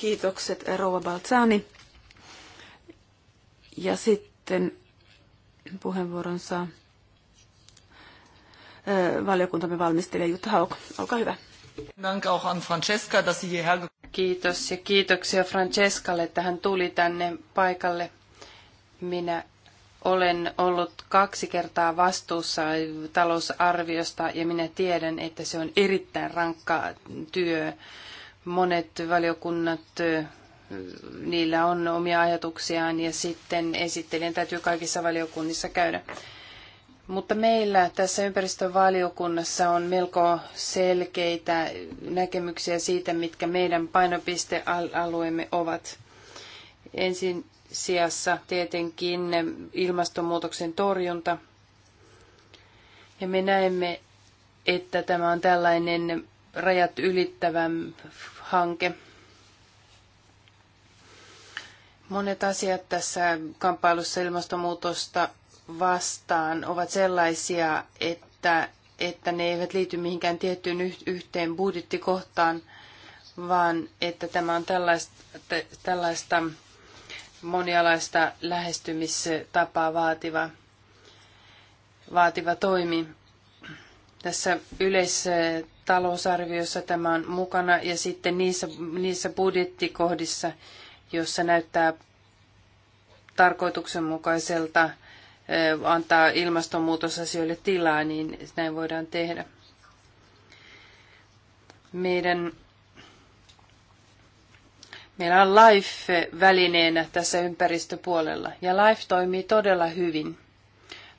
Kiitokset Rouva Balzani. Ja sitten puheenvuoronsa valiokuntamme valmistelija Jutta Hauk. Olkaa hyvä. Kiitos ja kiitoksia Francescalle, että hän tuli tänne paikalle. Minä olen ollut kaksi kertaa vastuussa talousarviosta ja minä tiedän, että se on erittäin rankka työ. Monet valiokunnat, niillä on omia ajatuksiaan ja sitten esittelijän täytyy kaikissa valiokunnissa käydä. Mutta meillä tässä ympäristövaliokunnassa on melko selkeitä näkemyksiä siitä, mitkä meidän painopistealueemme ovat. Ensin sijassa tietenkin ilmastonmuutoksen torjunta. Ja me näemme, että tämä on tällainen rajat ylittävä hanke. Monet asiat tässä kamppailussa ilmastonmuutosta vastaan ovat sellaisia, että, että ne eivät liity mihinkään tiettyyn yhteen budjettikohtaan, vaan että tämä on tällaista, tällaista monialaista lähestymistapaa vaativa, vaativa toimi. Tässä yleistalousarviossa tämä on mukana ja sitten niissä, niissä budjettikohdissa, jossa näyttää tarkoituksenmukaiselta antaa ilmastonmuutosasioille tilaa, niin näin voidaan tehdä. Meidän Meillä on LIFE välineenä tässä ympäristöpuolella ja LIFE toimii todella hyvin.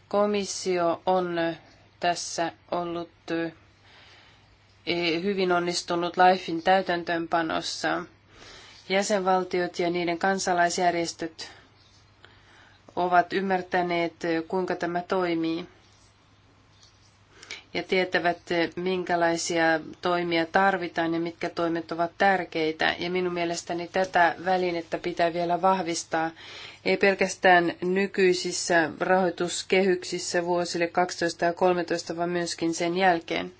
Komissio on tässä ollut e, hyvin onnistunut LIFEin täytäntöönpanossa. Jäsenvaltiot ja niiden kansalaisjärjestöt ovat ymmärtäneet, kuinka tämä toimii ja tietävät, minkälaisia toimia tarvitaan ja mitkä toimet ovat tärkeitä. Ja minun mielestäni tätä välinettä pitää vielä vahvistaa, ei pelkästään nykyisissä rahoituskehyksissä vuosille 12 ja 13, vaan myöskin sen jälkeen.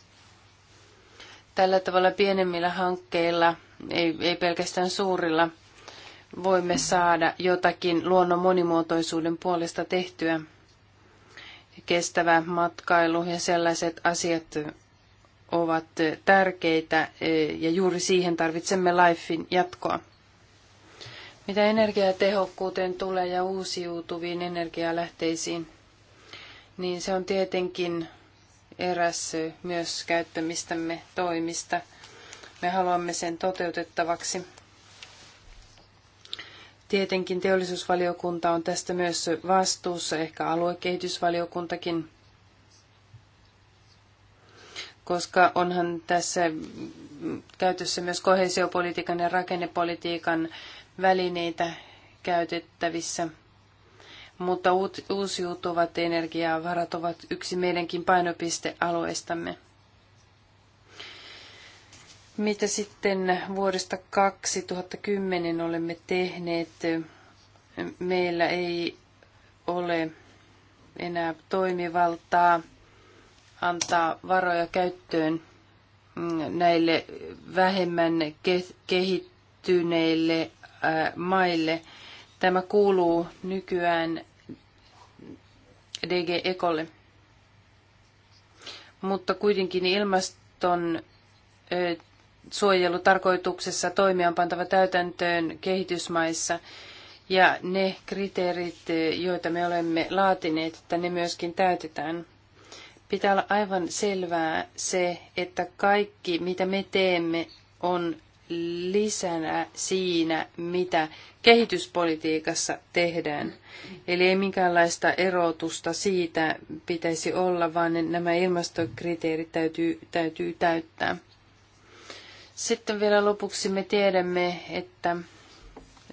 Tällä tavalla pienemmillä hankkeilla, ei, ei pelkästään suurilla, voimme saada jotakin luonnon monimuotoisuuden puolesta tehtyä. Kestävä matkailu ja sellaiset asiat ovat tärkeitä e, ja juuri siihen tarvitsemme LIFEin jatkoa. Mitä energiatehokkuuteen tulee ja uusiutuviin energialähteisiin, niin se on tietenkin eräs myös käyttämistämme toimista. Me haluamme sen toteutettavaksi. Tietenkin teollisuusvaliokunta on tästä myös vastuussa, ehkä aluekehitysvaliokuntakin, koska onhan tässä käytössä myös kohesiopolitiikan ja rakennepolitiikan välineitä käytettävissä. Mutta uusiutuvat energiavarat ovat yksi meidänkin painopistealueistamme. Mitä sitten vuodesta 2010 olemme tehneet? Meillä ei ole enää toimivaltaa antaa varoja käyttöön näille vähemmän kehittyneille maille. Tämä kuuluu nykyään DG Ecolle. Mutta kuitenkin ilmaston suojelutarkoituksessa toimia on pantava täytäntöön kehitysmaissa. Ja ne kriteerit, joita me olemme laatineet, että ne myöskin täytetään. Pitää olla aivan selvää se, että kaikki mitä me teemme on lisänä siinä, mitä kehityspolitiikassa tehdään. Eli ei minkäänlaista erotusta siitä pitäisi olla, vaan nämä ilmastokriteerit täytyy, täytyy täyttää. Sitten vielä lopuksi me tiedämme, että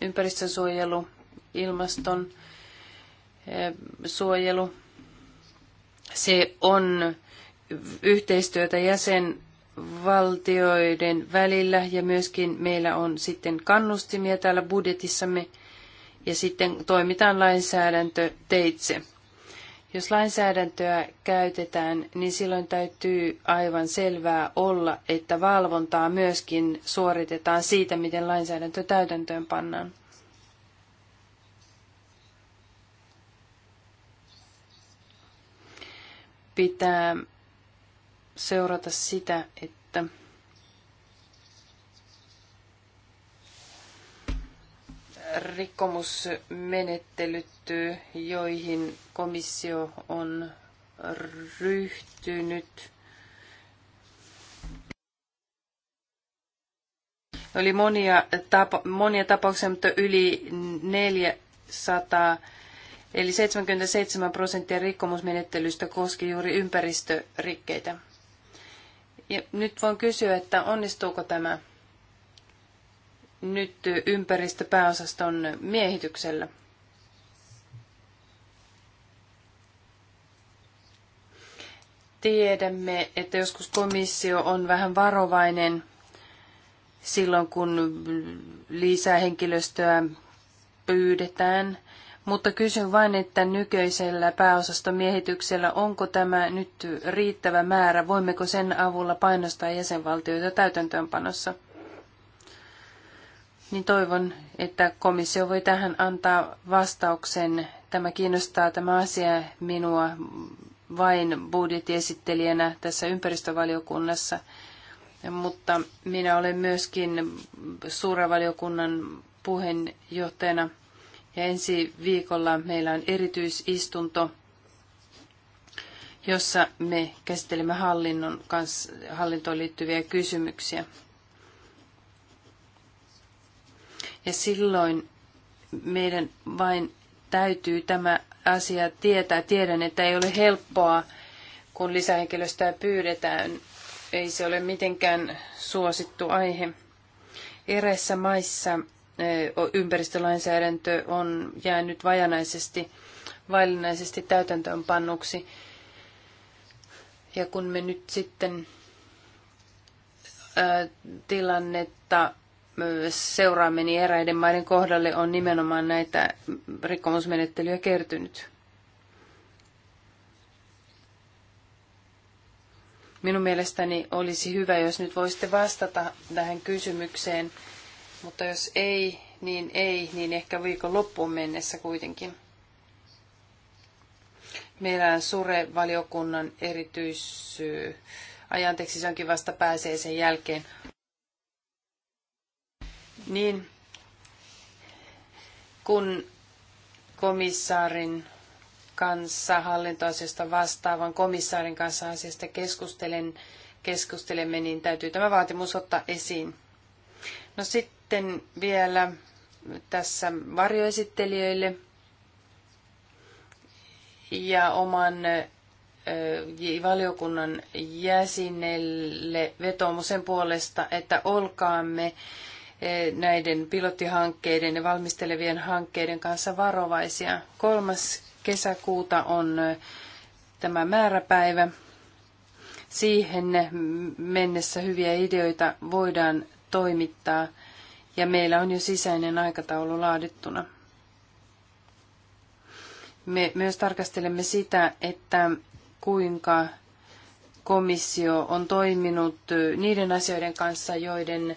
ympäristösuojelu, ilmaston eh, suojelu, se on yhteistyötä jäsenvaltioiden välillä ja myöskin meillä on sitten kannustimia täällä budjetissamme ja sitten toimitaan lainsäädäntö teitse. Jos lainsäädäntöä käytetään, niin silloin täytyy aivan selvää olla, että valvontaa myöskin suoritetaan siitä, miten lainsäädäntö täytäntöön pannaan. Pitää seurata sitä, että rikkomusmenettelyt, joihin komissio on ryhtynyt. Oli monia, tapa, monia tapauksia, mutta yli 400, eli 77 prosenttia rikkomusmenettelystä koski juuri ympäristörikkeitä. Ja nyt voin kysyä, että onnistuuko tämä nyt ympäristöpääosaston miehityksellä. Tiedämme, että joskus komissio on vähän varovainen silloin, kun lisää henkilöstöä pyydetään. Mutta kysyn vain, että nykyisellä pääosastomiehityksellä onko tämä nyt riittävä määrä? Voimmeko sen avulla painostaa jäsenvaltioita täytäntöönpanossa? niin toivon, että komissio voi tähän antaa vastauksen. Tämä kiinnostaa tämä asia minua vain budjettiesittelijänä tässä ympäristövaliokunnassa, mutta minä olen myöskin suuren valiokunnan puheenjohtajana ja ensi viikolla meillä on erityisistunto, jossa me käsittelemme hallinnon kanssa, hallintoon liittyviä kysymyksiä. Ja silloin meidän vain täytyy tämä asia tietää. Tiedän, että ei ole helppoa, kun lisähenkilöstöä pyydetään. Ei se ole mitenkään suosittu aihe. Eräissä maissa ympäristölainsäädäntö on jäänyt vajanaisesti, vaillinaisesti täytäntöönpannuksi. Ja kun me nyt sitten tilannetta seuraaminen eräiden maiden kohdalle on nimenomaan näitä rikkomusmenettelyjä kertynyt. Minun mielestäni olisi hyvä, jos nyt voisitte vastata tähän kysymykseen, mutta jos ei, niin ei, niin ehkä viikon loppuun mennessä kuitenkin. Meillä on Sure-valiokunnan erityis... Ajanteeksi se onkin vasta pääsee sen jälkeen niin kun komissaarin kanssa, hallintoasiasta vastaavan komissaarin kanssa asiasta keskustelen, keskustelemme, niin täytyy tämä vaatimus ottaa esiin. No sitten vielä tässä varjoesittelijöille ja oman valiokunnan jäsenelle vetoomusen puolesta, että olkaamme näiden pilottihankkeiden ja valmistelevien hankkeiden kanssa varovaisia. Kolmas kesäkuuta on tämä määräpäivä. Siihen mennessä hyviä ideoita voidaan toimittaa ja meillä on jo sisäinen aikataulu laadittuna. Me myös tarkastelemme sitä, että kuinka komissio on toiminut niiden asioiden kanssa, joiden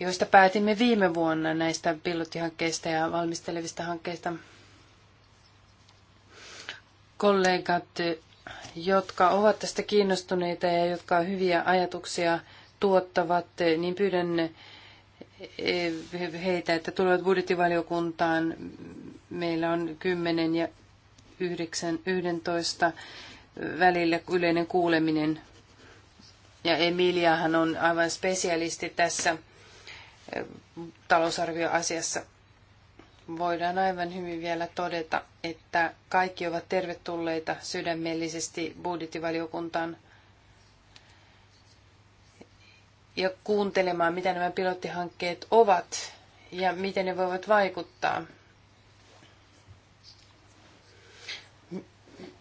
joista päätimme viime vuonna näistä pilottihankkeista ja valmistelevista hankkeista. Kollegat, jotka ovat tästä kiinnostuneita ja jotka hyviä ajatuksia tuottavat, niin pyydän eh, heitä, että tulevat budjettivaliokuntaan. Meillä on 10 ja 9, 11 välillä yleinen kuuleminen. Ja Emiliahan on aivan spesialisti tässä – talousarvioasiassa. Voidaan aivan hyvin vielä todeta, että kaikki ovat tervetulleita sydämellisesti budjettivaliokuntaan ja kuuntelemaan, mitä nämä pilottihankkeet ovat ja miten ne voivat vaikuttaa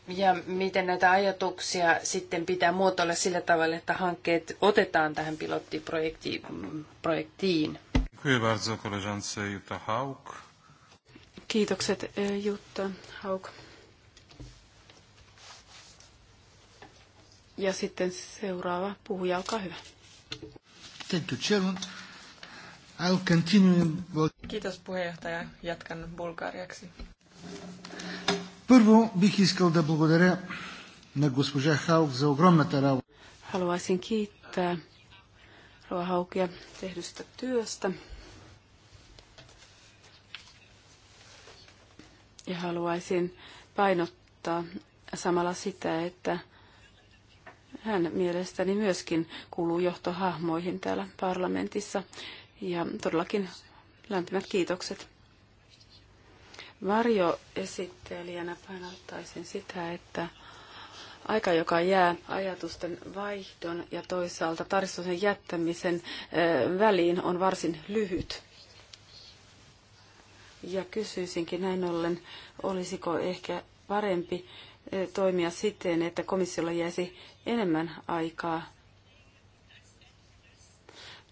ja miten näitä ajatuksia sitten pitää muotoilla sillä tavalla, että hankkeet otetaan tähän pilottiprojektiin. Kiitokset e, Jutta Hauk. Ja sitten seuraava puhuja, olkaa hyvä. Thank you, Chairman. continue. Kiitos puheenjohtaja. Jatkan bulgariaksi. Първо бих искал да благодаря на госпожа Хаук за огромната работа. Haluaisin kiittää Roa Haukia tehdystä työstä. Ja haluaisin painottaa samalla sitä, että hän mielestäni myöskin kuuluu johtohahmoihin täällä parlamentissa. Ja todellakin lämpimät kiitokset varjoesittelijänä painottaisin sitä, että aika, joka jää ajatusten vaihdon ja toisaalta tarkistuksen jättämisen väliin, on varsin lyhyt. Ja kysyisinkin näin ollen, olisiko ehkä parempi toimia siten, että komissiolla jäisi enemmän aikaa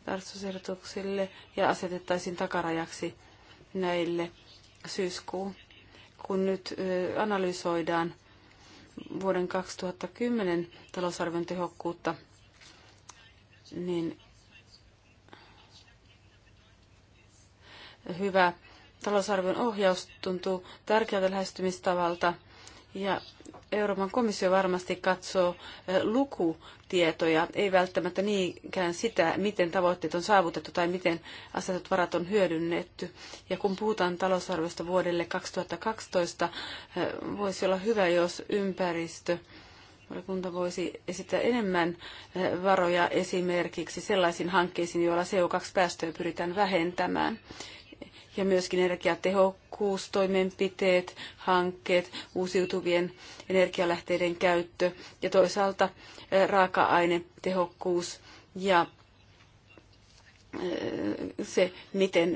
tarkastusehdotuksille ja asetettaisiin takarajaksi näille syyskuu, kun nyt analysoidaan vuoden 2010 talousarvion tehokkuutta, niin hyvä talousarvion ohjaus tuntuu tärkeältä lähestymistavalta – ja Euroopan komissio varmasti katsoo lukutietoja, ei välttämättä niinkään sitä, miten tavoitteet on saavutettu tai miten asetut varat on hyödynnetty. Ja kun puhutaan talousarviosta vuodelle 2012, voisi olla hyvä, jos ympäristö Valiokunta voisi esittää enemmän varoja esimerkiksi sellaisiin hankkeisiin, joilla CO2-päästöjä pyritään vähentämään ja myöskin energiatehokkuustoimenpiteet, hankkeet, uusiutuvien energialähteiden käyttö ja toisaalta raaka-ainetehokkuus ja se, miten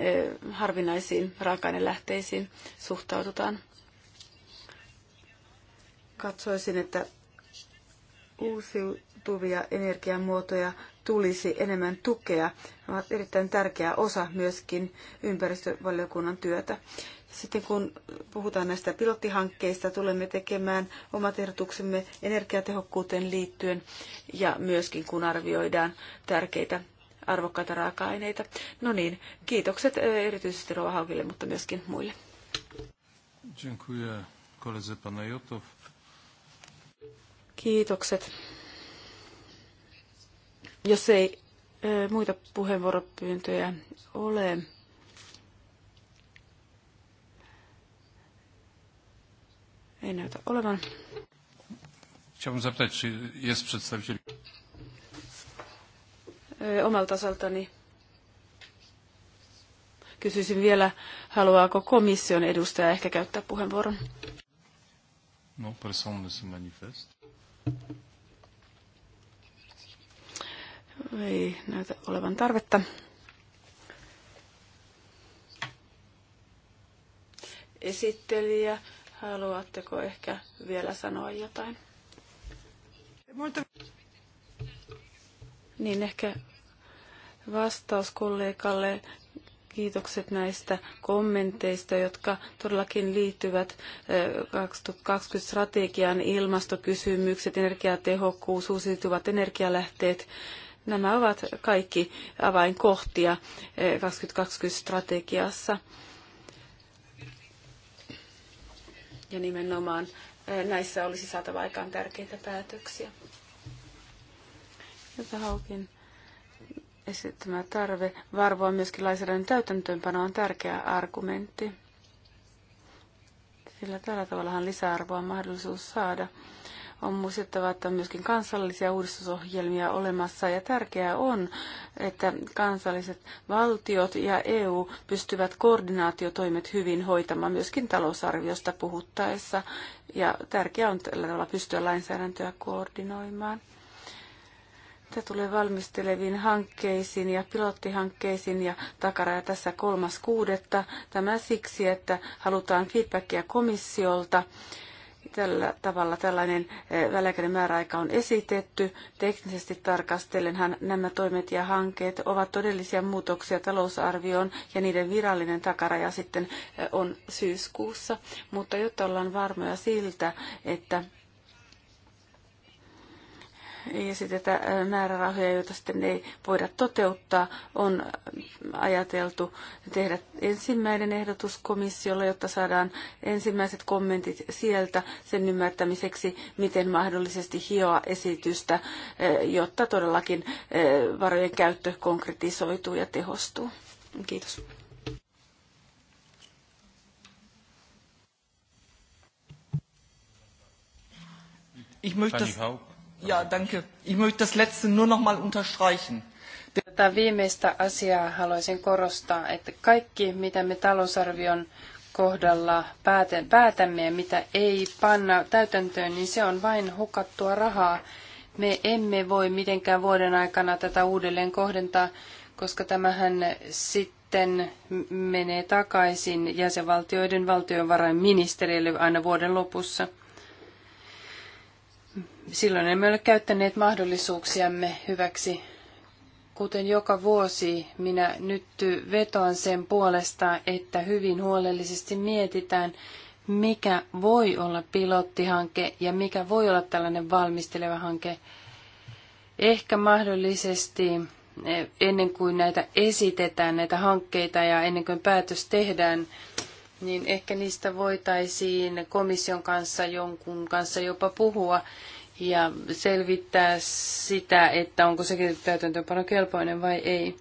harvinaisiin raaka-ainelähteisiin suhtaudutaan. Katsoisin, että uusiutuvien uutuvia energiamuotoja tulisi enemmän tukea. Ne ovat erittäin tärkeä osa myöskin ympäristövaliokunnan työtä. Sitten kun puhutaan näistä pilottihankkeista, tulemme tekemään omat ehdotuksemme energiatehokkuuteen liittyen ja myöskin kun arvioidaan tärkeitä arvokkaita raaka-aineita. No niin, kiitokset eh, erityisesti Rova Haukille, mutta myöskin muille. Dziękuję Kiitokset jos ei muita puheenvuoropyyntöjä ole, ei näytä olevan. Chciałbym zapytać, czy jest przedstawiciel... Omalta osaltani kysyisin vielä, haluaako komission edustaja ehkä käyttää puheenvuoron? No, personne se manifeste. Ei näytä olevan tarvetta. Esittelijä, haluatteko ehkä vielä sanoa jotain? Niin ehkä vastaus kollegalle kiitokset näistä kommenteista, jotka todellakin liittyvät 2020 strategian ilmastokysymykset, energiatehokkuus, uusiutuvat energialähteet Nämä ovat kaikki avainkohtia 2020-strategiassa. Eh, ja nimenomaan eh, näissä olisi saatava aikaan tärkeitä päätöksiä. Jota Haukin esittämä tarve varvoa myöskin lainsäädännön täytäntöönpano on tärkeä argumentti. Sillä tällä tavallahan lisäarvoa on mahdollisuus saada on muistettava, että on myöskin kansallisia uudistusohjelmia olemassa ja tärkeää on, että kansalliset valtiot ja EU pystyvät koordinaatiotoimet hyvin hoitamaan myöskin talousarviosta puhuttaessa ja tärkeää on tällä tavalla pystyä lainsäädäntöä koordinoimaan. Tämä tulee valmisteleviin hankkeisiin ja pilottihankkeisiin ja takaraja tässä kolmas kuudetta. Tämä siksi, että halutaan feedbackia komissiolta Tällä tavalla tällainen eh, väliaikainen määräaika on esitetty. Teknisesti tarkastellenhan nämä toimet ja hankkeet ovat todellisia muutoksia talousarvioon ja niiden virallinen takaraja sitten eh, on syyskuussa. Mutta jotta ollaan varmoja siltä, että ei esitetä määrärahoja, joita sitten ei voida toteuttaa, on ajateltu tehdä ensimmäinen ehdotus komissiolle, jotta saadaan ensimmäiset kommentit sieltä sen ymmärtämiseksi, miten mahdollisesti hioa esitystä, jotta todellakin varojen käyttö konkretisoituu ja tehostuu. Kiitos. Ich möchte das, ja, danke. Ich möchte das letzte nur noch mal unterstreichen. Tätä viimeistä asiaa haluaisin korostaa, että kaikki, mitä me talousarvion kohdalla päätämme ja mitä ei panna täytäntöön, niin se on vain hukattua rahaa. Me emme voi mitenkään vuoden aikana tätä uudelleen kohdentaa, koska tämähän sitten menee takaisin jäsenvaltioiden valtiovarainministeriölle aina vuoden lopussa – silloin emme ole käyttäneet mahdollisuuksiamme hyväksi. Kuten joka vuosi, minä nyt vetoan sen puolesta, että hyvin huolellisesti mietitään, mikä voi olla pilottihanke ja mikä voi olla tällainen valmisteleva hanke. Ehkä mahdollisesti eh, ennen kuin näitä esitetään, näitä hankkeita ja ennen kuin päätös tehdään, niin ehkä niistä voitaisiin komission kanssa jonkun kanssa jopa puhua ja selvittää sitä, että onko sekin täytäntöönpano kelpoinen vai ei.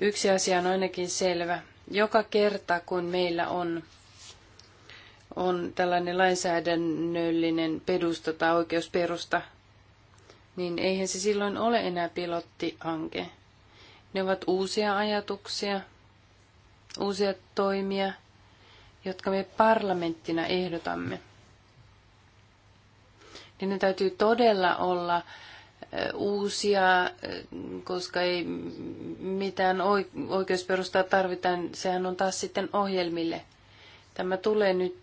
Yksi asia on ainakin selvä. Joka kerta, kun meillä on, on tällainen lainsäädännöllinen pedusta tai oikeusperusta, niin eihän se silloin ole enää pilottihanke. Ne ovat uusia ajatuksia, uusia toimia – jotka me parlamenttina ehdotamme, niin ne täytyy todella olla uusia, koska ei mitään oikeusperustaa tarvitaan. Sehän on taas sitten ohjelmille. Tämä tulee nyt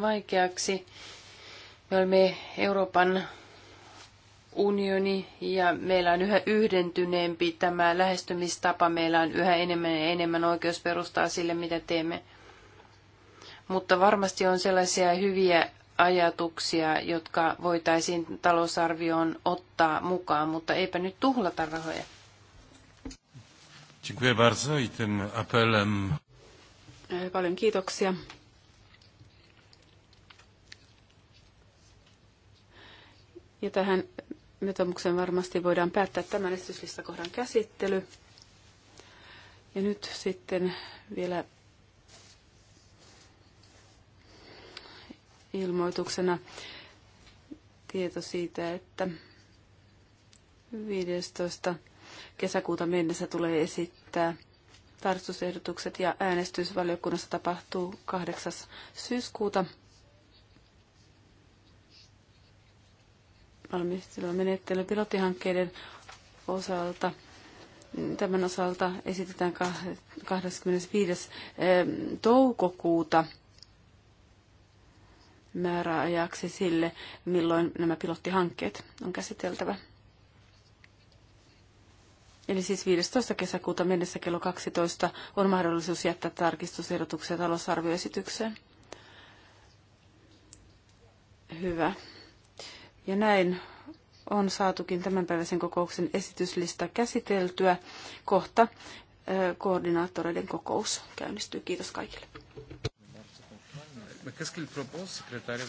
vaikeaksi. Me olemme Euroopan unioni ja meillä on yhä yhdentyneempi tämä lähestymistapa. Meillä on yhä enemmän ja enemmän oikeusperustaa sille, mitä teemme. Mutta varmasti on sellaisia hyviä ajatuksia, jotka voitaisiin talousarvioon ottaa mukaan, mutta eipä nyt tuhlata rahoja. Paljon kiitoksia. Ja tähän vetomuksen varmasti voidaan päättää tämän esityslistakohdan käsittely. Ja nyt sitten vielä ilmoituksena tieto siitä, että 15. kesäkuuta mennessä tulee esittää tarkistusehdotukset ja äänestysvaliokunnassa tapahtuu 8. syyskuuta. Valmistelua menettely pilottihankkeiden osalta. Tämän osalta esitetään 25. Eh, toukokuuta – määräajaksi sille, milloin nämä pilottihankkeet on käsiteltävä. Eli siis 15. kesäkuuta mennessä kello 12 on mahdollisuus jättää tarkistusehdotuksia talousarvioesitykseen. Hyvä. Ja näin on saatukin tämänpäiväisen kokouksen esityslista käsiteltyä. Kohta koordinaattoreiden kokous käynnistyy. Kiitos kaikille. Qu'est-ce qu'il propose, secrétaire